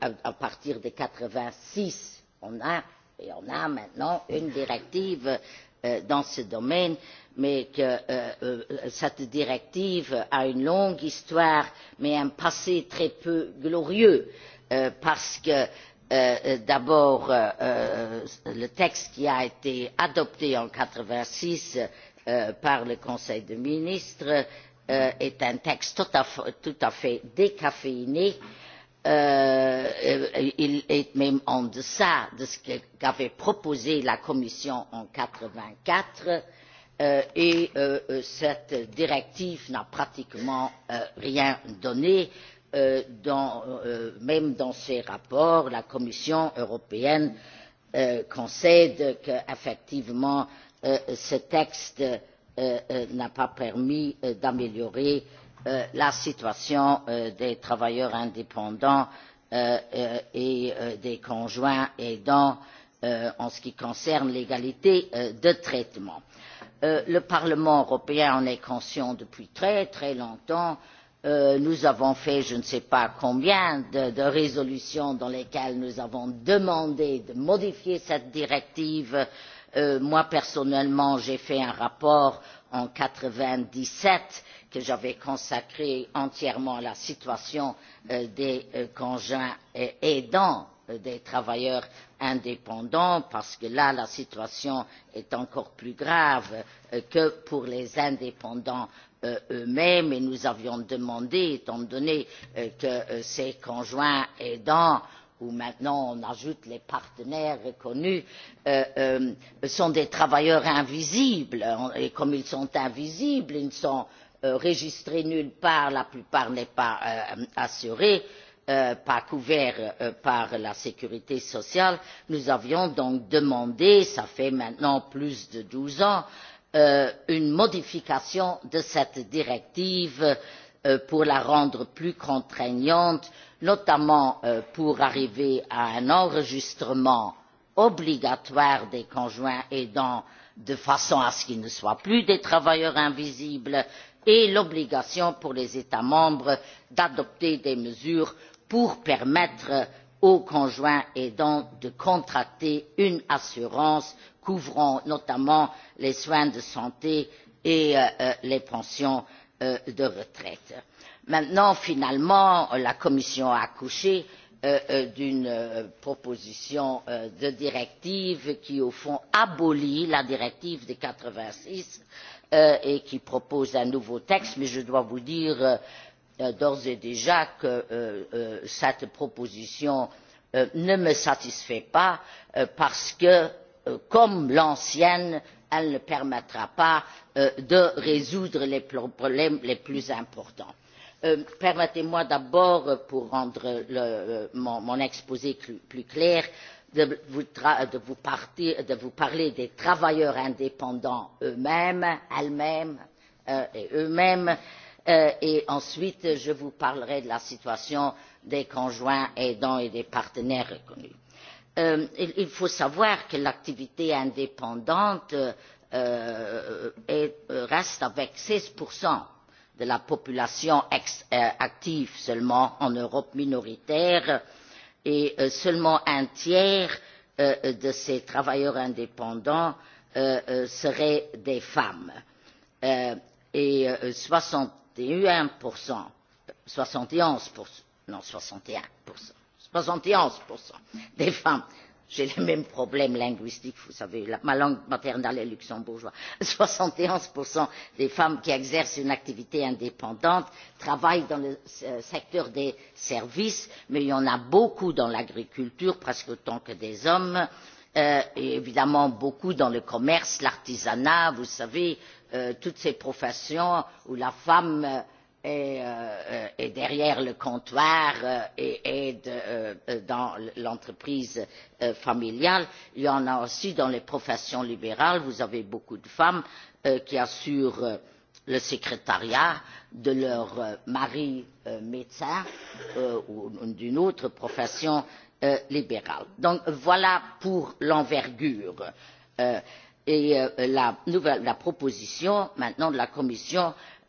à partir de quatre vingt six on a maintenant une directive dans ce domaine mais cette directive a une longue histoire mais un passé très peu glorieux parce que d'abord le texte qui a été adopté en quatre vingt six par le conseil des ministres est un texte tout à fait décaféiné il est même en deçà de ce qu'avait proposé la commission en quatre vingt quatre et cette directive n'a pratiquement rien donné même dans ses rapports la commission européenne concède qu'effectivement ce texte n'a pas permis d'améliorer la situation des travailleurs indépendants et des conjoints aidants en ce qui concerne l'égalité de traitement. le parlement européen en est conscient depuis très très longtemps nous avons fait je ne sais pas combien de résolutions dans lesquelles nous avons demandé de modifier cette directive. moi personnellement j'ai fait un rapport en quatre vingt dix sept que j'avais consacré entièrement à la situation des conjoints aidants des travailleurs indépendants parce que là la situation est encore plus grave que pour les indépendants eux mêmes et nous avions demandé étant donné que ces conjoints aidants où maintenant on ajoute les partenaires reconnus sont des travailleurs invisibles et comme ils sont invisibles ils ne sont registrés nulle part la plupart n'est pas assuré pas couvert par la sécurité sociale nous avions donc demandé cela fait maintenant plus de douze ans une modification de cette directive pour la rendre plus contraignante notamment pour arriver à un enregistrement obligatoire des conjoints aidants de façon à ce qu'ils ne soient plus des travailleurs invisibles et l'obligation pour les états membres d'adopter des mesures pour permettre aux conjoints aidants de contracter une assurance couvrant notamment les soins de santé et les pensions de retraite. maintenant finalement la commission a accouché d'une proposition de directive qui au fond abolit la directive de quatre vingt six et qui propose un nouveau texte mais je dois vous dire d'ores et déjà que cette proposition ne me satisfait pas parce que comme l'ancienne elle ne permettra pas de résoudre les problèmes les plus importants. permettez moi d'abord pour rendre mon exposé plus clair de vous parler des travailleurs indépendants eux mêmes elles mêmes et eux mêmes et ensuite je vous parlerai de la situation des conjoints aidants et des partenaires reconnus. il faut savoir que l'activité indépendante reste avec seize de la population active seulement en europe minoritaire et seulement un tiers de ces travailleurs indépendants seraient des femmes et soixante et un soixante et onze non soixante et un soixante et onze des femmes j'ai les mêmes problèmes linguistiques vous savez ma langue maternelle est luxembourgeois soixante et onze des femmes qui exercent une activité indépendante travaillent dans le secteur des services mais il y en a beaucoup dans l'agriculture presque autant que des hommes et évidemment beaucoup dans le commerce l'artisanat vous savez toutes ces professions où la femme et derrière le comptoir et aide dans l'entreprise familiale. Il y en a aussi dans les professions libérales. Vous avez beaucoup de femmes qui assurent le secrétariat de leur mari médecin ou d'une autre profession libérale. Donc voilà pour l'envergure. et la proposition maintenant de la Commission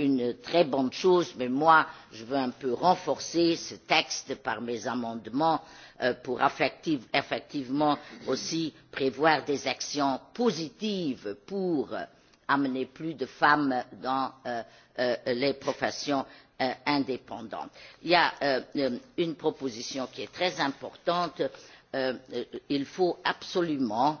une très bonne chose mais moi je veux un peu renforcer ce texte par mes amendements pour effectivement aussi prévoir des actions positives pour amener plus de femmes dans les professions indépendantes. il y a une proposition qui est très importante il faut absolument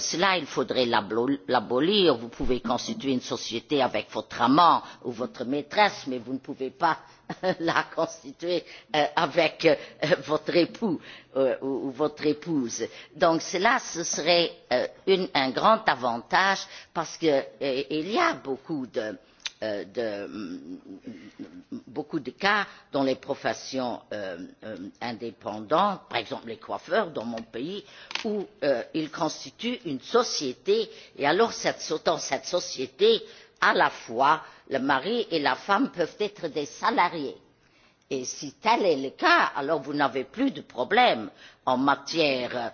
cela il faudrait l'abolir vous pouvez constituer une société avec votre amant ou votre maîtresse mais vous ne pouvez pas la constituer avec votre époux ou votre épouse. donc cela ce serait un grand avantage parce qu'il y a beaucoup de beaucoup de cas dans les professions indépendantes par exemple les coiffeurs dans mon pays où ils constituent une société et alors dans cette société à la fois le mari et la femme peuvent être des salariés. Et si tel est le cas, alors vous n'avez plus de problème en matière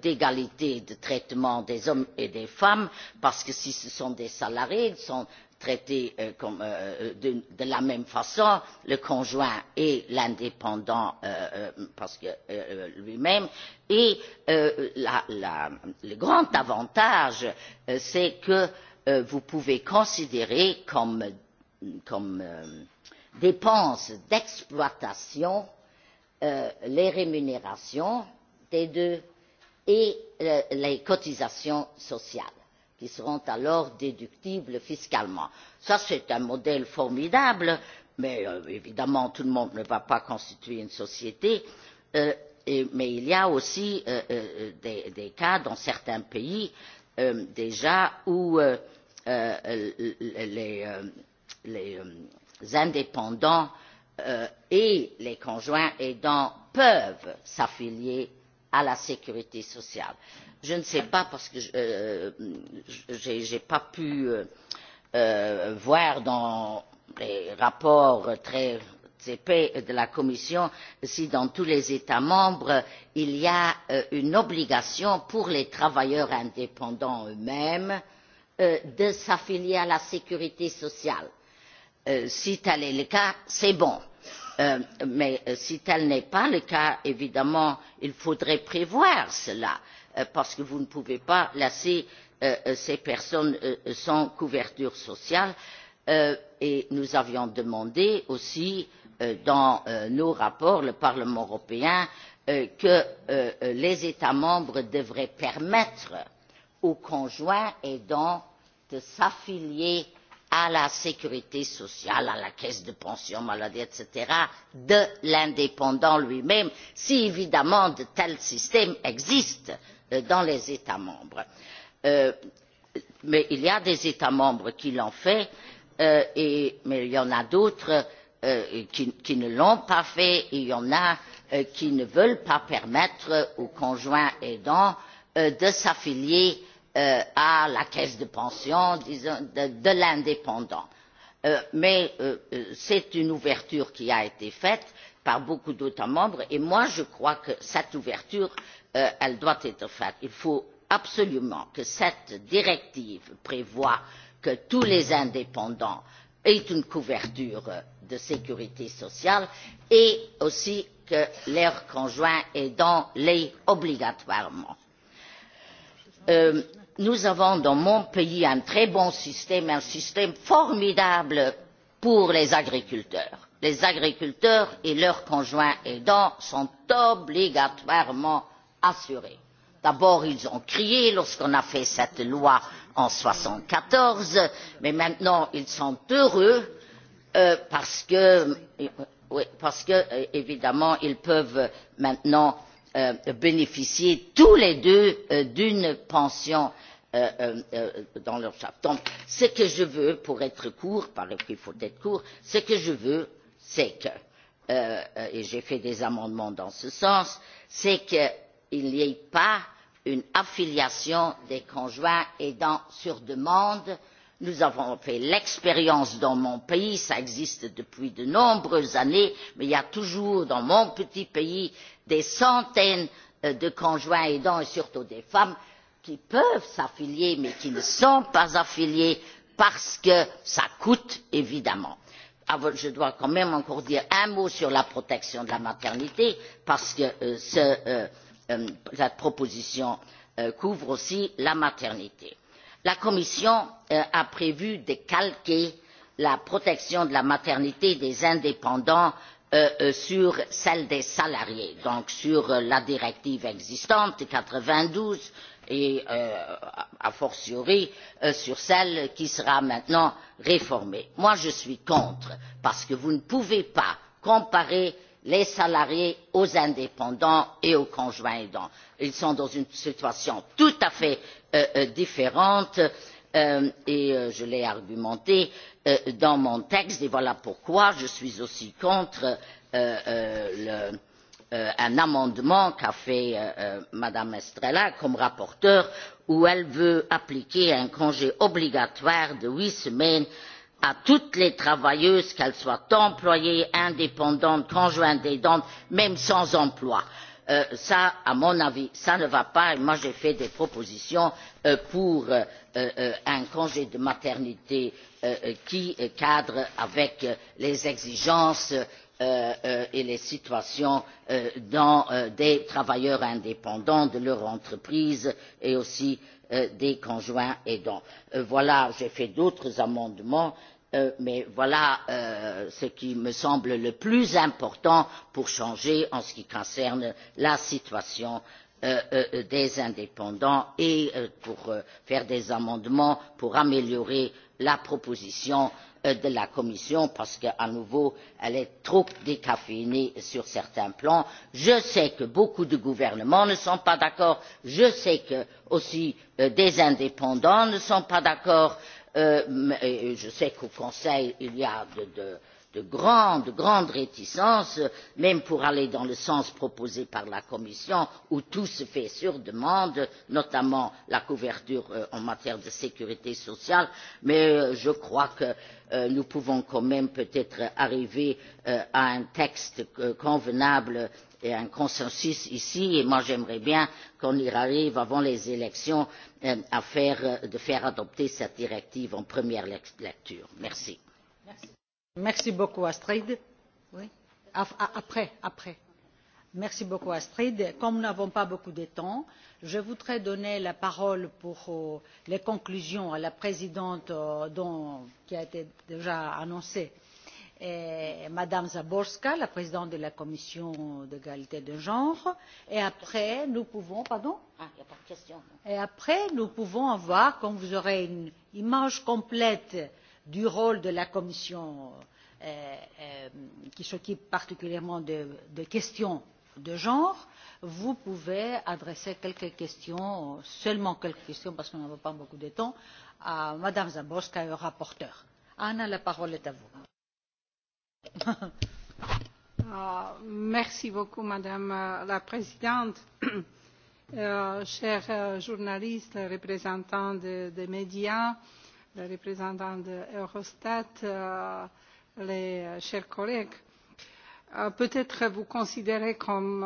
d'égalité de traitement des hommes et des femmes, parce que si ce sont des salariés, ils sont traités de la même façon le conjoint et l'indépendant lui même et le grand avantage c'est que vous pouvez considérer comme dépenses d'exploitation les rémunérations des deux et les cotisations sociales qui seront alors déductibles fiscalement. c'est un modèle formidable mais évidemment tout le monde ne va pas constituer une société mais il y a aussi des cas dans certains pays déjà où les indépendants et les conjoints aidants peuvent s'affilier à la sécurité sociale je ne sais pas parce que je n'ai pas pu voir dans les rapports très épais de la commission si dans tous les états membres il y a une obligation pour les travailleurs indépendants eux mêmes de s'affilier à la sécurité sociale. si tel est le cas c'est bon mais si tel n'est pas le cas évidemment il faudrait prévoir cela parce que vous ne pouvez pas laisser ces personnes sans couverture sociale et nous avions demandé aussi dans nos rapports au parlement européen que les états membres devraient permettre aux conjoints aidants de s'affilier à la sécurité sociale à la caisse de pension maladie etc. de l'indépendant lui même si évidemment de tels systèmes existent dans les états membres mais il y a des états membres qui l'ont fait mais il y en a d'autres qui ne l'ont pas fait et il y en a qui ne veulent pas permettre aux conjoints aidants de s'affilier à la caisse de pension de l'indépendant. mais c'est une ouverture qui a été faite par beaucoup d'états membres et moi je crois que cette ouverture elle doit être faite. il faut absolument que cette directive prévoie que tous les indépendants aient une couverture de sécurité sociale et aussi que leur conjoint aidant l'ait obligatoirement. nous avons dans mon pays un très bon système un système formidable pour les agriculteurs. les agriculteurs et leurs conjoints aidants sont obligatoirement assurée. D'abord, ils ont crié lorsqu'on a fait cette loi en soixante quatorze, mais maintenant, ils sont heureux parce que, évidemment, ils peuvent maintenant bénéficier tous les deux d'une pension dans leur chapitre. Donc, ce que je veux, pour être court, parce qu'il faut être court, ce que je veux, c'est que, et j'ai fait des amendements dans ce sens, c'est que il n'y ait pas une affiliation des conjoints aidants sur demande. Nous avons fait l'expérience dans mon pays, cela existe depuis de nombreuses années, mais il y a toujours dans mon petit pays des centaines de conjoints aidants et surtout des femmes qui peuvent s'affilier mais qui ne sont pas affiliées parce que cela coûte évidemment. Je dois quand même encore dire un mot sur la protection de la maternité parce que ce la proposition couvre aussi la maternité. la commission a prévu de calquer la protection de la maternité des indépendants sur celle des salariés donc sur la directive existante de quatre vingt douze et a fortiori sur celle qui sera maintenant réformée. je suis contre parce que vous ne pouvez pas comparer les salariés aux indépendants et aux conjoints aidants. ils sont dans une situation tout à fait différente et je l'ai argumenté dans mon texte et voilà pourquoi je suis aussi contre un amendement qu'a fait mme estrela comme rapporteure où elle veut appliquer un congé obligatoire de huit semaines à toutes les travailleuses qu'elles soient employées indépendantes conjointes aidantes même sans emploi. cela à mon avis ne va pas et j'ai fait des propositions pour un congé de maternité qui cadre avec les exigences et les situations des travailleurs indépendants de leur entreprise et aussi des conjoints aidants. voilà j'ai fait d'autres amendements mais voilà ce qui me semble le plus important pour changer en ce qui concerne la situation des indépendants et pour faire des amendements pour améliorer la proposition de la commission parce qu'à nouveau elle est trop décaféinée sur certains plans. je sais que beaucoup de gouvernements ne sont pas d'accord je sais aussi que des indépendants ne sont pas d'accord je sais qu'au conseil il y a de grandes grandes réticences même pour aller dans le sens proposé par la commission où tout se fait sur demande notamment la couverture en matière de sécurité sociale mais je crois que nous pouvons quand même peut être arriver à un texte convenable et à un consensus ici et moi j'aimerais bien qu'on y arrive avant les élections à faire adopter cette directive en première lecture. merci. Merci beaucoup, Astrid. Oui. Après, après. Merci beaucoup, Astrid. Comme nous n'avons pas beaucoup de temps, je voudrais donner la parole pour les conclusions à la présidente qui a été déjà annoncée, Madame Zaborska, la présidente de la commission d'égalité de genre, et après nous pouvons, Et après nous pouvons avoir, quand vous aurez une image complète du rôle de la commission qui s'occupe particulièrement des questions de genre vous pouvez adresser quelques questions seulement quelques questions parce que nous n'avons pas beaucoup de temps à mme zborsk et au rapporteur. anna la parole est à vous. Merci beaucoup, madame la présidente chers journalistes représentants des médias le représentant d'Eurostat, les chers collègues, peut-être vous considérez comme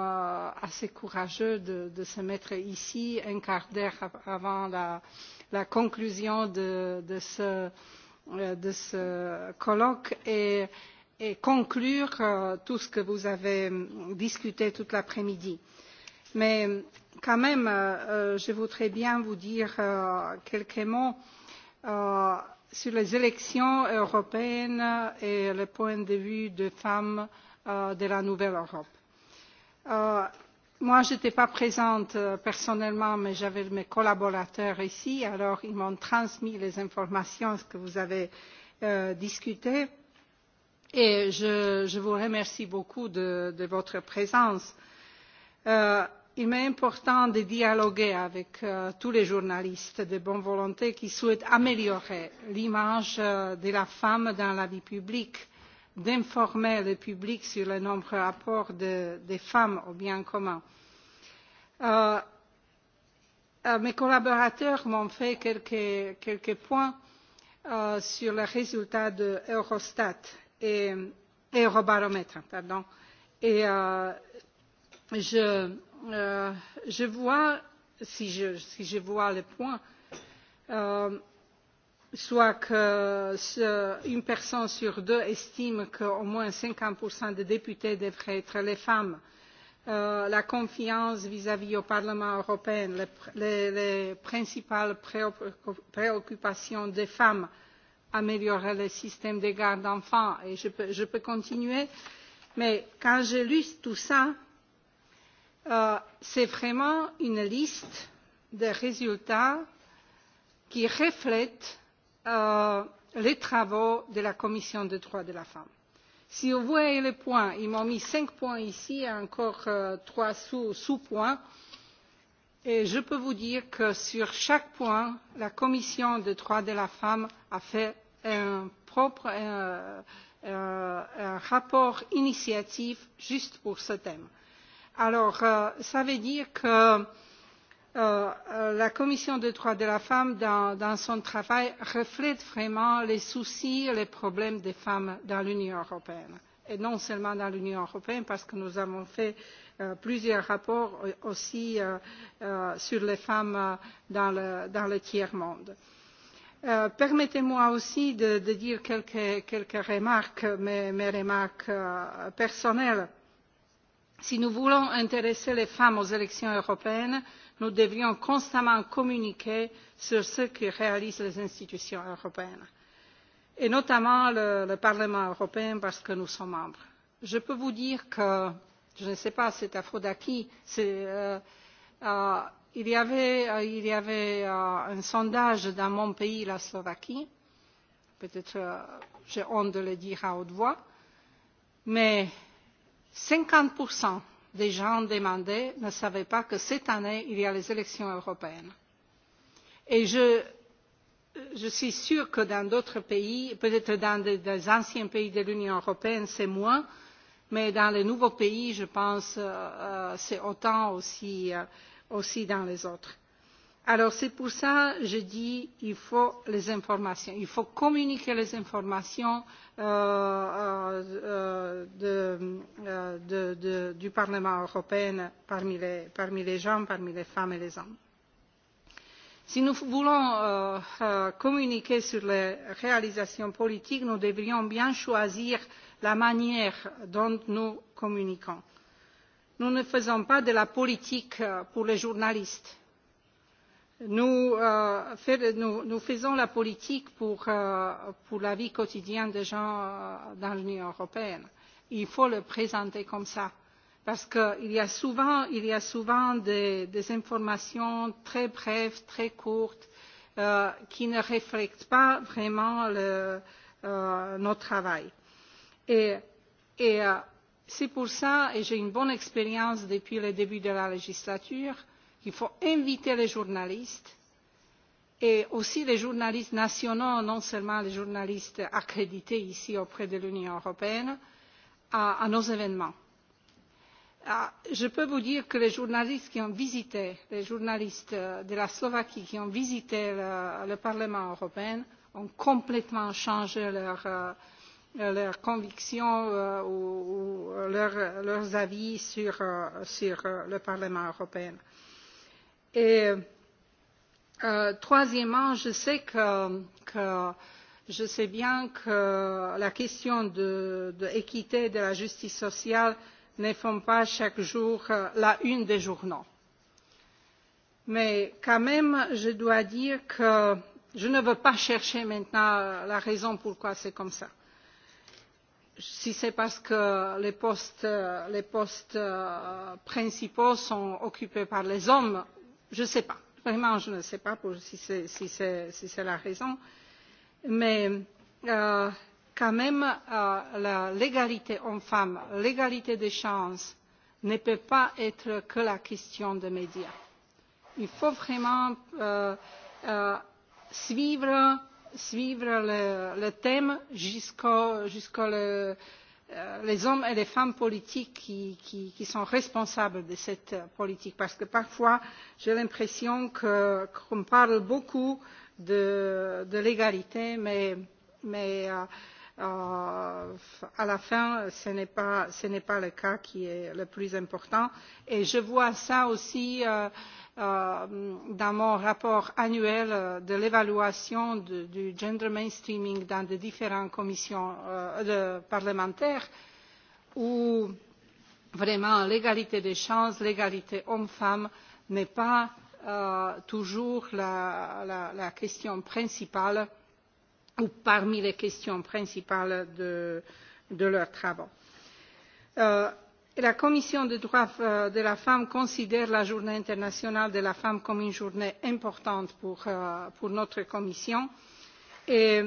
assez courageux de, se mettre ici un quart d'heure avant la, conclusion de, ce, de ce colloque et, et conclure tout ce que vous avez discuté toute l'après-midi. Mais quand même, je voudrais bien vous dire quelques mots sur les élections européennes et le point de vue des femmes de la nouvelle Europe. moi, je n'étais pas présente personnellement, mais j'avais mes collaborateurs ici, alors ils m'ont transmis les informations que vous avez discutées. Et je, vous remercie beaucoup de, votre présence il m'est important de dialoguer avec tous les journalistes de bonne volonté qui souhaitent améliorer l'image de la femme dans la vie publique d'informer le public sur les nombreux apports des femmes au bien commun. mes collaborateurs m'ont fait quelques, points sur les résultats de Eurostat et Eurobaromètre. et je je vois, si je, vois le point, soit qu'une personne sur deux estime qu'au moins cinquante des députés devraient être des femmes la confiance vis à vis au parlement européen les principales préoccupations des femmes améliorer le système de garde d'enfants et je peux continuer mais quand j'ai lu tout cela c'est vraiment une liste de résultats qui reflète les travaux de la Commission des droits de la femme. Si vous voyez les points, ils m'ont mis cinq points ici et encore trois sous-points. Et je peux vous dire que sur chaque point, la Commission des droits de la femme a fait un propre un rapport initiatif juste pour ce thème Alors, cela veut dire que la Commission des droits de la femme, dans, son travail, reflète vraiment les soucis et les problèmes des femmes dans l'Union européenne. Et non seulement dans l'Union européenne, parce que nous avons fait plusieurs rapports aussi sur les femmes dans le, tiers-monde permettez moi aussi de, dire quelques, remarques, mes, remarques personnelles si nous voulons intéresser les femmes aux élections européennes nous devrions constamment communiquer sur ce que réalisent les institutions européennes et notamment le parlement européen parce que nous sommes membres. je peux vous dire que je ne sais pas c'est à Fodaki il y avait un sondage dans mon pays la Slovaquie peut être j'ai honte de le dire à haute voix mais cinquante des gens demandés ne savaient pas que cette année il y a les élections européennes. Et je, je suis sûre que dans d'autres pays, peut-être dans des anciens pays de l'Union européenne, c'est moins, mais dans les nouveaux pays, je pense, euh, c'est autant aussi, euh, aussi dans les autres Alors c'est pour ça que je dis qu'il faut les informations, il faut communiquer les informations du Parlement européen parmi les, parmi les gens, parmi les femmes et les hommes. Si nous voulons communiquer sur les réalisations politiques, nous devrions bien choisir la manière dont nous communiquons. Nous ne faisons pas de la politique pour les journalistes nous, faisons la politique pour, la vie quotidienne des gens dans l'Union européenne. Il faut le présenter comme cela, Parce qu'il y a souvent, des, informations très brèves, très courtes, qui ne reflètent pas vraiment notre travail. Et, c'est pour cela et j'ai une bonne expérience depuis le début de la législature, Il faut inviter les journalistes et aussi les journalistes nationaux, non seulement les journalistes accrédités ici auprès de l'Union européenne, à, à nos événements. Je peux vous dire que les journalistes qui ont visité, les journalistes de la Slovaquie qui ont visité le, le Parlement européen ont complètement changé leur, euh, leurs convictions ou, leurs avis sur, le Parlement européen. Et euh, troisièmement, je sais que, que je sais bien que la question de, de l'équité et de la justice sociale ne font pas chaque jour la une des journaux. Mais quand même, je dois dire que je ne veux pas chercher maintenant la raison pourquoi c'est comme ça. Si c'est parce que les postes, les postes principaux sont occupés par les hommes, Je ne sais pas. Vraiment, je ne sais pas pour, si c'est si si la raison. Mais euh, quand même, euh, l'égalité hommes-femmes, l'égalité des chances ne peut pas être que la question des médias. Il faut vraiment euh, euh, suivre, suivre le, le thème jusqu'au jusqu les hommes et les femmes politiques qui, sont responsables de cette politique. Parce que parfois, j'ai l'impression qu'on parle beaucoup de, l'égalité, mais, à la fin, ce n'est pas, ce n'est pas le cas qui est le plus important. Et je vois ça aussi dans mon rapport annuel de l'évaluation du gender mainstreaming dans les différentes commissions parlementaires où vraiment l'égalité des chances, l'égalité hommes-femmes n'est pas toujours la, question principale ou parmi les questions principales de, leurs travaux. la Commission des droits de la femme considère la Journée internationale de la femme comme une journée importante pour, notre Commission. Et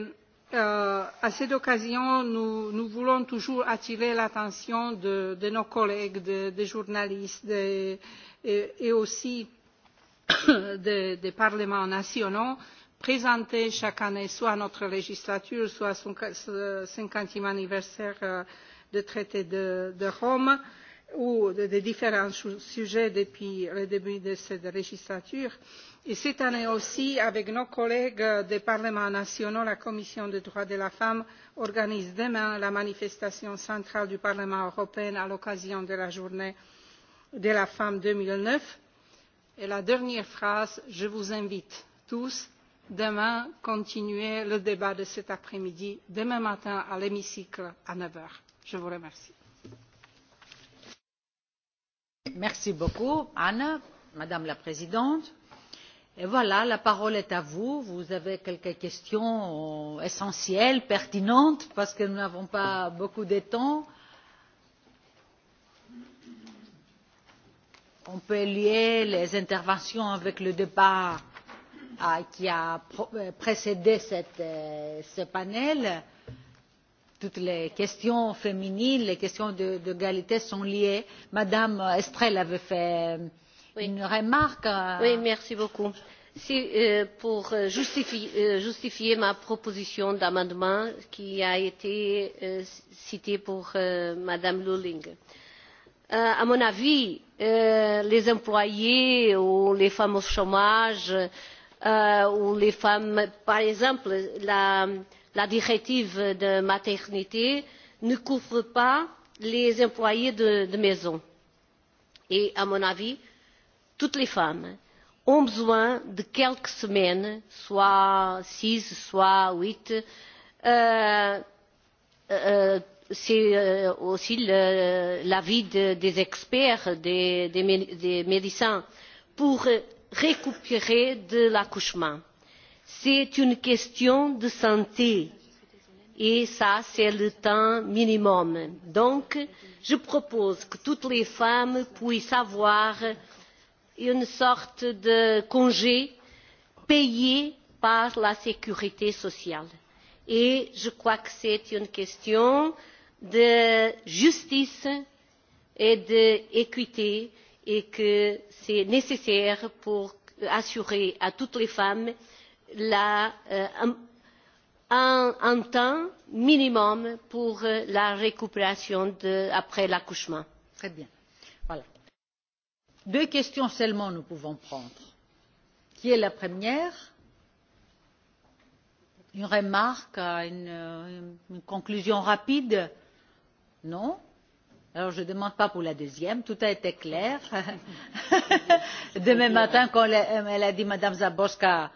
à cette occasion, nous, voulons toujours attirer l'attention de, nos collègues, des journalistes et, aussi des parlements nationaux présenter chaque année soit à notre législature soit à son cinquantième anniversaire du traité de, Rome ou de, différents sujets depuis le début de cette législature. Et cette année aussi, avec nos collègues des parlements nationaux, la Commission des droits de la femme organise demain la manifestation centrale du Parlement européen à l'occasion de la journée de la femme deux mille neuf. Et la dernière phrase, je vous invite tous demain continuer le débat de cet après midi demain matin à l'hémicycle à neuf heures. je vous remercie. merci beaucoup anna madame la présidente. Et voilà la parole est à vous vous avez quelques questions essentielles pertinentes parce que nous n'avons pas beaucoup de temps. on peut lier les interventions avec le débat qui a précédé ce panel toutes les questions féminines les questions d'égalité sont liées. mme estrela avait fait une remarque. merci beaucoup. pour justifier ma proposition d'amendement qui a été citée pour mme lulling à mon avis les employés ou les femmes au chômage où les femmes. Par exemple, la, directive de maternité ne couvre pas les employés de, maison. Et à mon avis, toutes les femmes ont besoin de quelques semaines, soit six, soit huit. c'est aussi l'avis des experts, des médecins, pour récupérer de l'accouchement. C'est une question de santé et ça c'est le temps minimum. Donc je propose que toutes les femmes puissent avoir une sorte de congé payé par la sécurité sociale. Et je crois que c'est une question de justice et d'équité et que c'est nécessaire pour assurer à toutes les femmes un, temps minimum pour la récupération après l'accouchement. Très bien. Voilà. Deux questions seulement nous pouvons prendre. Qui est la première Une remarque, une, une conclusion rapide Non Alors je ne demande pas pour la deuxième, tout a été clair. Demain matin, quand elle a dit Madame Zaborska,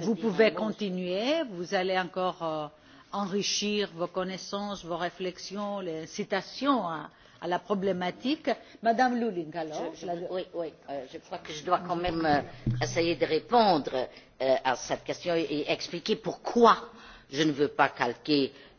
vous pouvez continuer, vous allez encore enrichir vos connaissances, vos réflexions, les citations à, la problématique. Madame Lulling, alors je, Oui, je crois que je dois quand même essayer de répondre à cette question et, expliquer pourquoi je ne veux pas calquer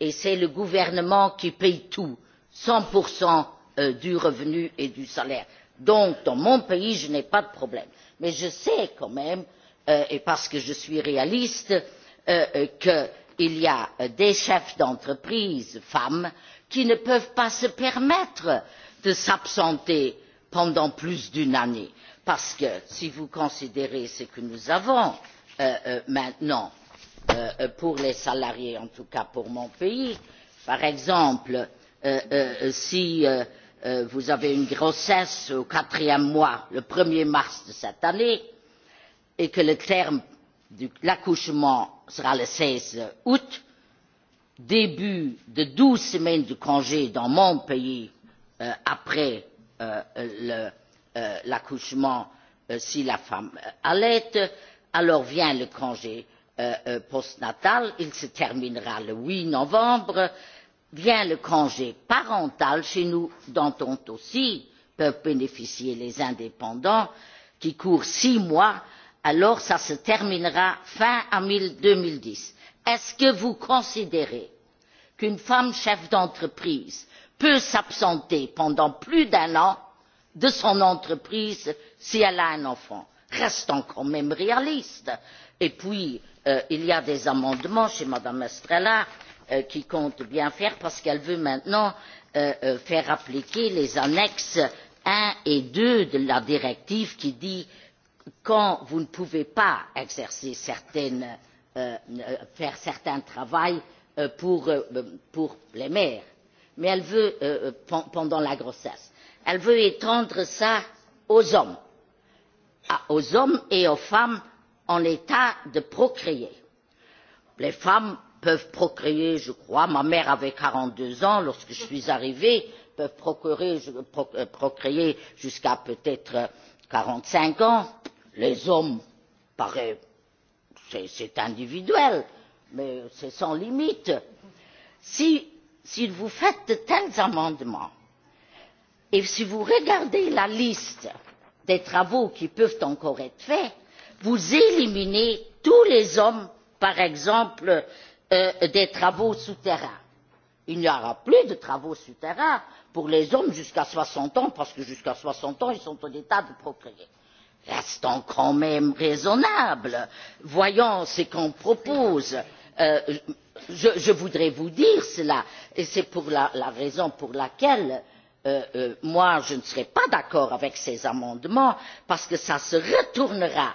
et c'est le gouvernement qui paie tout cent du revenu et du salaire. donc dans mon pays je n'ai pas de problème mais je sais quand même et parce que je suis réaliste qu'il y a des chefs d'entreprise femmes qui ne peuvent pas se permettre de s'absenter pendant plus d'une année parce que si vous considérez ce que nous avons maintenant pour les salariés en tout cas pour mon pays par exemple si vous avez une grossesse au quatrième mois le un er mars de cette année et que le terme de l'accouchement sera le seize août début de douze semaines de congé dans mon pays après l'accouchement si la femme allaite alors vient le congé postnatal il se terminera le huit novembre vient le congé parental chez nous dont aussi peuvent bénéficier les indépendants qui court six mois alors cela se terminera fin deux mille dix est ce que vous considérez qu'une femme chef d'entreprise peut s'absenter pendant plus d'un an de son entreprise si elle a un enfant? restons quand même réalistes et puis il y a des amendements chez mme estrela qui compte bien faire parce qu'elle veut maintenant faire appliquer les annexes i et ii de la directive qui dit quand vous ne pouvez pas exercer faire certains travaux pour les mères mais elle veut pendant la grossesse elle veut étendre cela aux hommes aux hommes et aux femmes en état de procréer. les femmes peuvent procréer je crois ma mère avait quarante deux ans lorsque je suis arrivée peuvent procréer jusqu'à peut être quarante cinq ans les hommes pareil c'est individuel mais c'est sans limite. si vous faites de tels amendements et si vous regardez la liste des travaux qui peuvent encore être faits vous éliminez tous les hommes par exemple des travaux souterrains. il n'y aura plus de travaux souterrains pour les hommes jusqu'à soixante ans parce que jusqu'à soixante ans ils sont en état de procréer. restons quand même raisonnables voyons ce qu'on propose. je voudrais vous dire cela et c'est la raison pour laquelle je ne serai pas d'accord avec ces amendements parce que cela se retournera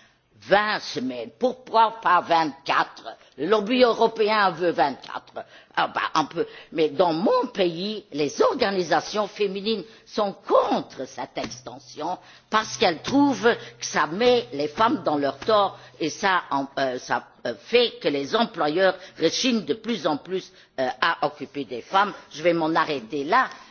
vingt semaines pourquoi pas vingt quatre le lobby européen veut vingt quatre mais dans mon pays les organisations féminines sont contre cette extension parce qu'elles trouvent que cela met les femmes dans leur tort et cela fait que les employeurs rechignent de plus en plus à occuper des femmes. je vais m'arrêter là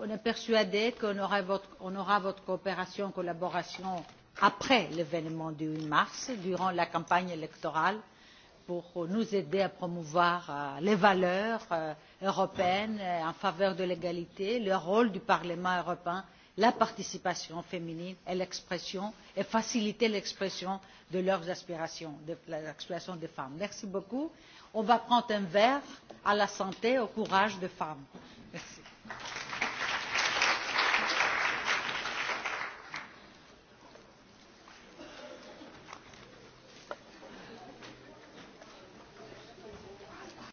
on est persuadé qu'on aura votre coopération et collaboration après l'événement du huit mars durant la campagne électorale pour nous aider à promouvoir les valeurs européennes en faveur de l'égalité le rôle du parlement européen la participation féminine et l'expression et faciliter l'expression de leurs aspirations de l'aspiration des femmes. merci beaucoup. on va prendre un verre à la santé et au courage des femmes. merci.